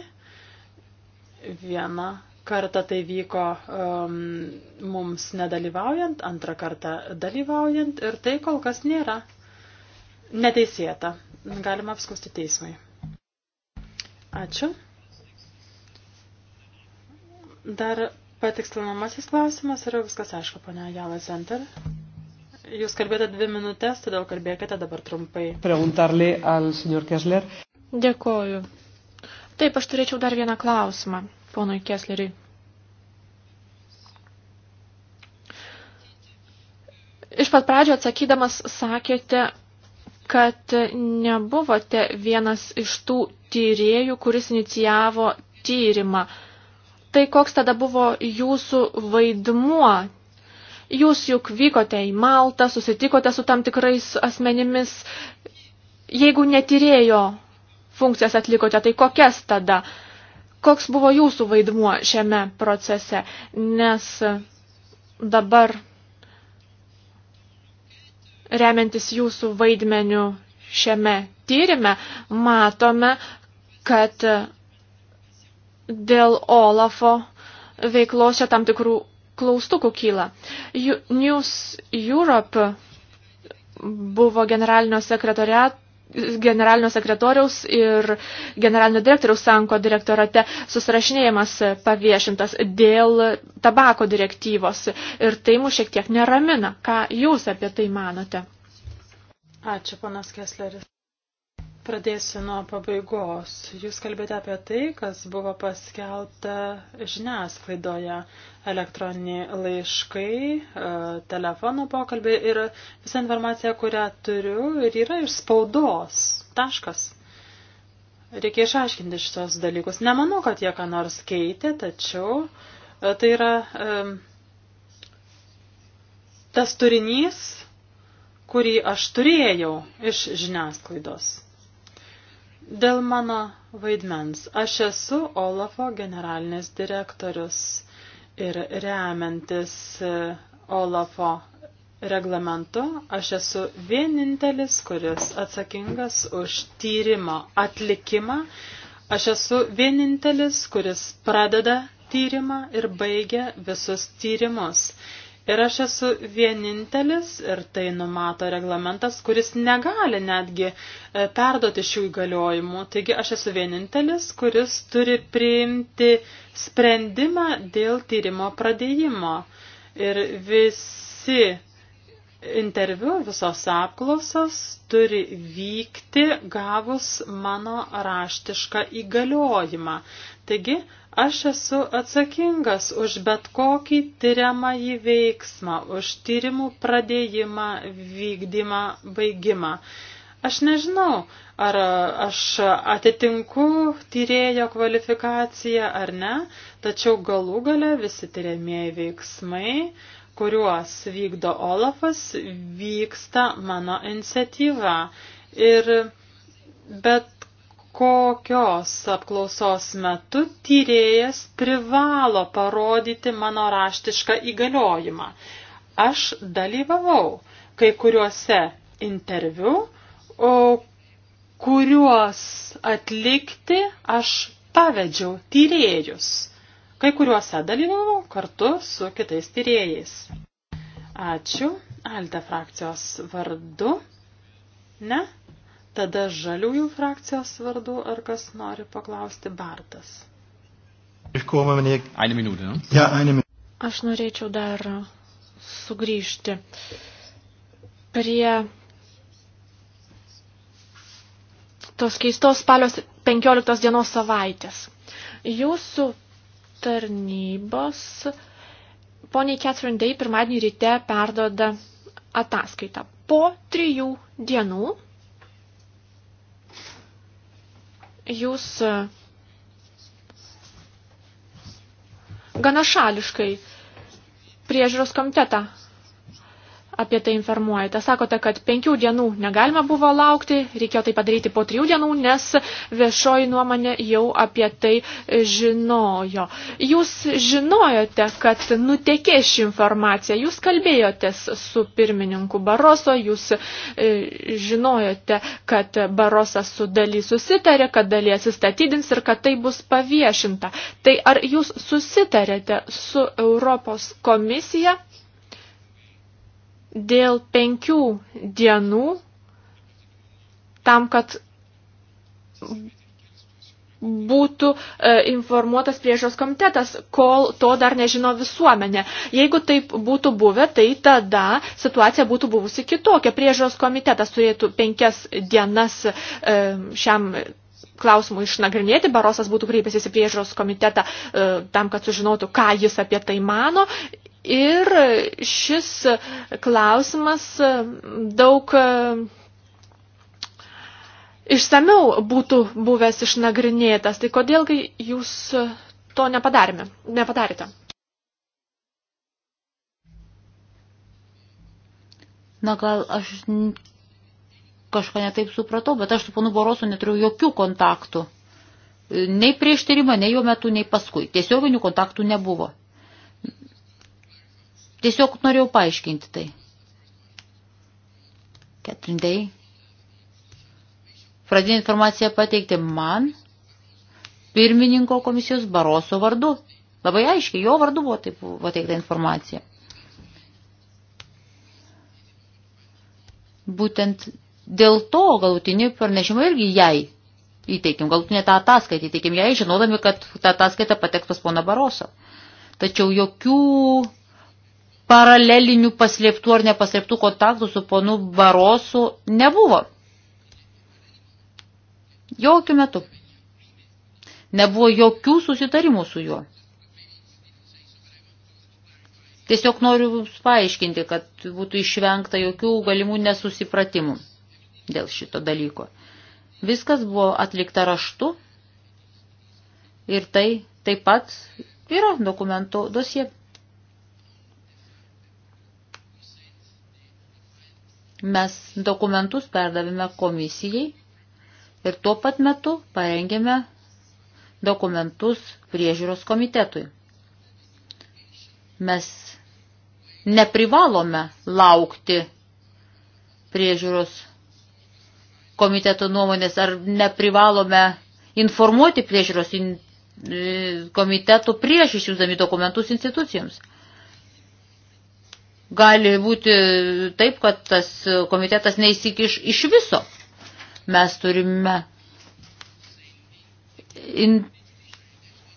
Vieną kartą tai vyko um, mums nedalyvaujant, antrą kartą dalyvaujant ir tai kol kas nėra neteisėta. Galima apskusti teismui. Ačiū. Dar patikslinamasis klausimas, yra viskas aišku, ponia Jala Center. Jūs kalbėjote dvi minutės, todėl kalbėkite dabar trumpai. Preguntarle al señor Kessler. Dėkoju. Taip, aš turėčiau dar vieną klausimą, ponui Kessleriui. Iš pat pradžio atsakydamas sakėte, kad nebuvote vienas iš tų tyrėjų, kuris inicijavo tyrimą. Tai koks tada buvo jūsų vaidmuo Jūs juk vykote į Maltą, susitikote su tam tikrais asmenimis. Jeigu netyrėjo funkcijas atlikote, tai kokias tada? Koks buvo jūsų vaidmuo šiame procese? Nes dabar remiantis jūsų vaidmeniu šiame tyrime, matome, kad dėl Olafo veiklos čia tam tikrų klaustukų kyla. News Europe buvo generalinio sekretoriato generalinio sekretoriaus ir generalinio direktoriaus Sanko direktorate susirašinėjimas paviešintas dėl tabako direktyvos. Ir tai mus šiek tiek neramina. Ką jūs apie tai manote? Ačiū, panas Kesleris. Pradėsiu nuo pabaigos. Jūs kalbėte apie tai, kas buvo paskelbta žiniasklaidoje - elektroniniai laiškai, e, telefonų pokalbiai ir visa informacija, kurią turiu, ir yra iš spaudos. Taškas. Reikia išaiškinti šitos dalykus. Nemanau, kad jie ką nors keitė, tačiau e, tai yra um, tas turinys, kurį aš turėjau iš žiniasklaidos. Dėl mano vaidmens. Aš esu Olafo generalinis direktorius ir remiantis e, Olafo reglamentu, aš esu vienintelis, kuris atsakingas už tyrimo atlikimą. Aš esu vienintelis, kuris pradeda tyrimą ir baigia visus tyrimus. Ir aš esu vienintelis, ir tai numato reglamentas, kuris negali netgi e, perduoti šių įgaliojimų. Taigi aš esu vienintelis, kuris turi priimti sprendimą dėl tyrimo pradėjimo. Ir visi interviu, visos apklausos turi vykti gavus mano raštišką įgaliojimą. Taigi Aš esu atsakingas už bet kokį tyriamąjį veiksmą, už tyrimų pradėjimą, vykdymą, baigimą. Aš nežinau, ar aš atitinku tyrėjo kvalifikaciją ar ne, tačiau galų gale visi tyriamieji veiksmai, kuriuos vykdo Olafas, vyksta mano iniciatyva. Ir bet kokios apklausos metu tyrėjas privalo parodyti mano raštišką įgaliojimą. Aš dalyvavau kai kuriuose interviu, kuriuos atlikti aš pavedžiau tyrėjus. Kai kuriuose dalyvavau kartu su kitais tyrėjais. Ačiū. Alde frakcijos vardu. Ne? Tada žaliųjų frakcijos vardu, ar kas nori paklausti Bartas. Aš norėčiau dar sugrįžti prie tos keistos spalio 15 dienos savaitės. Jūsų tarnybos poniai Catherine Day pirmadienį ryte perdoda ataskaitą. Po trijų dienų jūs e, gana šališkai priežiūros komitetą apie tai informuojate. Sakote, kad penkių dienų negalima buvo laukti, reikėjo tai padaryti po trijų dienų, nes viešoji nuomonė jau apie tai žinojo. Jūs žinojote, kad nutekė ši informacija, jūs kalbėjotės su pirmininku Baroso, jūs e, žinojote, kad Barosas su daly susitarė, kad daly atsistatydins ir kad tai bus paviešinta. Tai ar jūs susitarėte su Europos komisija? dėl penkių dienų tam, kad būtų e, informuotas priežiūros komitetas, kol to dar nežino visuomenė. Jeigu taip būtų buvę, tai tada situacija būtų buvusi kitokia. Priežiūros komitetas turėtų penkias dienas e, šiam klausimų išnagrinėti, Barosas būtų kreipęsis į priežiūros komitetą e, tam, kad sužinotų, ką jis apie tai mano. Ir šis klausimas e, daug e, išsameu būtų buvęs išnagrinėtas. Tai kodėlgi jūs to nepadarėme, nepadarėte? Na gal aš kažką netaip supratau, bet aš su ponu Borosu neturiu jokių kontaktų. Nei prieš tyrimą, nei jo metu, nei paskui. Tiesioginių kontaktų nebuvo. Tiesiog norėjau paaiškinti tai. Ketrindai. Pradinė informacija pateikti man, pirmininko komisijos Baroso vardu. Labai aiškiai, jo vardu buvo taip pateikta informacija. Būtent Dėl to galutinį pranešimą irgi jai įteikim, galutinę tą ataskaitą įteikim jai, žinodami, kad tą ataskaitą pateks pas poną Baroso. Tačiau jokių paralelinių paslėptų ar nepaslėptų kontaktų su ponu Barosu nebuvo. Jokių metų. Nebuvo jokių susitarimų su juo. Tiesiog noriu paaiškinti, kad būtų išvengta jokių galimų nesusipratimų dėl šito dalyko. Viskas buvo atlikta raštu ir tai taip pat yra dokumento dosie. Mes dokumentus perdavėme komisijai ir tuo pat metu parengėme dokumentus priežiūros komitetui. Mes neprivalome laukti priežiūros komiteto nuomonės, ar neprivalome informuoti priežiūros in, e, komitetų prieš išsiųsdami dokumentus institucijoms. Gali būti taip, kad tas komitetas neįsikiš iš viso. Mes turime in,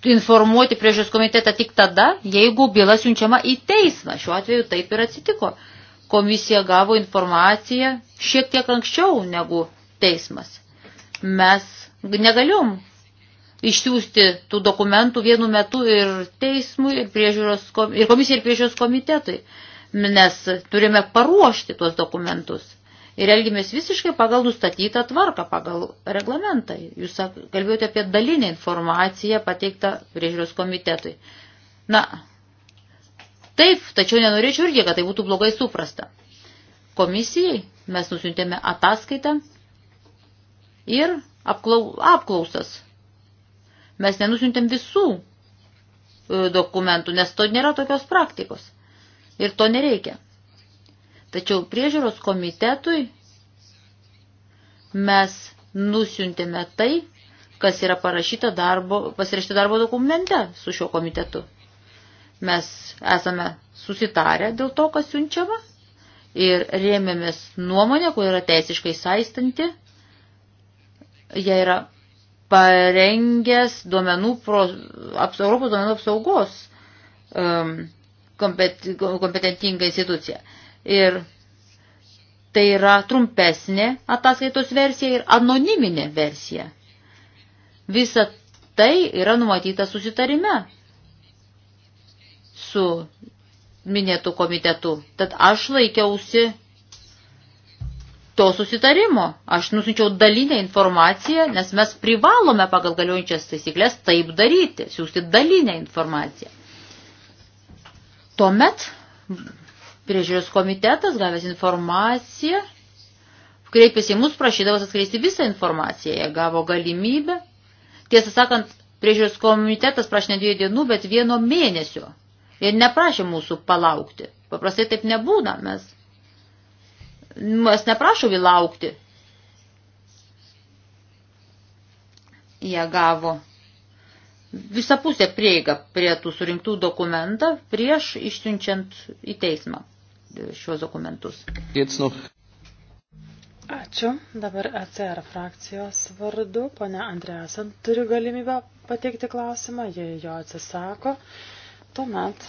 informuoti priežiūros komitetą tik tada, jeigu byla siunčiama į teismą. Šiuo atveju taip ir atsitiko. Komisija gavo informaciją šiek tiek anksčiau negu teismas. Mes negaliom išsiųsti tų dokumentų vienu metu ir teismui, ir, priežiūros, ir komisijai, ir priežiūros komitetui, nes turime paruošti tuos dokumentus. Ir elgimės visiškai pagal nustatytą tvarką, pagal reglamentą. Jūs kalbėjote apie dalinę informaciją pateiktą priežiūros komitetui. Na, taip, tačiau nenorėčiau irgi, kad tai būtų blogai suprasta. Komisijai mes nusintėme ataskaitą ir apklau, apklausas. Mes nenusintėm visų e, dokumentų, nes to nėra tokios praktikos ir to nereikia. Tačiau priežiūros komitetui mes nusiuntėme tai, kas yra parašyta darbo, pasirašyta darbo dokumente su šiuo komitetu. Mes esame susitarę dėl to, kas siunčiama ir rėmėmės nuomonę, kur yra teisiškai saistanti jie yra parengęs duomenų pro, aps, Europos duomenų apsaugos um, kompet, kompetentinga institucija. Ir tai yra trumpesnė ataskaitos versija ir anoniminė versija. Visa tai yra numatyta susitarime su minėtų komitetu. Tad aš laikiausi to susitarimo. Aš nusinčiau dalinę informaciją, nes mes privalome pagal galiojančias taisyklės taip daryti, siūsti dalinę informaciją. Tuomet priežiūros komitetas gavęs informaciją, kreipėsi į mus prašydamas atskleisti visą informaciją. Jie gavo galimybę. Tiesą sakant, priežiūros komitetas prašė ne dviejų dienų, bet vieno mėnesio. Jie neprašė mūsų palaukti. Paprastai taip nebūna. Mes Mes neprašomi laukti. Jie gavo visą pusę prieigą prie tų surinktų dokumentą prieš išsiunčiant į teismą šiuos dokumentus. Ačiū. Dabar ECR frakcijos vardu. Pone Andreasan turi galimybę pateikti klausimą, jei jo atsisako. Tuomet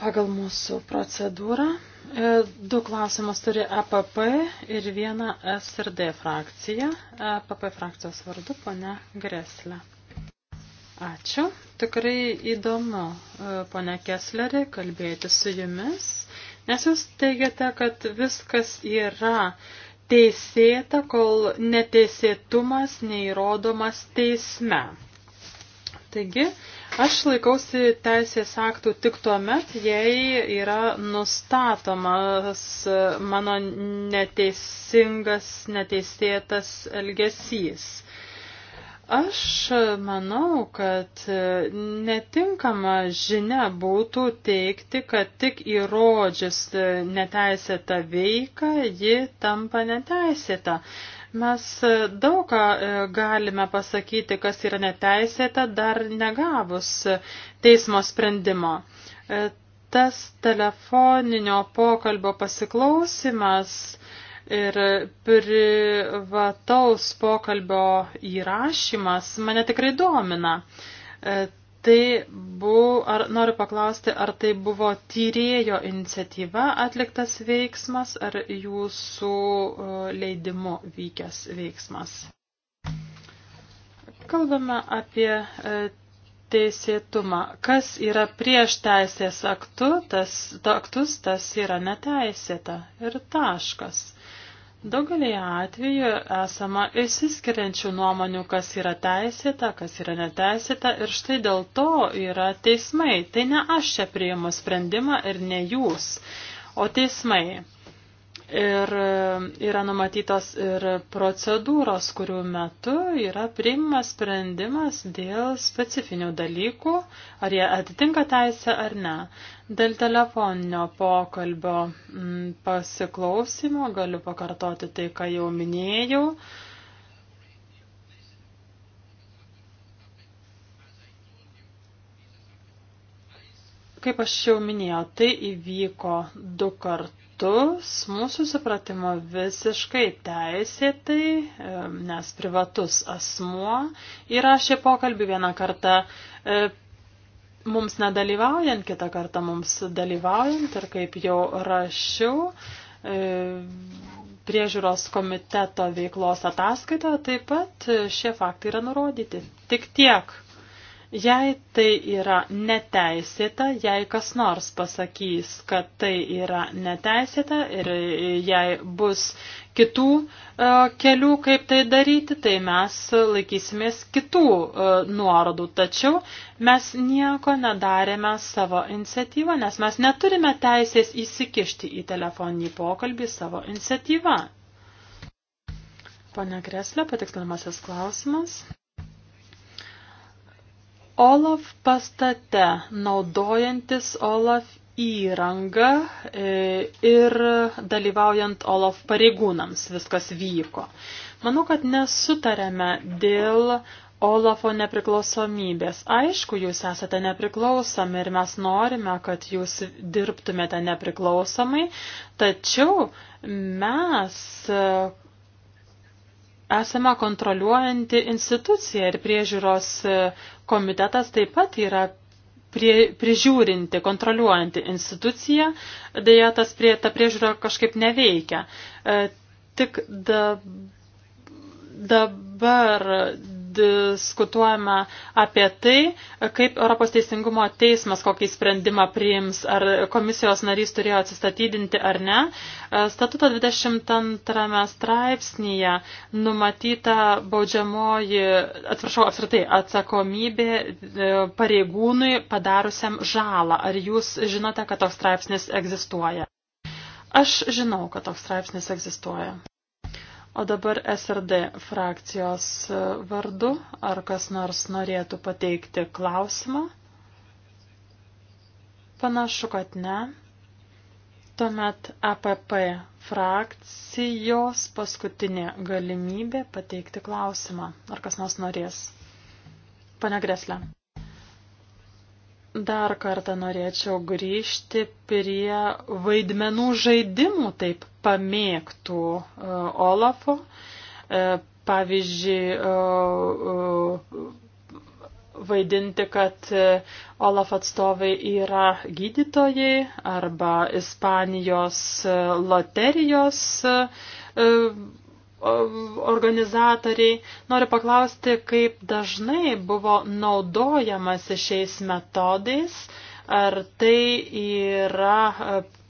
Pagal mūsų procedūrą e, du klausimus turi APP e ir vieną SRD frakciją. APP e frakcijos vardu ponia Greslė. Ačiū. Tikrai įdomu, ponia Kesleri, kalbėti su jumis, nes jūs teigiate, kad viskas yra teisėta, kol neteisėtumas neįrodomas teisme. Taigi, uh, Aš laikausi teisės aktų tik tuo met, jei yra nustatomas mano neteisingas, neteisėtas elgesys. Aš manau, kad netinkama žinia būtų teikti, kad tik įrodžius neteisėtą veiką, ji tampa neteisėta. Mes e, daug ką e, galime pasakyti, kas yra neteisėta, dar negavus e, teismo sprendimo. Tas telefoninio pokalbio pasiklausimas ir privataus pokalbio įrašymas mane tikrai domina tai buvo, ar, noriu paklausti, ar tai buvo tyrėjo iniciatyva atliktas veiksmas, ar jūsų e, leidimu vykęs veiksmas? Kalbame apie e, teisėtumą. Kas yra prieš teisės aktu, tas, ta, aktus, tas yra neteisėta ir taškas. Daugelėje atveju esama įsiskiriančių nuomonių, kas yra teisėta, kas yra neteisėta ir štai dėl to yra teismai. Tai ne aš čia priimu sprendimą ir ne jūs, o teismai. Ir e, yra numatytos ir procedūros, kurių metu yra priimamas sprendimas dėl specifinių dalykų, ar jie atitinka teisę ar ne. Dėl telefoninio pokalbio m, mm, pasiklausimo galiu pakartoti tai, ką jau minėjau. Kaip aš jau minėjau, tai įvyko du kartus privatus, mūsų supratimo visiškai teisėtai, e, nes privatus asmuo įrašė pokalbį vieną kartą e, mums nedalyvaujant, kitą kartą mums dalyvaujant ir kaip jau rašiau e, priežiūros komiteto veiklos ataskaitoje, taip pat šie faktai yra nurodyti. Tik tiek. Jei tai yra neteisėta, jei kas nors pasakys, kad tai yra neteisėta ir jei bus kitų e, kelių, kaip tai daryti, tai mes laikysimės kitų e, nuorodų. Tačiau mes nieko nedarėme savo iniciatyvą, nes mes neturime teisės įsikišti į telefoninį pokalbį savo iniciatyvą. Pane Kreslė, patikslinamasis klausimas. Olaf pastate naudojantis Olaf įrangą e, ir dalyvaujant Olaf pareigūnams viskas vyko. Manau, kad nesutarėme dėl Olafo nepriklausomybės. Aišku, jūs esate nepriklausomi ir mes norime, kad jūs dirbtumėte nepriklausomai, tačiau mes esama kontroliuojanti institucija ir priežiūros e, komitetas taip pat yra prie, prižiūrinti, kontroliuojanti institucija, dėja tas prie, ta priežiūra kažkaip neveikia. E, tik da, dabar diskutuojame apie tai, kaip Europos teisingumo teismas kokį sprendimą priims, ar komisijos narys turėjo atsistatydinti ar ne. Statuto 22 straipsnėje numatyta baudžiamoji, atsiprašau, apskritai atsakomybė e, pareigūnui padarusiam žalą. Ar jūs žinote, kad toks straipsnis egzistuoja? Aš žinau, kad toks straipsnis egzistuoja. O dabar SRD frakcijos e, vardu, ar kas nors norėtų pateikti klausimą? Panašu, kad ne. Tuomet APP frakcijos paskutinė galimybė pateikti klausimą, ar kas nors norės. Pane Greslė. Dar kartą norėčiau grįžti prie vaidmenų žaidimų, taip pamėgtų e, Olafo. E, pavyzdžiui, e, vaidinti, kad Olaf atstovai yra gydytojai arba Ispanijos loterijos organizatoriai. Noriu paklausti, kaip dažnai buvo naudojamasi šiais metodais, ar tai yra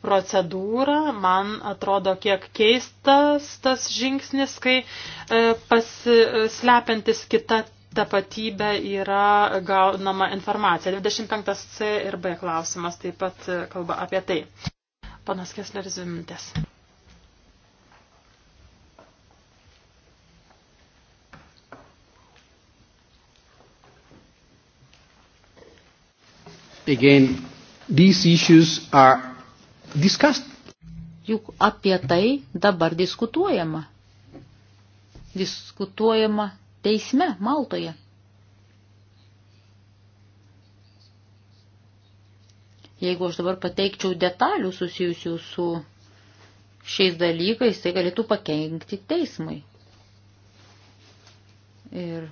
procedūrą. Man atrodo kiek keistas tas žingsnis, kai e, paslepiantis kitą tapatybę yra gaunama informacija. 25c ir b klausimas taip pat e, kalba apie tai. Panas Kesleris Vimintės. Again, these issues are discussed. Juk apie tai dabar diskutuojama. Diskutuojama teisme Maltoje. Jeigu aš dabar pateikčiau detalių susijusių su šiais dalykais, tai galėtų pakenkti teismui. Ir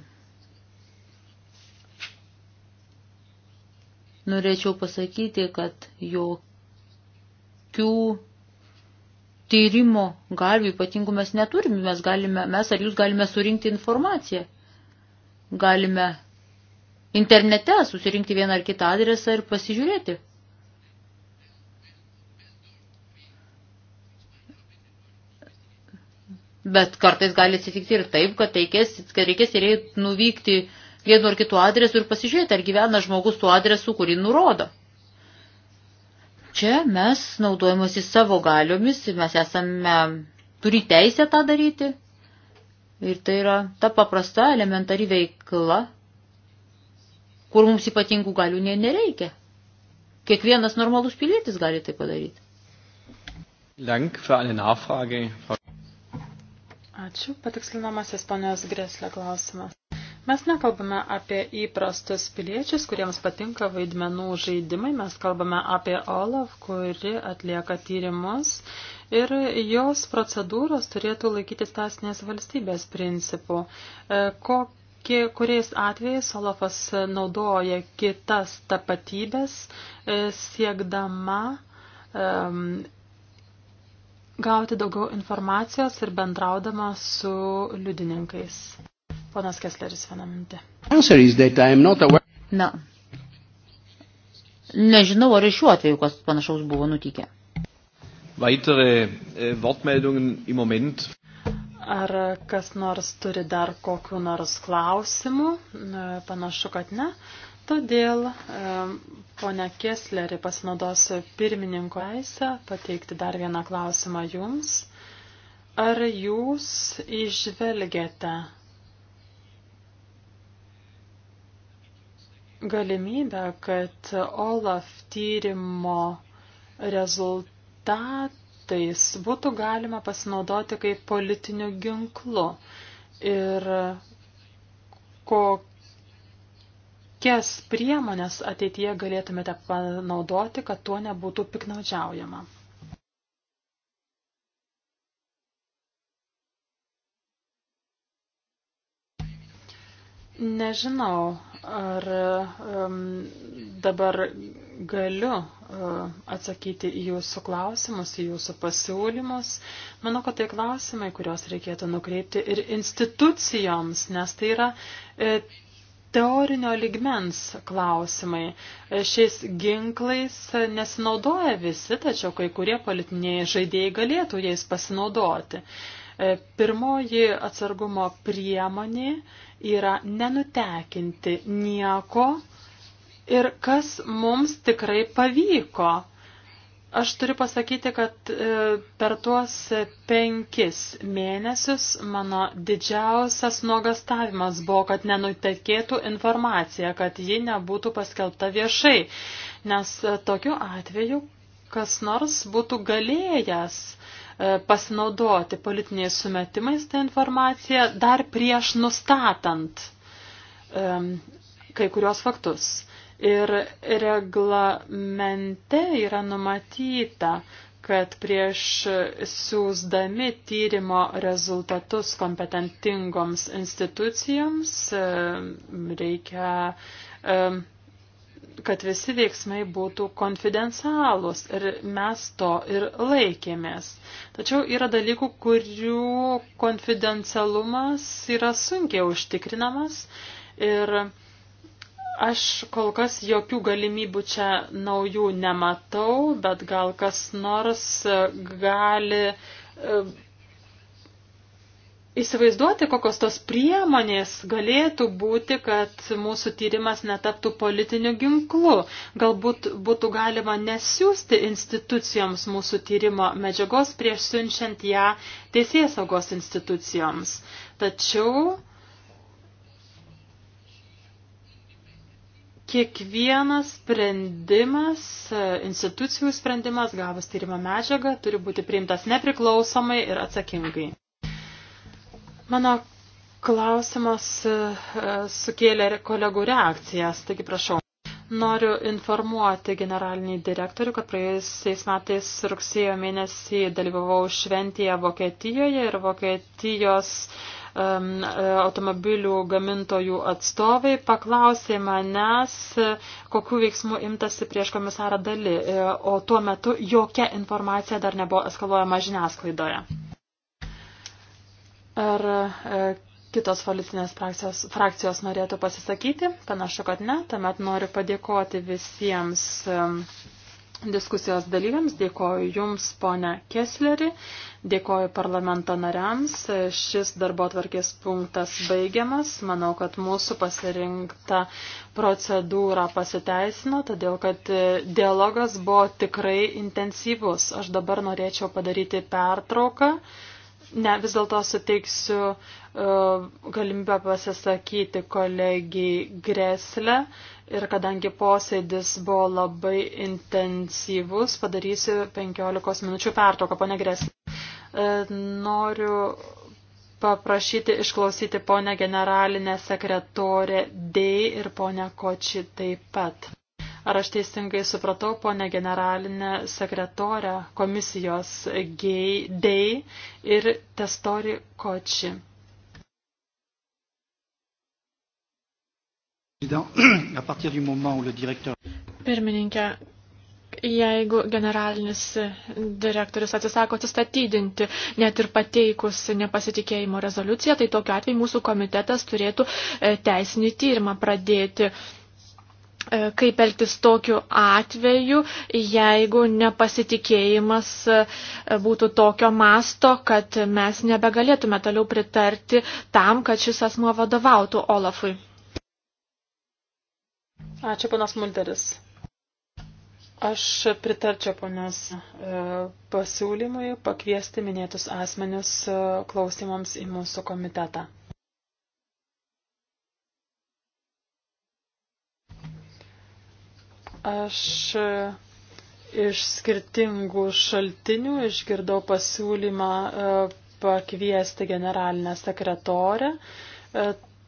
norėčiau pasakyti, kad jo tokių tyrimo galvių ypatingų mes neturime. Mes, galime, mes ar jūs galime surinkti informaciją. Galime internete susirinkti vieną ar kitą adresą ir pasižiūrėti. Bet kartais gali atsitikti ir taip, kad, teikės, kad reikės ir nuvykti vienu ar kitu adresu ir pasižiūrėti, ar gyvena žmogus tuo adresu, kurį nurodo. Čia mes naudojimuosi savo galiomis, mes esame, turi teisę tą daryti. Ir tai yra ta paprasta, elementari veikla, kur mums ypatingų galių nereikia. Kiekvienas normalus pilietis gali tai padaryti. Dank für eine Nachfrage. Ačiū. Patikslinamasis ponios Greslio klausimas. Mes nekalbame apie įprastus piliečius, kuriems patinka vaidmenų žaidimai, mes kalbame apie Olaf, kuri atlieka tyrimus ir jos procedūros turėtų laikytis teisinės valstybės principų. E, kokie, kuriais atvejais Olafas naudoja kitas tapatybės e, siekdama um, gauti daugiau informacijos ir bendraudama su liudininkais. Ponas Kessleris, vieną mintį. Na, nežinau, ar iš šiuo atveju kas panašaus buvo nutikę. Weitere äh, Wortmeldungen im Moment. Ar kas nors turi dar kokiu nors klausimu? Panašu, kad ne. Todėl, ponia Kessleri, pasinaudosiu pirmininko eisę pateikti dar vieną klausimą jums. Ar jūs išvelgiate galimybę, kad OLAF tyrimo rezultatais būtų galima pasinaudoti kaip politiniu ginklu. Ir kokias priemonės ateityje galėtumėte panaudoti, kad tuo nebūtų piknaudžiaujama. Nežinau, ar um, dabar galiu uh, atsakyti į jūsų klausimus, į jūsų pasiūlymus. Manau, kad tai klausimai, kuriuos reikėtų nukreipti ir institucijoms, nes tai yra uh, teorinio ligmens klausimai. E, šiais ginklais nesinaudoja visi, tačiau kai kurie politiniai žaidėjai galėtų jais pasinaudoti. Uh, E, pirmoji atsargumo priemonė yra nenutekinti nieko ir kas mums tikrai pavyko. Aš turiu pasakyti, kad e, per tuos penkis mėnesius mano didžiausias nuogastavimas buvo, kad nenutekėtų informacija, kad ji nebūtų paskelbta viešai, nes e, tokiu atveju kas nors būtų galėjęs uh, E, pasinaudoti politiniais sumetimais tą informaciją dar prieš nustatant e, kai kurios faktus. Ir reglamente yra numatyta, kad prieš siūsdami tyrimo rezultatus kompetentingoms institucijoms e, reikia kad visi veiksmai būtų konfidencialūs ir mes to ir laikėmės. Tačiau yra dalykų, kurių konfidencialumas yra sunkiai užtikrinamas ir aš kol kas jokių galimybių čia naujų nematau, bet gal kas nors gali įsivaizduoti, kokios tos priemonės galėtų būti, kad mūsų tyrimas netaptų politiniu ginklu. Galbūt būtų galima nesiųsti institucijoms mūsų tyrimo medžiagos prieš siunčiant ją teisėsaugos institucijoms. Tačiau kiekvienas sprendimas, institucijų sprendimas, gavus tyrimo medžiagą, turi būti priimtas nepriklausomai ir atsakingai. Mano klausimas e, sukėlė kolegų reakcijas, taigi prašau. Noriu informuoti generalinį direktorių, kad praėjusiais metais rugsėjo mėnesį dalyvavau šventėje Vokietijoje ir Vokietijos um, automobilių gamintojų atstovai paklausė manęs, e, kokiu veiksmu imtasi prieš komisarą dalį, o tuo metu jokia informacija dar nebuvo eskaluojama žiniasklaidoje. Ar e, kitos politinės frakcijos, frakcijos norėtų pasisakyti? Panašu, kad ne. Tuomet noriu padėkoti visiems e, diskusijos dalyviams. Dėkoju Jums, ponia Kesleri. Dėkoju parlamento nariams. Šis darbo tvarkės punktas baigiamas. Manau, kad mūsų pasirinkta procedūra pasiteisino, todėl kad e, dialogas buvo tikrai intensyvus. Aš dabar norėčiau padaryti pertrauką. Ne, vis dėlto suteiksiu uh, galimybę pasisakyti kolegijai Greslę ir kadangi posėdis buvo labai intensyvus, padarysiu 15 minučių pertrauką, ponė Greslė. Uh, e, noriu paprašyti išklausyti ponę generalinę sekretorę D ir ponę Kočį taip pat. Ar aš teisingai supratau, ponė generalinė sekretorė komisijos Gay ir Testori Koči? Pirmininkė, jeigu generalinis direktorius atsisako atsistatydinti, net ir pateikus nepasitikėjimo rezoliuciją, tai tokiu atveju mūsų komitetas turėtų e, teisinį tyrimą pradėti E, kaip elgtis tokiu atveju, jeigu nepasitikėjimas e, būtų tokio masto, kad mes nebegalėtume toliau pritarti tam, kad šis asmuo vadovautų Olafui. Ačiū, panas Mulderis. Aš pritarčiau ponios e, pasiūlymui pakviesti minėtus asmenius klausimams į mūsų komitetą. Aš e, iš skirtingų šaltinių išgirdau pasiūlymą e, pakviesti generalinę sekretorę. E,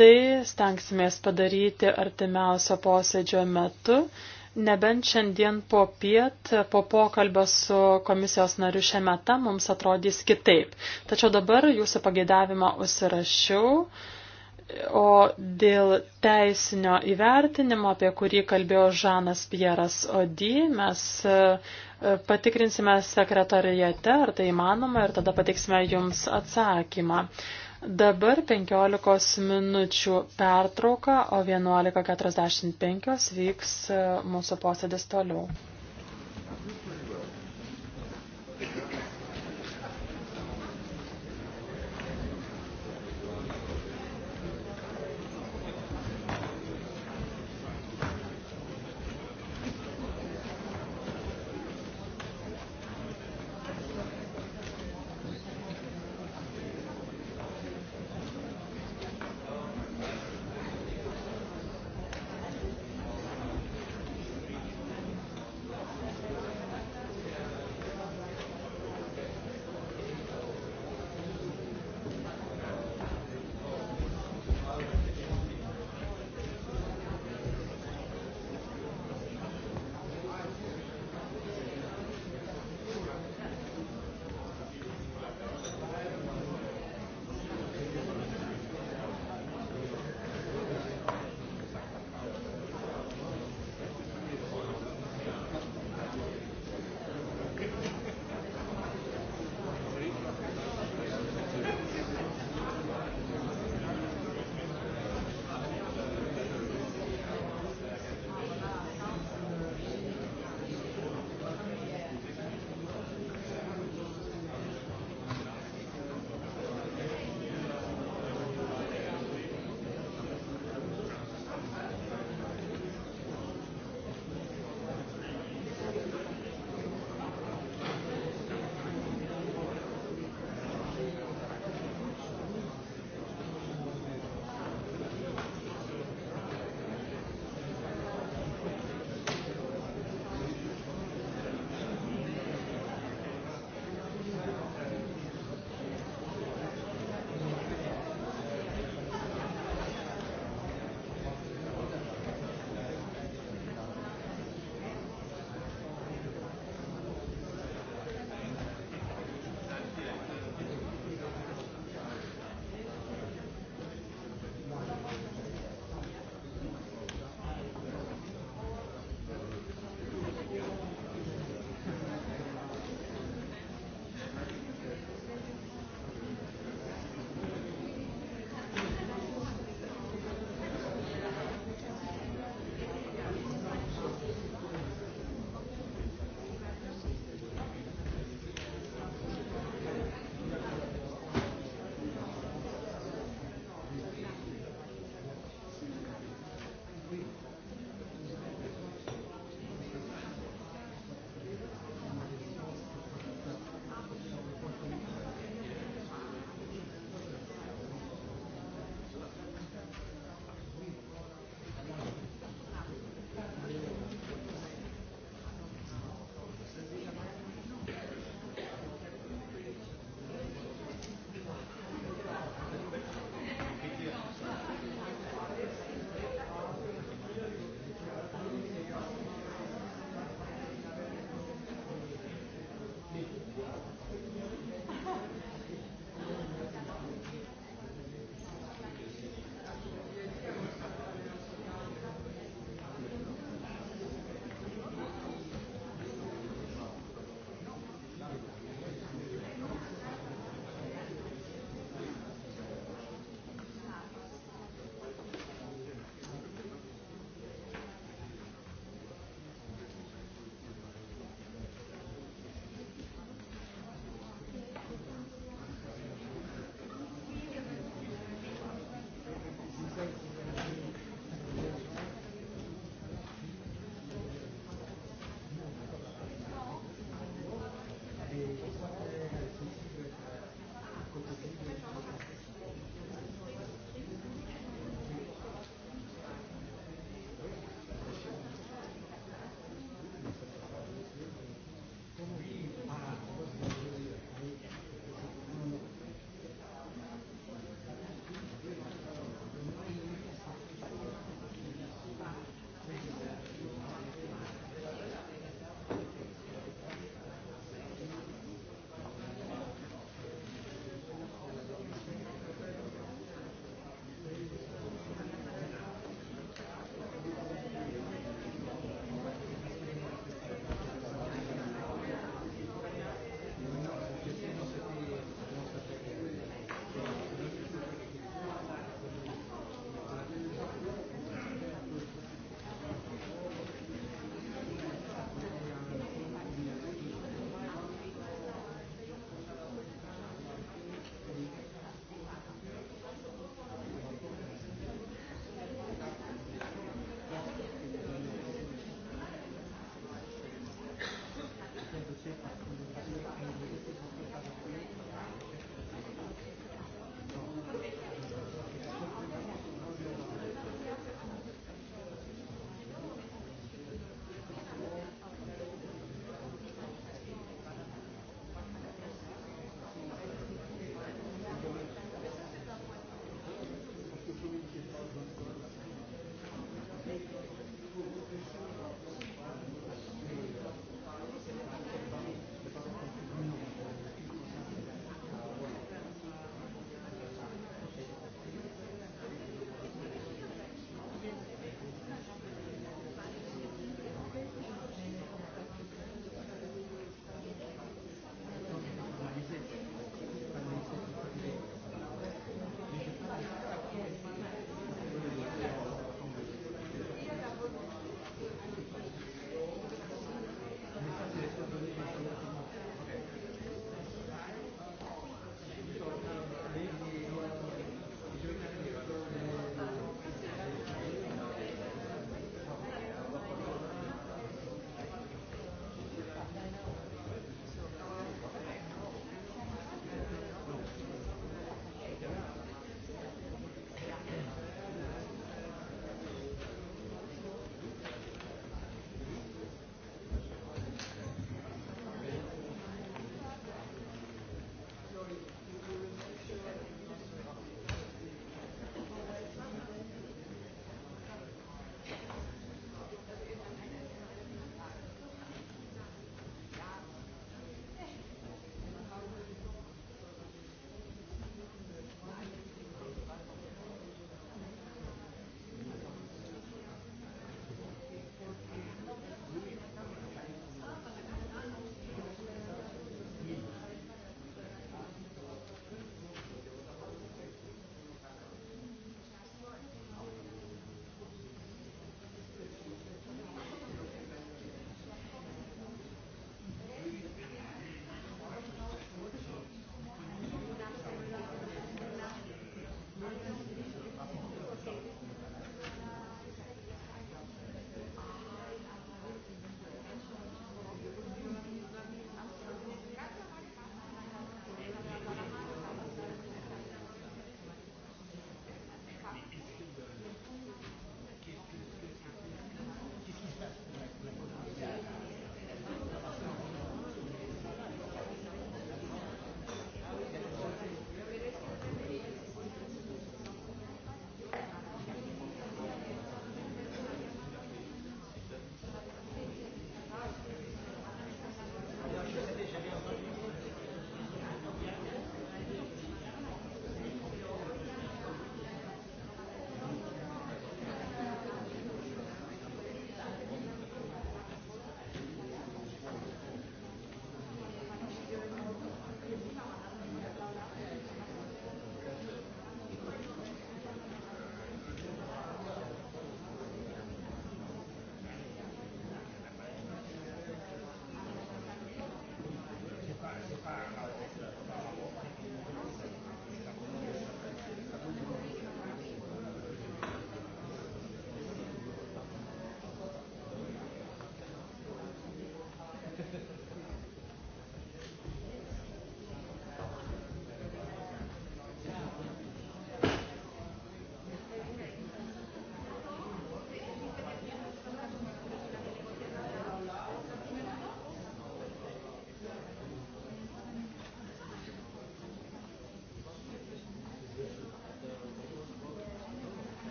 tai stengsimės padaryti artimiausio posėdžio metu, nebent šiandien po piet, po pokalbio su komisijos nariu šią metą mums atrodys kitaip. Tačiau dabar jūsų pageidavimą užsirašiau. Uh, O dėl teisinio įvertinimo, apie kurį kalbėjo Žanas Pieras Odį, mes e, patikrinsime sekretorijate, ar tai įmanoma, ir tada pateiksime jums atsakymą. Dabar 15 minučių pertrauka, o 11.45 vyks e, mūsų posėdis toliau.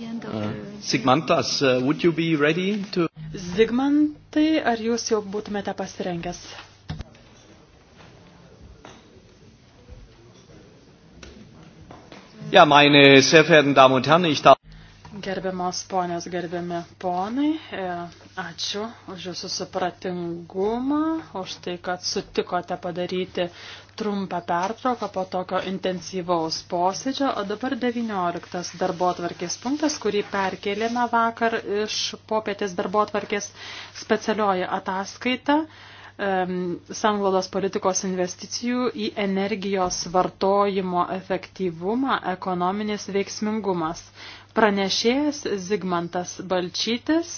Uh, Sigmantas, uh, would you be ready to... Zigmantai, ar jūs jau būtumėte pasirengęs? Ja, meine sehr verehrten Damen und Herren, ich darf... Gerbiamos ponės, gerbiami ponai, e, ačiū už jūsų supratingumą, už tai, kad sutikote padaryti trumpą pertrauką po tokio intensyvaus posėdžio, o dabar 19 darbo atvarkės punktas, kurį perkelėme vakar iš popietės darbo atvarkės specialioji ataskaita um, sanglodos politikos investicijų į energijos vartojimo efektyvumą, ekonominis veiksmingumas. Pranešėjas Zigmantas Balčytis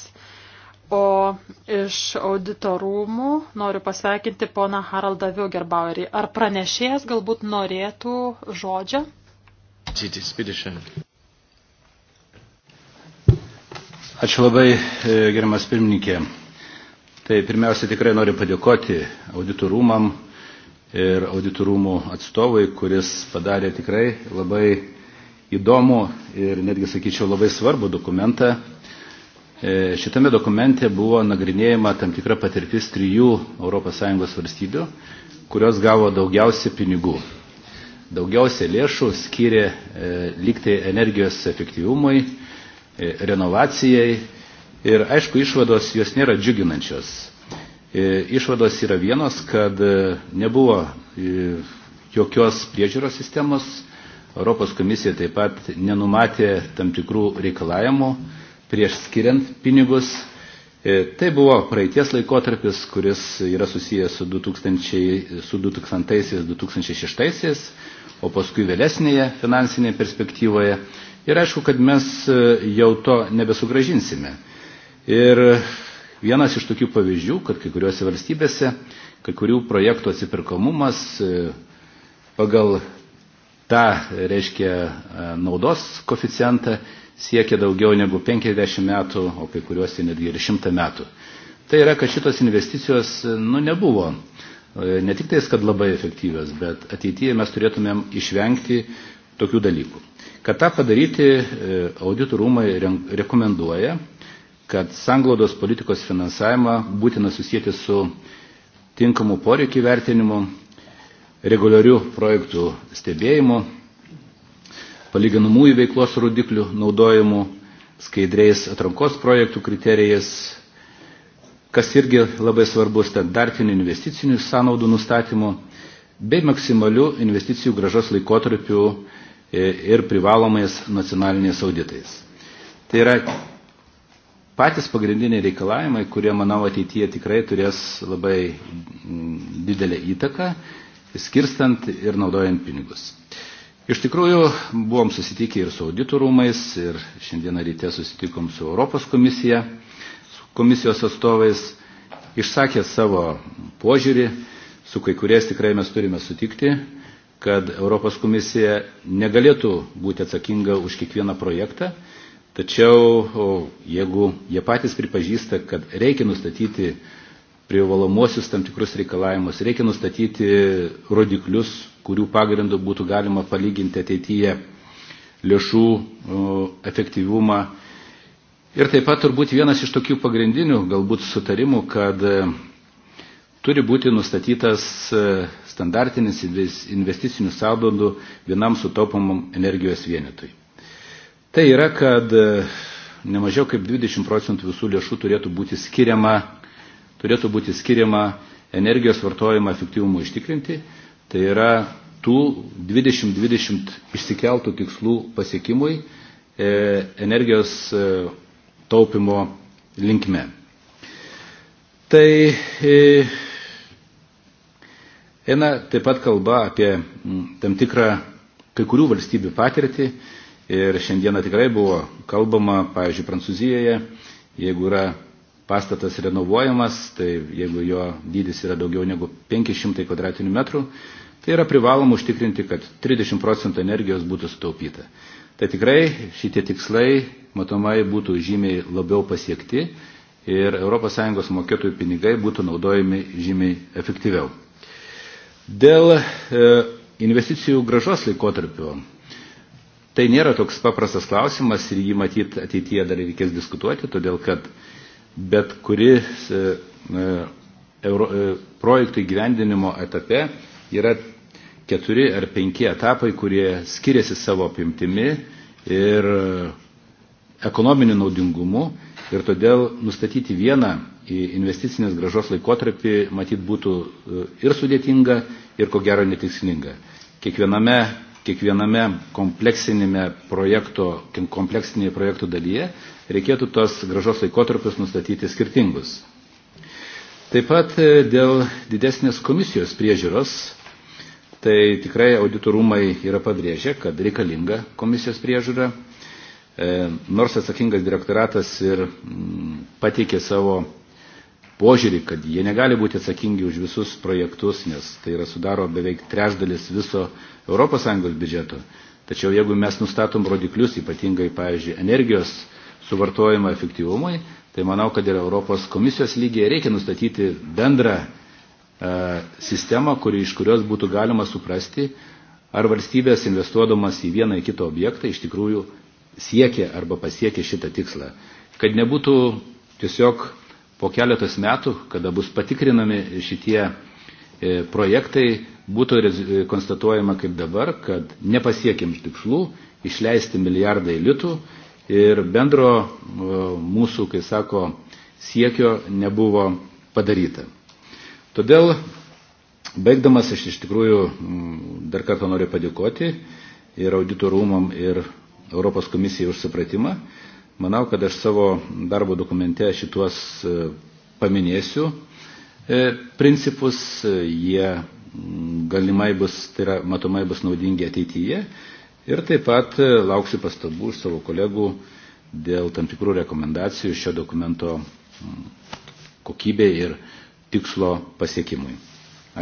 O iš auditorumų noriu pasveikinti poną Haraldą Vilgerbauerį. Ar pranešėjas galbūt norėtų žodžio? Ačiū labai, e, gerimas pirmininkė. Tai pirmiausia, tikrai noriu padėkoti auditorumam ir auditorumų atstovui, kuris padarė tikrai labai įdomų ir netgi, sakyčiau, labai svarbų dokumentą E, šitame dokumente buvo nagrinėjama tam tikra patirtis trijų ES valstybių, kurios gavo daugiausiai pinigų. Daugiausiai lėšų skiria e, liktai energijos efektyvumui, e, renovacijai ir aišku išvados jos nėra džiuginančios. E, išvados yra vienos, kad e, nebuvo e, jokios priežiūros sistemos, Europos komisija taip pat nenumatė tam tikrų reikalavimų prieš skiriant pinigus. E, tai buvo praeities laikotarpis, kuris yra susijęs su 2000-2006, o paskui vėlesnėje finansinėje perspektyvoje. Ir aišku, kad mes e, jau to nebesugražinsime. Ir vienas iš tokių pavyzdžių, kad kai kuriuose valstybėse, kai kurių projektų atsipirkamumas e, pagal tą, reiškia, naudos koficijantą siekia daugiau negu 50 metų, o kai kuriuose tai netgi ir 100 metų. Tai yra, kad šitos investicijos nu, nebuvo e, ne tik tais, kad labai efektyvios, bet ateityje mes turėtumėm išvengti tokių dalykų. Kad tą padaryti, e, auditų rūmai rekomenduoja, kad sanglaudos politikos finansavimą būtina susijęti su tinkamu poreikiu vertinimu, reguliarių projektų stebėjimu palyginamųjų veiklos rodiklių naudojimu, skaidriais atrankos projektų kriterijais, kas irgi labai svarbu standartinių investicinių sąnaudų nustatymu, bei maksimalių investicijų gražos laikotarpių e, ir privalomais nacionaliniais auditais. Tai yra patys pagrindiniai reikalavimai, kurie, manau, ateityje tikrai turės labai mm, didelę įtaką, skirstant ir naudojant pinigus. Iš tikrųjų, buvom susitikę ir su auditorumais, ir šiandieną ryte susitikom su Europos komisija, su komisijos atstovais, išsakė savo požiūrį, su kai kuriais tikrai mes turime sutikti, kad Europos komisija negalėtų būti atsakinga už kiekvieną projektą, tačiau jeigu jie patys pripažįsta, kad reikia nustatyti privalomuosius tam tikrus reikalavimus, reikia nustatyti rodiklius, kurių pagrindų būtų galima palyginti ateityje lėšų efektyvumą. Ir taip pat turbūt vienas iš tokių pagrindinių galbūt sutarimų, kad e, turi būti nustatytas e, standartinis investicinių saldondų vienam sutaupamam energijos vienetui. Tai yra, kad e, nemažiau kaip 20 procentų visų lėšų turėtų būti skiriama turėtų būti skiriama energijos vartojimą efektyvumui ištikrinti, tai yra tų 2020 išsikeltų tikslų pasiekimui e, energijos e, taupimo linkme. Tai e, eina taip pat kalba apie m, tam tikrą kai kurių valstybių patirtį ir šiandieną tikrai buvo kalbama, pavyzdžiui, Prancūzijoje, jeigu yra pastatas renovuojamas, tai jeigu jo dydis yra daugiau negu 500 kvadratinių metrų, tai yra privaloma užtikrinti, kad 30 procentų energijos būtų sutaupyta. Tai tikrai šitie tikslai matomai būtų žymiai labiau pasiekti ir ES mokėtojų pinigai būtų naudojami žymiai efektyviau. Dėl e, investicijų gražos laikotarpio. Tai nėra toks paprastas klausimas ir jį matyti ateityje dar reikės diskutuoti, todėl kad bet kuris e, e, e, projektų įgyvendinimo etape yra keturi ar penki etapai, kurie skiriasi savo apimtimi ir ekonominiu naudingumu ir todėl nustatyti vieną investicinės gražos laikotarpį matyt būtų ir sudėtinga, ir ko gero netikslinga. Kiekviename, kiekviename kompleksinėme projekto, kompleksinėje projekto dalyje reikėtų tos gražos laikotarpius nustatyti skirtingus. Taip pat e, dėl didesnės komisijos priežiūros, tai tikrai auditorumai yra pabrėžę, kad reikalinga komisijos priežiūra. E, nors atsakingas direktoratas ir mm, pateikė savo požiūrį, kad jie negali būti atsakingi už visus projektus, nes tai yra sudaro beveik trešdalis viso ES biudžeto. Tačiau jeigu mes nustatom rodiklius, ypatingai, pavyzdžiui, energijos suvartojimo efektyvumui, tai manau, kad ir Europos komisijos lygiai reikia nustatyti bendrą e, sistemą, kuri, iš kurios būtų galima suprasti, ar valstybės investuodamas į vieną į kitą objektą iš tikrųjų siekia arba pasiekia šitą tikslą. Kad nebūtų tiesiog po keletos metų, kada bus patikrinami šitie e, projektai, būtų e, konstatuojama kaip dabar, kad nepasiekėm tikslų, išleisti milijardai litų, ir bendro e, mūsų, kai sako, siekio nebuvo padaryta. Todėl, baigdamas, aš iš tikrųjų mm, dar kartą noriu padėkoti ir auditorumam, ir Europos komisijai už supratimą. Manau, kad aš savo darbo dokumente šituos e, paminėsiu e, principus, jie mm, galimai bus, tai yra matomai bus naudingi ateityje Ir taip pat e, lauksiu pastabų iš savo kolegų dėl tam tikrų rekomendacijų šio dokumento kokybė ir tikslo pasiekimui.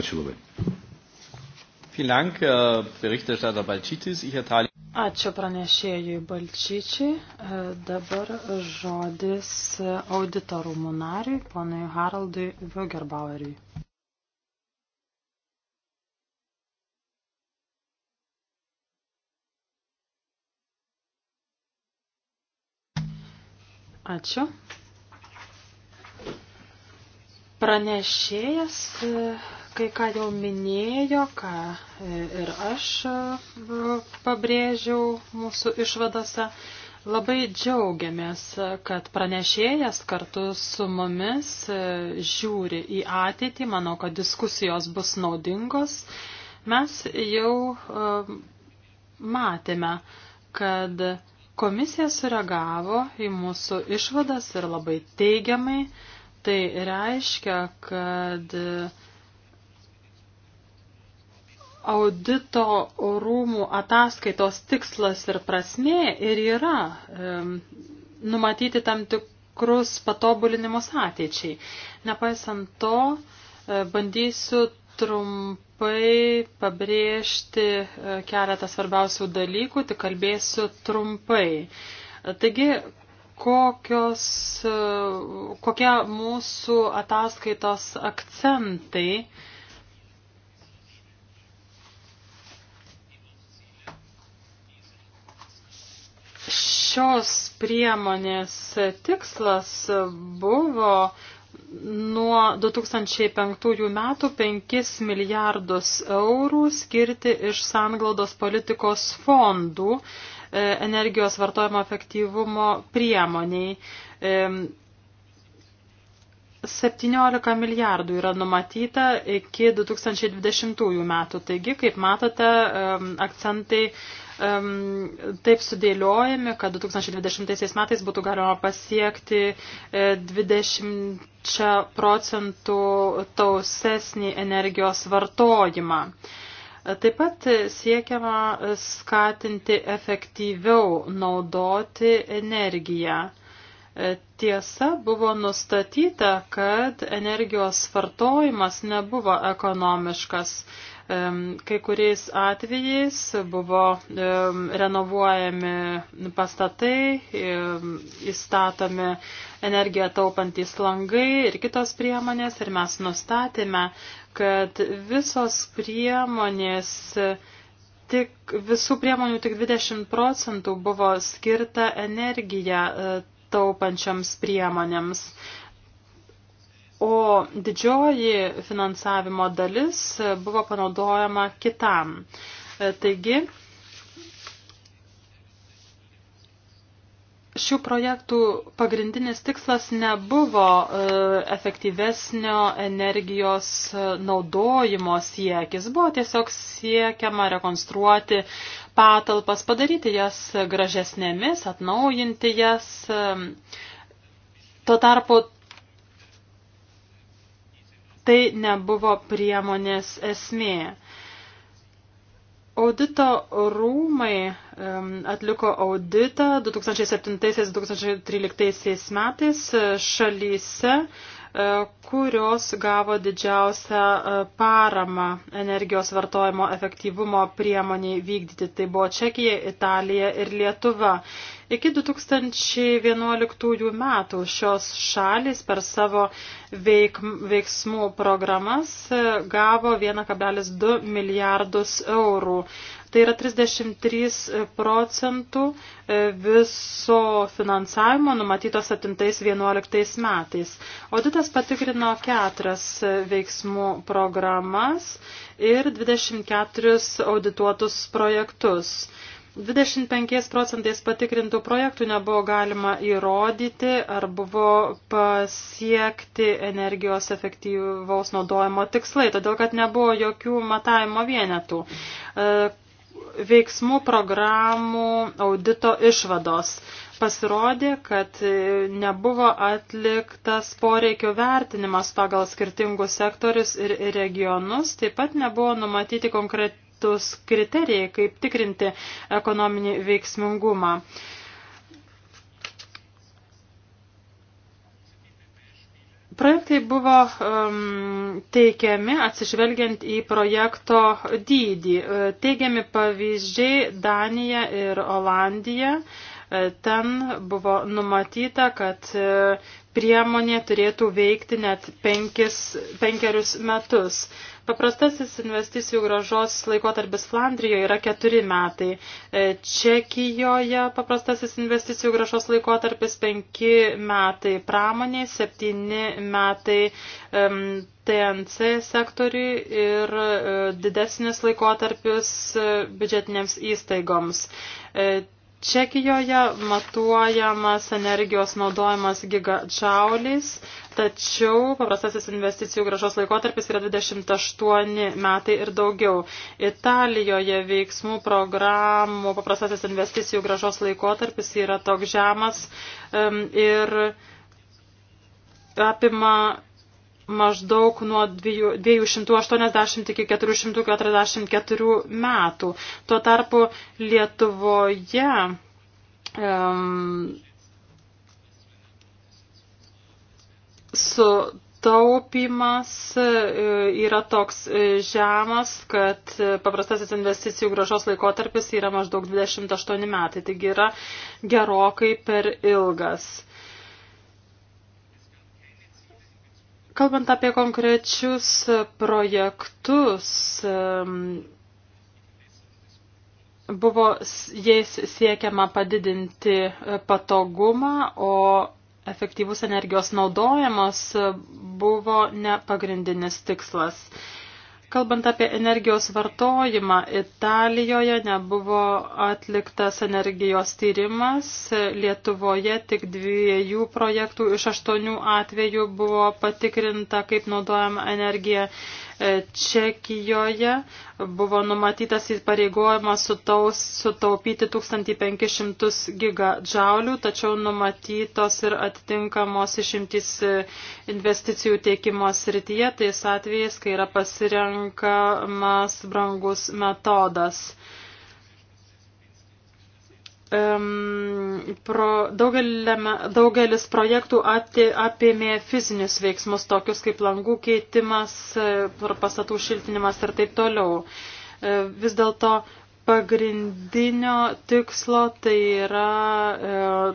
Ačiū labai. Äh, Ačiū pranešėjui Balčyčiai. Äh, dabar žodis auditorumų nariui, ponui Haraldui Vögerbaueriui. Ačiū. Pranešėjas e, kai ką jau minėjo, ką e, ir aš e, pabrėžiau mūsų išvadose. Labai džiaugiamės, kad pranešėjas kartu su mumis žiūri į ateitį. Manau, kad diskusijos bus naudingos. Mes jau matėme, kad Komisija sureagavo į mūsų išvadas ir labai teigiamai. Tai reiškia, kad audito rūmų ataskaitos tikslas ir prasmė ir yra um, numatyti tam tikrus patobulinimus ateičiai. Nepaisant to, e, bandysiu trumpai trumpai pabrėžti e, keletą svarbiausių dalykų, tik kalbėsiu trumpai. Taigi, kokios, e, kokie mūsų ataskaitos akcentai šios priemonės tikslas buvo nuo 2005 metų 5 milijardus eurų skirti iš sanglaudos politikos fondų e, energijos vartojimo efektyvumo priemoniai. 17 e, milijardų yra numatyta iki 2020 metų. Taigi, kaip matote, e, akcentai taip sudėliojami, kad 2020 metais būtų galima pasiekti 20 e, procentų tausesnį energijos vartojimą. E, taip pat siekiama skatinti efektyviau naudoti energiją. E, tiesa buvo nustatyta, kad energijos vartojimas nebuvo ekonomiškas. Kai kuriais atvejais buvo renovuojami pastatai, įstatomi energiją taupantys langai ir kitos priemonės ir mes nustatėme, kad visos priemonės tik visų priemonių tik 20 procentų buvo skirta energiją e, taupančiams priemonėms o didžioji finansavimo dalis buvo panaudojama kitam. E, taigi, šių projektų pagrindinis tikslas nebuvo e, efektyvesnio energijos e, naudojimo siekis, buvo tiesiog siekiama rekonstruoti patalpas, padaryti jas gražesnėmis, atnaujinti jas. Tuo tarpu tai nebuvo priemonės esmė. Audito rūmai um, atliko auditą 2007-2013 metais e, šalyse, e, kurios gavo didžiausią e, paramą energijos vartojimo efektyvumo priemoniai vykdyti. Tai buvo Čekija, Italija ir Lietuva. Iki 2011 metų šios šalis per savo veik, veiksmų programas e, gavo 1,2 milijardus eurų. Tai yra 33 procentų e, viso finansavimo numatyto 7-11 metais. Auditas patikrino keturias e, veiksmų programas ir 24 audituotus projektus. 25 procentais patikrintų projektų nebuvo galima įrodyti ar buvo pasiekti energijos efektyvaus naudojimo tikslai, todėl kad nebuvo jokių matavimo vienetų. E, veiksmų programų audito išvados pasirodė, kad nebuvo atliktas poreikio vertinimas pagal skirtingus sektorius ir regionus, taip pat nebuvo numatyti konkret konkretus kriterijai, kaip tikrinti ekonominį veiksmingumą. Projektai buvo um, teikiami atsižvelgiant į projekto dydį. E, teigiami pavyzdžiai Danija ir Olandija. E, ten buvo numatyta, kad uh, priemonė turėtų veikti net penkis, penkerius metus. Paprastasis investicijų gražos laikotarpis Flandrijoje yra keturi metai. E, Čekijoje paprastasis investicijų gražos laikotarpis penki metai pramoniai, septyni metai um, TNC sektoriui ir uh, didesnis laikotarpis uh, biudžetinėms įstaigoms. Uh, Čekijoje matuojamas energijos naudojimas gigadžauliais, tačiau paprastasis investicijų gražos laikotarpis yra 28 metai ir daugiau. Italijoje veiksmų programų paprastasis investicijų gražos laikotarpis yra toks žemas um, ir apima maždaug nuo 280 iki 444 metų. Tuo tarpu Lietuvoje um, sutaupimas e, yra toks e, žemas, kad e, paprastasis investicijų gražos laikotarpis yra maždaug 28 metai, taigi yra gerokai per ilgas. Kalbant apie konkrečius projektus, buvo jais siekiama padidinti e, patogumą, o efektyvus energijos naudojimas e, buvo ne pagrindinis tikslas. Kalbant apie energijos vartojimą, Italijoje nebuvo atliktas energijos tyrimas, Lietuvoje tik dviejų projektų iš aštuonių atvejų buvo patikrinta, kaip naudojama energija Čekijoje buvo numatytas įpareigojimas sutaus, sutaupyti 1500 gigadžaulių, tačiau numatytos ir atitinkamos išimtys investicijų teikimo srityje, tais atvejais, kai yra pasirenkamas brangus metodas pro, daugelis projektų apėmė fizinius veiksmus, tokius kaip langų keitimas, e, pastatų šiltinimas ir taip toliau. E, vis dėlto pagrindinio tikslo, tai yra e,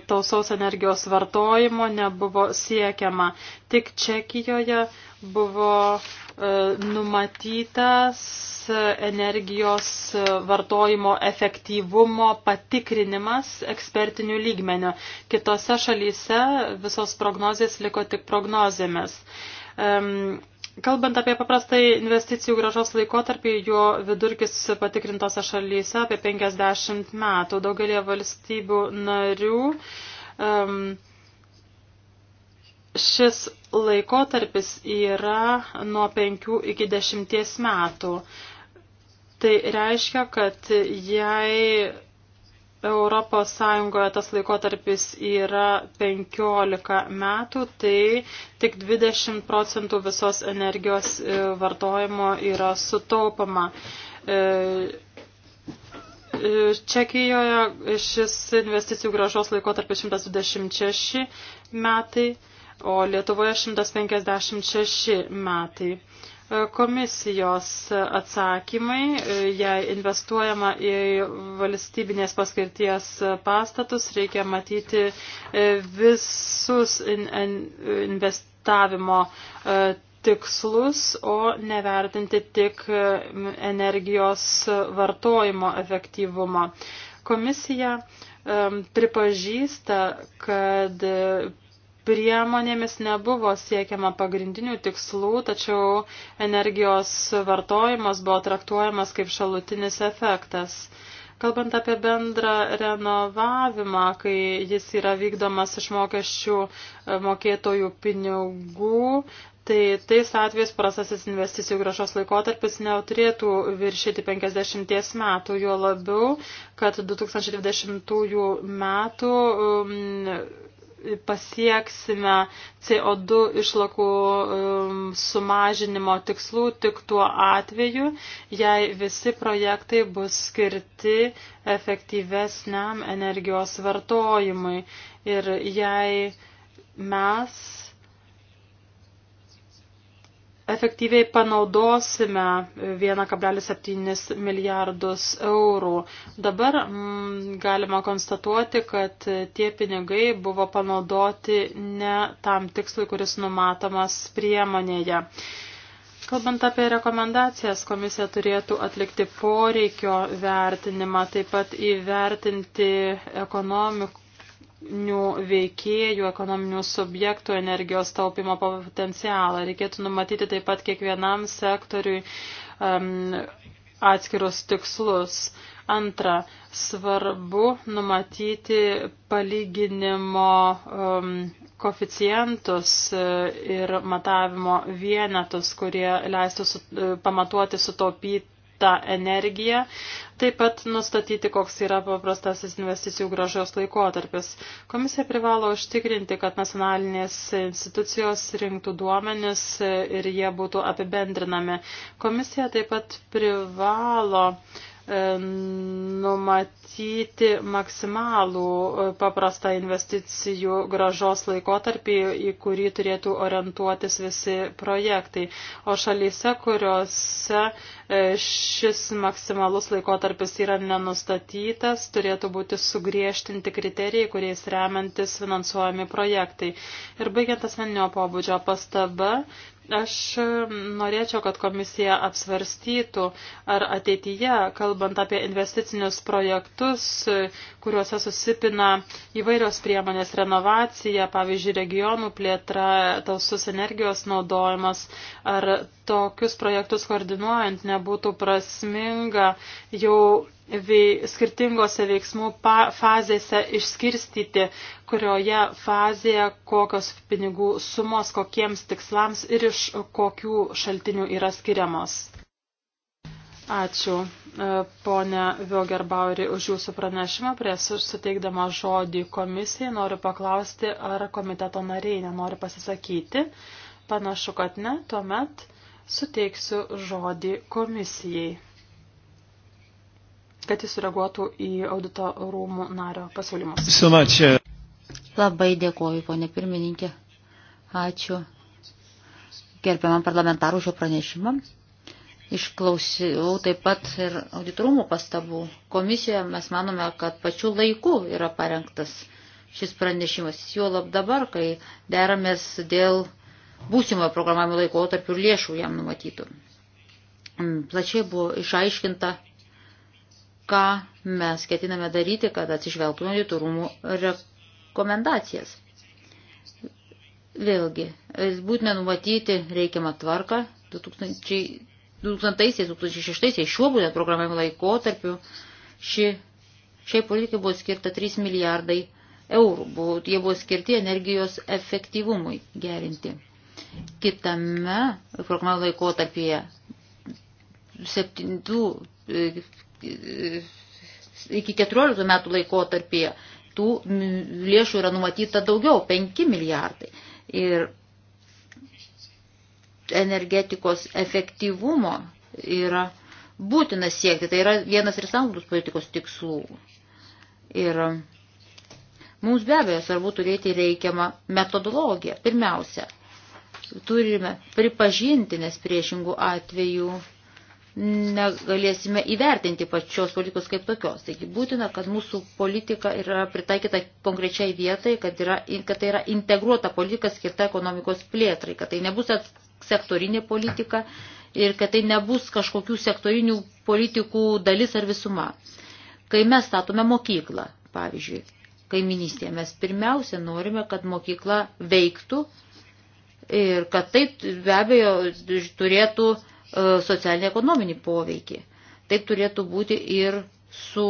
tausaus energijos vartojimo, nebuvo siekiama. Tik Čekijoje buvo E, numatytas energijos vartojimo efektyvumo patikrinimas ekspertinių lygmenio. Kitose šalyse visos prognozijas liko tik prognozėmis. Kalbant apie paprastai investicijų gražos laikotarpį, jo vidurkis patikrintose šalyse apie 50 metų. Daugelie valstybių narių um, Šis laikotarpis yra nuo 5 iki 10 metų. Tai reiškia, kad jei Europos Sąjungoje tas laikotarpis yra 15 metų, tai tik 20 procentų visos energijos e, vartojimo yra sutaupama. E, e, Čekijoje šis investicijų gražos laikotarpis 126 metai o Lietuvoje 156 metai. E, komisijos atsakymai, e, jei investuojama į valstybinės paskirties pastatus, reikia matyti e, visus investavimo tikslus, o nevertinti tik energijos vartojimo efektyvumą. Komisija pripažįsta, kad priemonėmis nebuvo siekiama pagrindinių tikslų, tačiau energijos vartojimas buvo traktuojamas kaip šalutinis efektas. Kalbant apie bendrą renovavimą, kai jis yra vykdomas iš mokesčių e, mokėtojų pinigų, tai tais atvejais prasasis investicijų gražos laikotarpis neturėtų viršyti 50 metų, jo labiau, kad 2020 metų um, pasieksime CO2 išlakų um, sumažinimo tikslų tik tuo atveju, jei visi projektai bus skirti efektyvesniam energijos vartojimui ir jei mes efektyviai panaudosime 1,7 milijardus eurų. Dabar m, mm, galima konstatuoti, kad tie pinigai buvo panaudoti ne tam tikslui, kuris numatomas priemonėje. Kalbant apie rekomendacijas, komisija turėtų atlikti poreikio vertinimą, taip pat įvertinti ekonomikų veikėjų, ekonominių subjektų energijos taupimo potencialą. Reikėtų numatyti taip pat kiekvienam sektoriui um, atskirus tikslus. Antra, svarbu numatyti palyginimo um, koficijantus e, ir matavimo vienetus, kurie leistų su, e, pamatuoti sutaupyt, tą energiją. Taip pat nustatyti, koks yra paprastasis investicijų gražos laikotarpis. Komisija privalo užtikrinti, kad nacionalinės institucijos rinktų duomenis ir jie būtų apibendrinami. Komisija taip pat privalo uh, E, numatyti maksimalų e, paprastą investicijų gražos laikotarpį, į kurį turėtų orientuotis visi projektai. O šalyse, kuriuose e, šis maksimalus laikotarpis yra nenustatytas, turėtų būti sugriežtinti kriterijai, kuriais remiantis finansuojami projektai. Ir baigiant asmeninio pobūdžio pastaba, Aš norėčiau, kad komisija apsvarstytų, ar ateityje, kalbant apie investicinius projektus, kuriuose susipina įvairios priemonės renovacija, pavyzdžiui, regionų plėtra, tausus energijos naudojimas, ar tokius projektus koordinuojant nebūtų prasminga jau skirtingose veiksmų fazėse išskirstyti, kurioje fazėje kokios pinigų sumos, kokiems tikslams ir iš kokių šaltinių yra skiriamos. Ačiū, e, ponė Vilgerbauri, už jūsų pranešimą. Prieš suteikdama žodį komisijai noriu paklausti, ar komiteto nariai nenori pasisakyti. Panašu, kad ne, tuomet suteiksiu žodį komisijai kad jis sureaguotų į audito rūmų nario pasiūlymus. So much, uh... Labai dėkoju, ponė pirmininkė. Ačiū gerbiamam parlamentarų šio pranešimą. Išklausiau taip pat ir auditorumų pastabų. Komisijoje mes manome, kad pačiu laiku yra parengtas šis pranešimas. Jo lab dabar, kai deramės dėl būsimojo programavimo laikotarpių ir lėšų jam numatytų. Mm, plačiai buvo išaiškinta ką mes ketiname daryti, kad atsižvelgtume į turumų rekomendacijas. Vėlgi, būtina numatyti reikiamą tvarką 2000-2006 šiuo būtent programavimo laikotarpiu ši, šiai politikai buvo skirta 3 milijardai eurų. Buvo, jie buvo skirti energijos efektyvumui gerinti. Kitame programavimo laikotarpyje 7 iki 14 metų laikotarpyje tų lėšų yra numatyta daugiau, 5 milijardai. Ir energetikos efektyvumo yra būtina siekti. Tai yra vienas ir sanglus politikos tikslų. Ir um, mums be abejo svarbu turėti reikiamą metodologiją. Pirmiausia, turime pripažinti, nes priešingų atvejų negalėsime įvertinti pačios politikos kaip tokios. Taigi būtina, kad mūsų politika yra pritaikyta konkrečiai vietai, kad, yra, kad tai yra integruota politika skirta ekonomikos plėtrai, kad tai nebus sektorinė politika ir kad tai nebus kažkokių sektorinių politikų dalis ar visuma. Kai mes statome mokyklą, pavyzdžiui, kaiminystėje, mes pirmiausia norime, kad mokykla veiktų ir kad tai be abejo turėtų E, socialinį ekonominį poveikį. Taip turėtų būti ir su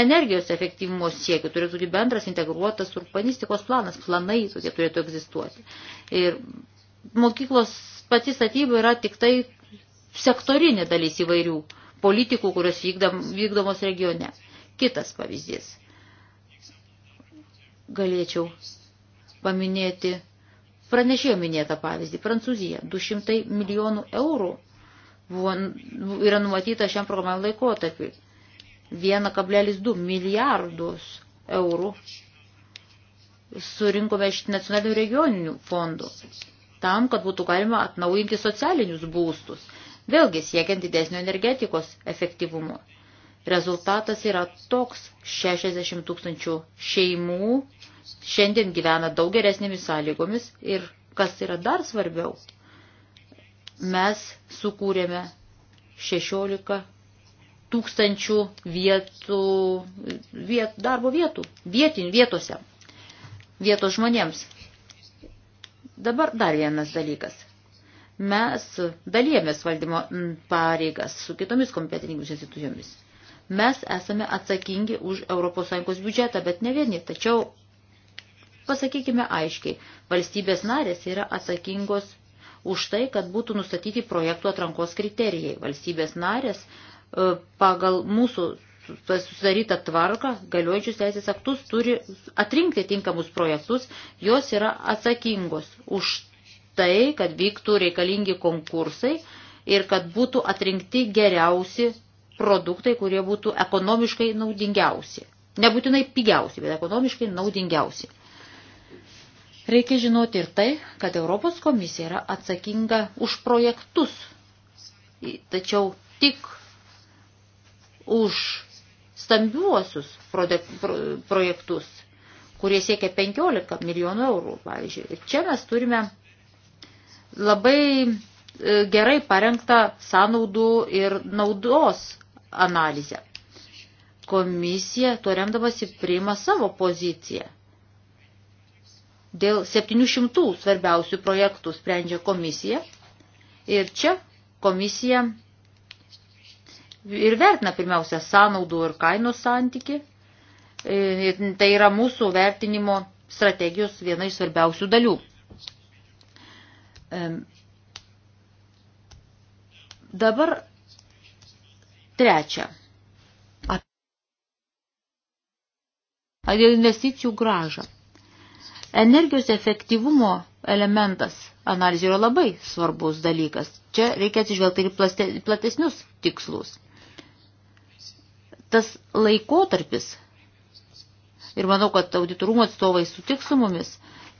energijos efektyvumo siekiu, turėtų būti bendras integruotas urbanistikos planas, planai tokie turėtų egzistuoti. Ir mokyklos pati statyba yra tik tai sektorinė dalis įvairių politikų, kurios vykdom, vykdomos regione. Kitas pavyzdys. Galėčiau paminėti pranešėjo minėtą pavyzdį. Prancūzija 200 milijonų eurų buvo, nu, yra numatyta šiam programam laikotarpiui. 1,2 milijardus eurų surinkome iš nacionalinių regioninių fondų tam, kad būtų galima atnaujinti socialinius būstus, vėlgi siekiant didesnio energetikos efektyvumo. Rezultatas yra toks 60 tūkstančių šeimų šiandien gyvena daug geresnėmis sąlygomis ir, kas yra dar svarbiau, mes sukūrėme 16 tūkstančių vietų, viet, darbo vietų, vietin, vietose, vietos žmonėms. Dabar dar vienas dalykas. Mes dalyjėmės valdymo pareigas su kitomis kompetentingomis institucijomis. Mes esame atsakingi už ES biudžetą, bet ne vieni. Tačiau pasakykime aiškiai, valstybės narės yra atsakingos už tai, kad būtų nustatyti projektų atrankos kriterijai. Valstybės narės e, pagal mūsų susidarytą tvarką, galiojančius teisės aktus, turi atrinkti tinkamus projektus, jos yra atsakingos už tai, kad vyktų reikalingi konkursai ir kad būtų atrinkti geriausi produktai, kurie būtų ekonomiškai naudingiausi. Nebūtinai pigiausi, bet ekonomiškai naudingiausi. Reikia žinoti ir tai, kad Europos komisija yra atsakinga už projektus, tačiau tik už stambiuosius projektus, kurie siekia 15 milijonų eurų, pavyzdžiui. Ir čia mes turime labai e, gerai parengtą sąnaudų ir naudos analizę. Komisija, tuo remdamasi, priima savo poziciją. Dėl 700 svarbiausių projektų sprendžia komisija. Ir čia komisija ir vertina pirmiausia sąnaudų ir kainos santyki. Ir tai yra mūsų vertinimo strategijos viena iš svarbiausių dalių. Dabar trečia. Ar dėl investicijų gražą? Energijos efektyvumo elementas analizė yra labai svarbus dalykas. Čia reikia atsižvelgti ir platesnius tikslus. Tas laikotarpis, ir manau, kad auditorumo atstovai sutiks su mumis,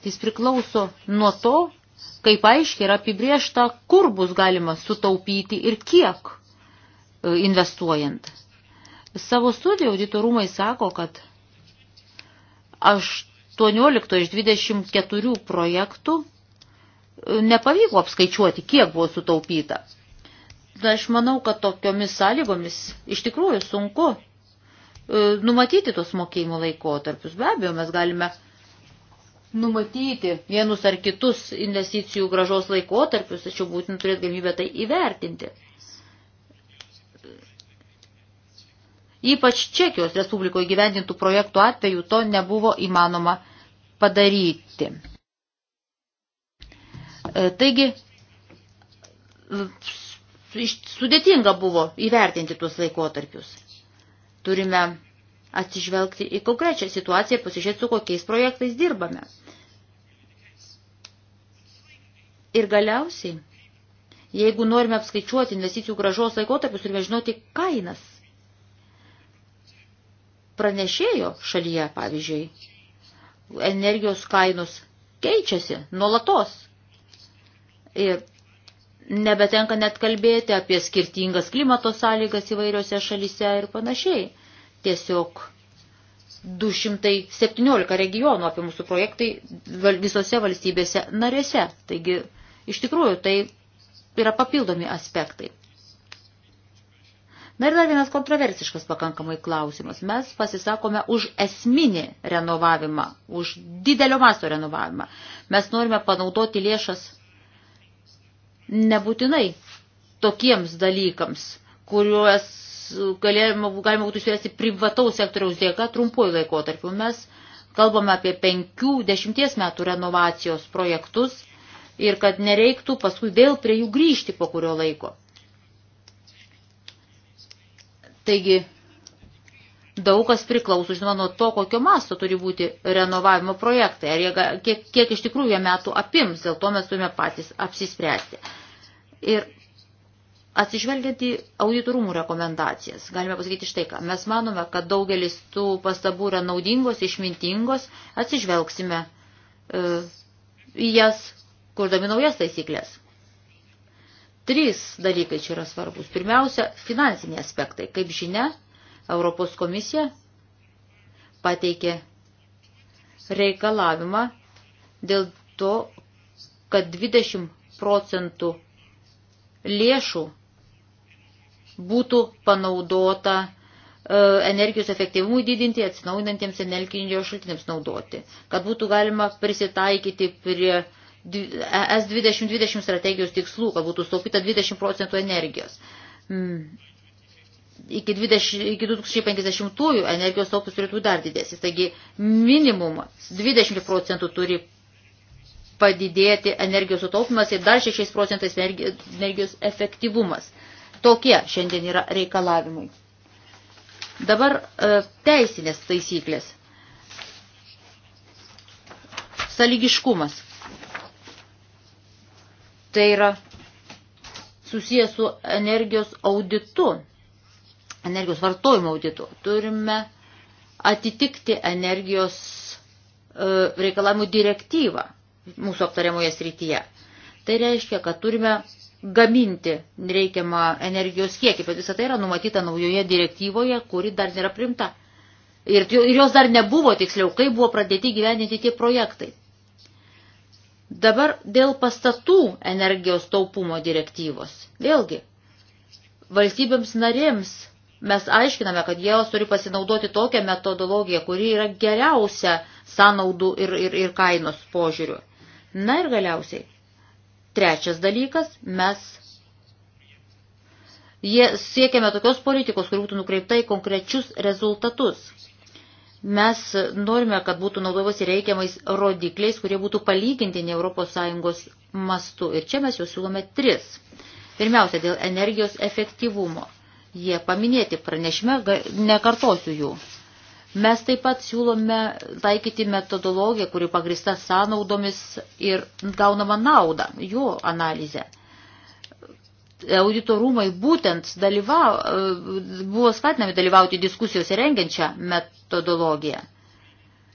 jis priklauso nuo to, kaip aiškiai yra apibriešta, kur bus galima sutaupyti ir kiek e, investuojant. Savo studiją auditorumai sako, kad aš 18 iš 24 projektų e, nepavyko apskaičiuoti, kiek buvo sutaupyta. Na, aš manau, kad tokiomis sąlygomis iš tikrųjų sunku e, numatyti tos mokėjimo laikotarpius. Be abejo, mes galime numatyti vienus ar kitus investicijų gražos laikotarpius, tačiau būtent turėti galimybę tai įvertinti. Ypač Čekijos Respublikoje gyvendintų projektų atveju to nebuvo įmanoma padaryti. E, taigi, e, sudėtinga buvo įvertinti tuos laikotarpius. Turime atsižvelgti į konkrečią situaciją, pasižiūrėti, su kokiais projektais dirbame. Ir galiausiai, jeigu norime apskaičiuoti investicijų gražos laikotarpius, turime žinoti kainas pranešėjo šalyje, pavyzdžiui, energijos kainos keičiasi nuolatos. Ir nebetenka net kalbėti apie skirtingas klimato sąlygas įvairiose šalyse ir panašiai. Tiesiog 217 regionų apie mūsų projektai visose valstybėse narėse. Taigi, iš tikrųjų, tai yra papildomi aspektai. Na ir dar vienas kontroversiškas pakankamai klausimas. Mes pasisakome už esminį renovavimą, už didelio masto renovavimą. Mes norime panaudoti lėšas nebūtinai tokiems dalykams, kuriuos galima, galima būtų išspręsti privataus sektoriaus dėka trumpuoju laikotarpiu. Mes kalbame apie penkių, dešimties metų renovacijos projektus ir kad nereiktų paskui vėl prie jų grįžti po kurio laiko. Taigi daug kas priklauso, žinoma, nuo to, kokio masto turi būti renovavimo projektai, ar jie, kiek, kiek iš tikrųjų jie metų apims, dėl to mes turime patys apsispręsti. Ir atsižvelgiant į auditorumų rekomendacijas, galime pasakyti štai ką, mes manome, kad daugelis tų pastabų yra naudingos, išmintingos, atsižvelgsime e, į e, jas, kurdami naujas taisyklės. Trys dalykai čia yra svarbus. Pirmiausia, finansiniai aspektai. Kaip žinia, Europos komisija pateikė reikalavimą dėl to, kad 20 procentų lėšų būtų panaudota e, energijos efektyvumui didinti, atsinaujinantiems energijos šaltiniams naudoti, kad būtų galima prisitaikyti prie ES 2020 strategijos tikslų, kad būtų sutaupyta 20 procentų energijos. Mm. Iki, 20, iki 2050-ųjų energijos taupus turėtų dar didesnis. Taigi minimumas 20 procentų turi padidėti energijos sutaupimas ir dar 6 procentais energijos efektyvumas. Tokie šiandien yra reikalavimai. Dabar e, teisinės taisyklės. Saligiškumas Tai yra susijęs su energijos auditu, energijos vartojimo auditu. Turime atitikti energijos e, reikalavimų direktyvą mūsų aptariamoje srityje. Tai reiškia, kad turime gaminti reikiamą energijos kiekį, bet visą tai yra numatyta naujoje direktyvoje, kuri dar nėra primta. Ir, ir jos dar nebuvo tiksliau, kai buvo pradėti gyveninti tie projektai. Dabar dėl pastatų energijos taupumo direktyvos. Vėlgi, valstybėms narėms mes aiškiname, kad jos turi pasinaudoti tokią metodologiją, kuri yra geriausia sąnaudų ir, ir, ir kainos požiūriu. Na ir galiausiai, trečias dalykas, mes jie siekiame tokios politikos, kuri būtų nukreipta į konkrečius rezultatus. Mes norime, kad būtų naudojasi reikiamais rodikliais, kurie būtų palyginti ne ES mastu. Ir čia mes jau siūlome tris. Pirmiausia, dėl energijos efektyvumo. Jie paminėti pranešime, nekartosiu jų. Mes taip pat siūlome taikyti metodologiją, kuri pagrista sąnaudomis ir gaunama nauda, jų analizė audito rūmai būtent dalyvau, e, buvo skatinami dalyvauti diskusijose rengiančią metodologiją.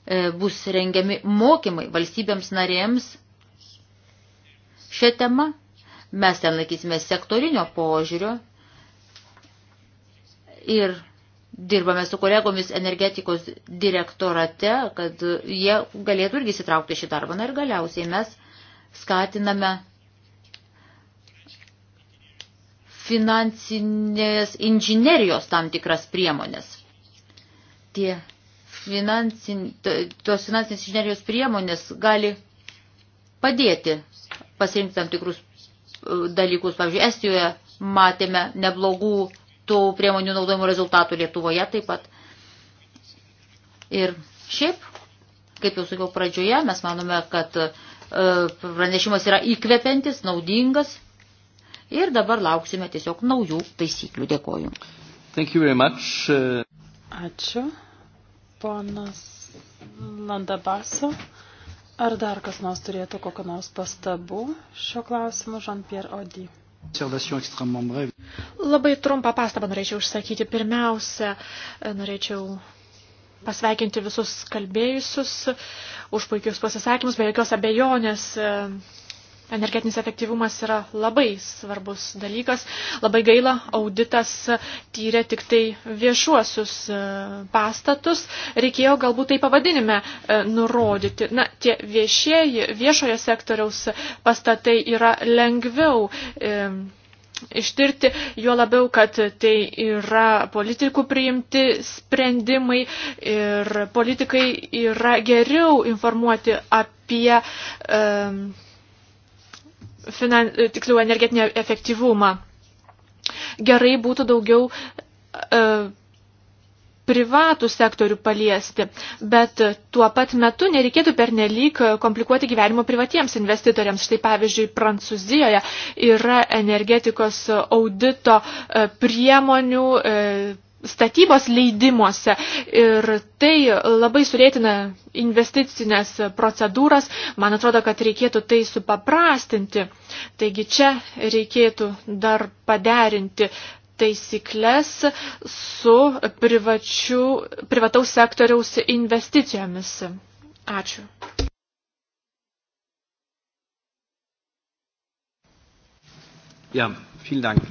E, bus rengiami mokymai valstybėms narėms šią temą. Mes ten laikysime sektorinio požiūrio ir dirbame su kolegomis energetikos direktorate, kad jie galėtų irgi įsitraukti šį darbą. Na ir galiausiai mes skatiname finansinės inžinerijos tam tikras priemonės. Tie finansin, tos finansinės inžinerijos priemonės gali padėti pasirinkti tam tikrus e, dalykus. Pavyzdžiui, Estijoje matėme neblogų tų priemonių naudojimo rezultatų Lietuvoje taip pat. Ir šiaip, kaip jau sakiau pradžioje, mes manome, kad e, pranešimas yra įkvepiantis, naudingas, ir dabar lauksime tiesiog naujų taisyklių. Dėkoju. Thank you very much. Uh, Ačiū. Ponas Landabaso. Ar dar kas nors turėtų kokio nors pastabų šio klausimu, Jean-Pierre Odi? Labai trumpą pastabą norėčiau užsakyti. Pirmiausia, norėčiau pasveikinti visus kalbėjusius už puikius pasisakymus, be jokios abejonės Energetinis efektyvumas yra labai svarbus dalykas. Labai gaila, auditas tyrė tik tai viešuosius e, pastatus. Reikėjo galbūt tai pavadinime e, nurodyti. Na, tie viešieji, viešojo sektoriaus pastatai yra lengviau. E, ištirti, juo labiau, kad tai yra politikų priimti sprendimai ir politikai yra geriau informuoti apie um, e, finan, tiksliau energetinį efektyvumą. Gerai būtų daugiau e, privatų sektorių paliesti, bet tuo pat metu nereikėtų pernelyg komplikuoti gyvenimo privatiems investitoriams. Štai pavyzdžiui, Prancūzijoje yra energetikos audito e, priemonių, e, statybos leidimuose ir tai labai surėtina investicinės procedūras. Man atrodo, kad reikėtų tai supaprastinti. Taigi čia reikėtų dar paderinti taisyklės su privačių, privataus sektoriaus investicijomis. Ačiū. Ja, vielen Dank.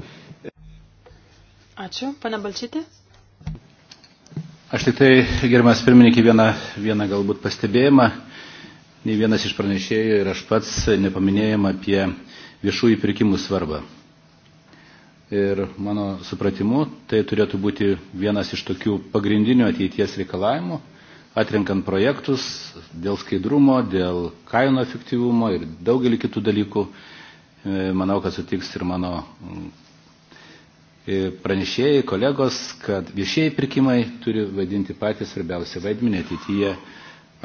Ačiū, pane Balčytė. Aš tik tai, gerbiamas pirmininkai, vieną, vieną galbūt pastebėjimą. Ne vienas iš pranešėjų ir aš pats nepaminėjom apie viešųjų pirkimų svarbą. Ir mano supratimu, tai turėtų būti vienas iš tokių pagrindinių ateities reikalavimų, atrenkant projektus dėl skaidrumo, dėl kainų efektyvumo ir daugelį kitų dalykų. E, manau, kad sutiks ir mano pranešėjai, kolegos, kad viešieji pirkimai turi vaidinti patį svarbiausią vaidmenį ateityje,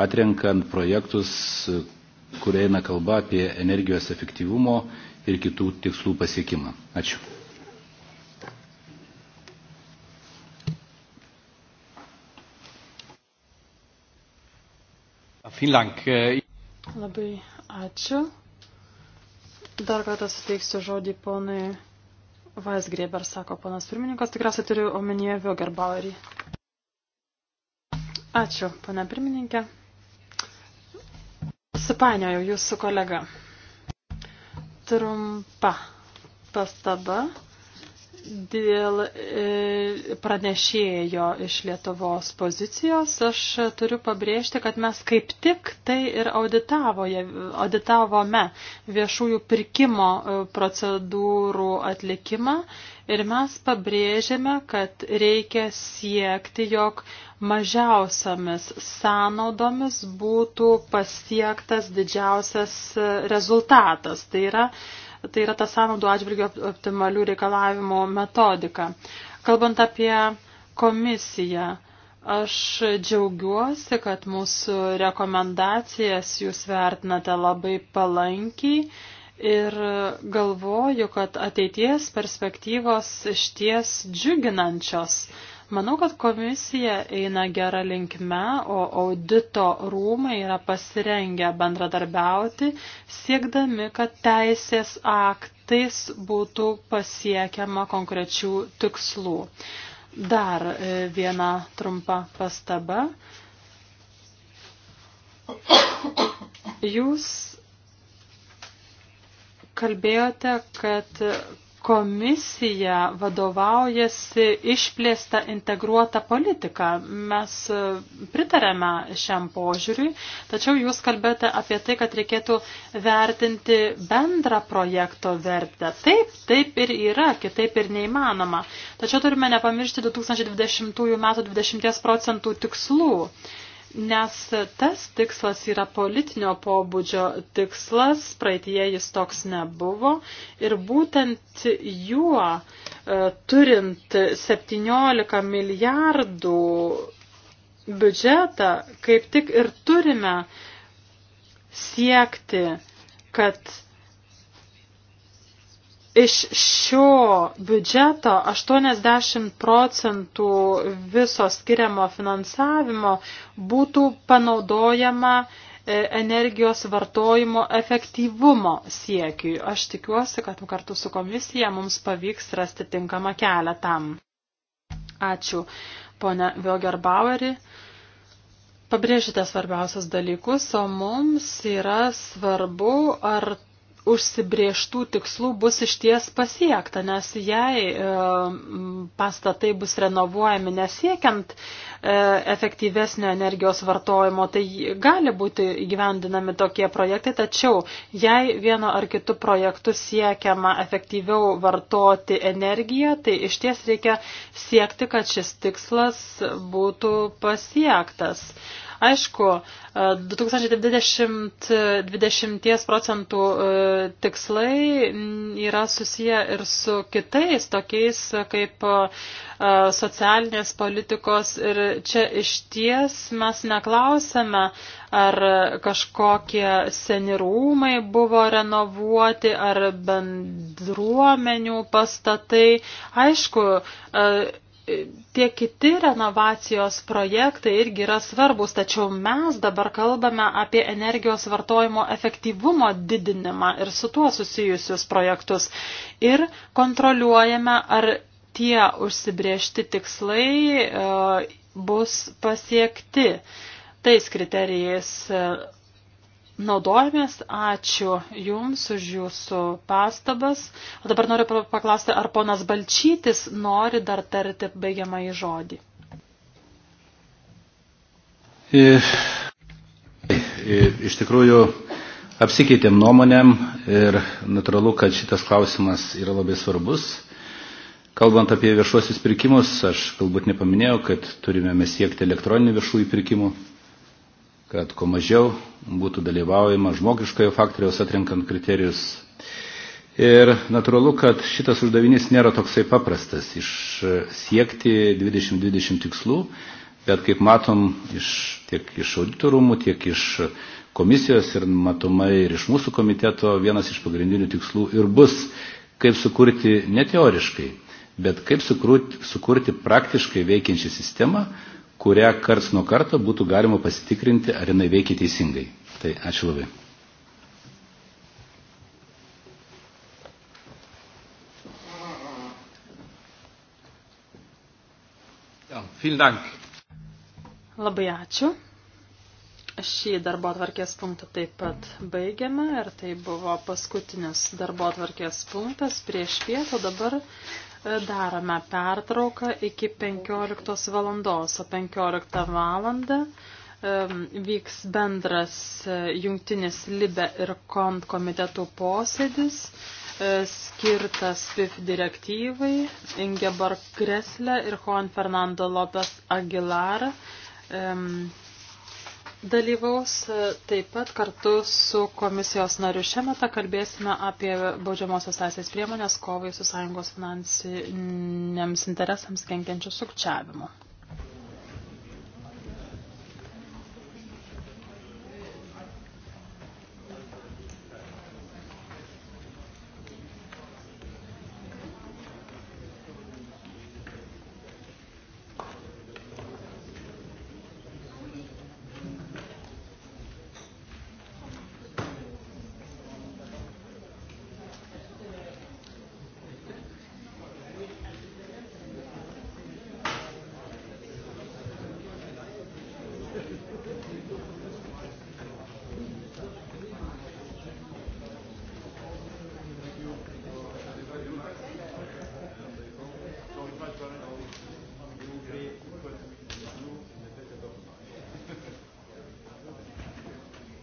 atrenkant projektus, kur eina kalba apie energijos efektyvumo ir kitų tikslų pasiekimą. Ačiū. Labai ačiū. Dar kartą suteiksiu žodį ponui Vaisgrėber, sako panas pirmininkas, tikriausiai turiu omenyje Viogerbauerį. Ačiū, pana pirmininkė. Supainiojau jūsų kolega. Trumpa pastaba. Dėl e, pranešėjo iš Lietuvos pozicijos aš turiu pabrėžti, kad mes kaip tik tai ir auditavome viešųjų pirkimo e, procedūrų atlikimą ir mes pabrėžėme, kad reikia siekti, jog mažiausiamis sąnaudomis būtų pasiektas didžiausias e, rezultatas. Tai yra tai yra ta sąnaudų atžvilgių optimalių reikalavimų metodika. Kalbant apie komisiją, aš džiaugiuosi, kad mūsų rekomendacijas jūs vertinate labai palankiai ir galvoju, kad ateities perspektyvos išties džiuginančios. Manau, kad komisija eina gerą linkme, o audito rūmai yra pasirengę bendradarbiauti, siekdami, kad teisės aktais būtų pasiekiama konkrečių tikslų. Dar e, viena trumpa pastaba. Jūs kalbėjote, kad komisija vadovaujasi išplėsta integruota politika. Mes e, pritarėme šiam požiūriui, tačiau jūs kalbėjote apie tai, kad reikėtų vertinti bendrą projekto vertę. Taip, taip ir yra, kitaip ir neįmanoma. Tačiau turime nepamiršti 2020 m. 20 procentų tikslų nes tas tikslas yra politinio pobūdžio tikslas, praeitie jis toks nebuvo ir būtent juo e, turint 17 milijardų biudžetą, kaip tik ir turime siekti, kad Iš šio biudžeto 80 procentų viso skiriamo finansavimo būtų panaudojama e, energijos vartojimo efektyvumo siekiui. Aš tikiuosi, kad kartu su komisija mums pavyks rasti tinkamą kelią tam. Ačiū, ponia Vilgerbaueri. Pabrėžite svarbiausias dalykus, o mums yra svarbu, ar užsibrieštų tikslų bus išties pasiekta, nes jei e, pastatai bus renovuojami nesiekiant e, efektyvesnio energijos vartojimo, tai gali būti įgyvendinami tokie projektai, tačiau jei vieno ar kitų projektų siekiama efektyviau vartoti energiją, tai išties reikia siekti, kad šis tikslas būtų pasiektas. Aišku, 2020 e, procentų e, tikslai yra susiję ir su kitais, tokiais kaip e, socialinės politikos. Ir čia iš ties mes neklausėme, ar kažkokie seni rūmai buvo renovuoti, ar bendruomenių pastatai. Aišku, tie kiti renovacijos projektai irgi yra svarbus, tačiau mes dabar kalbame apie energijos vartojimo efektyvumo didinimą ir su tuo susijusius projektus. Ir kontroliuojame, ar tie užsibriežti tikslai e, bus pasiekti. Tais kriterijais e, naudojamės. Ačiū Jums už Jūsų pastabas. O dabar noriu paklausti, ar ponas Balčytis nori dar tarti baigiamą į žodį. E, e, e, iš tikrųjų, apsikeitėm nuomonėm ir natūralu, kad šitas klausimas yra labai svarbus. Kalbant apie viešuosius pirkimus, aš galbūt nepaminėjau, kad turime mes siekti elektroninių viešųjų pirkimų kad kuo mažiau būtų dalyvaujama žmogiškojo faktoriaus atrenkant kriterijus. Ir natūralu, kad šitas uždavinys nėra toksai paprastas iš e, siekti 2020 tikslų, bet kaip matom iš, tiek iš auditorumų, tiek iš komisijos ir matomai ir iš mūsų komiteto vienas iš pagrindinių tikslų ir bus, kaip sukurti ne teoriškai, bet kaip sukurti, sukurti praktiškai veikiančią sistemą, kurią karts nuo karto būtų galima pasitikrinti, ar jinai veikia teisingai. Tai ačiū labai. Ja, dank. Labai ačiū. Šį darbo atvarkės punktą taip pat baigiame ir tai buvo paskutinis darbo atvarkės punktas prieš pietą. Dabar Darome pertrauką iki 15 valandos, o 15 valandą vyks bendras e, jungtinis Libe ir Kont komitetų posėdis e, skirtas PIF direktyvai Ingeborg Kresle ir Juan Fernando Lopez Aguilar dalyvaus e, taip pat kartu su komisijos nariu. Šiame metą kalbėsime apie baudžiamosios teisės priemonės kovai su sąjungos finansiniams interesams kenkiančių sukčiavimu.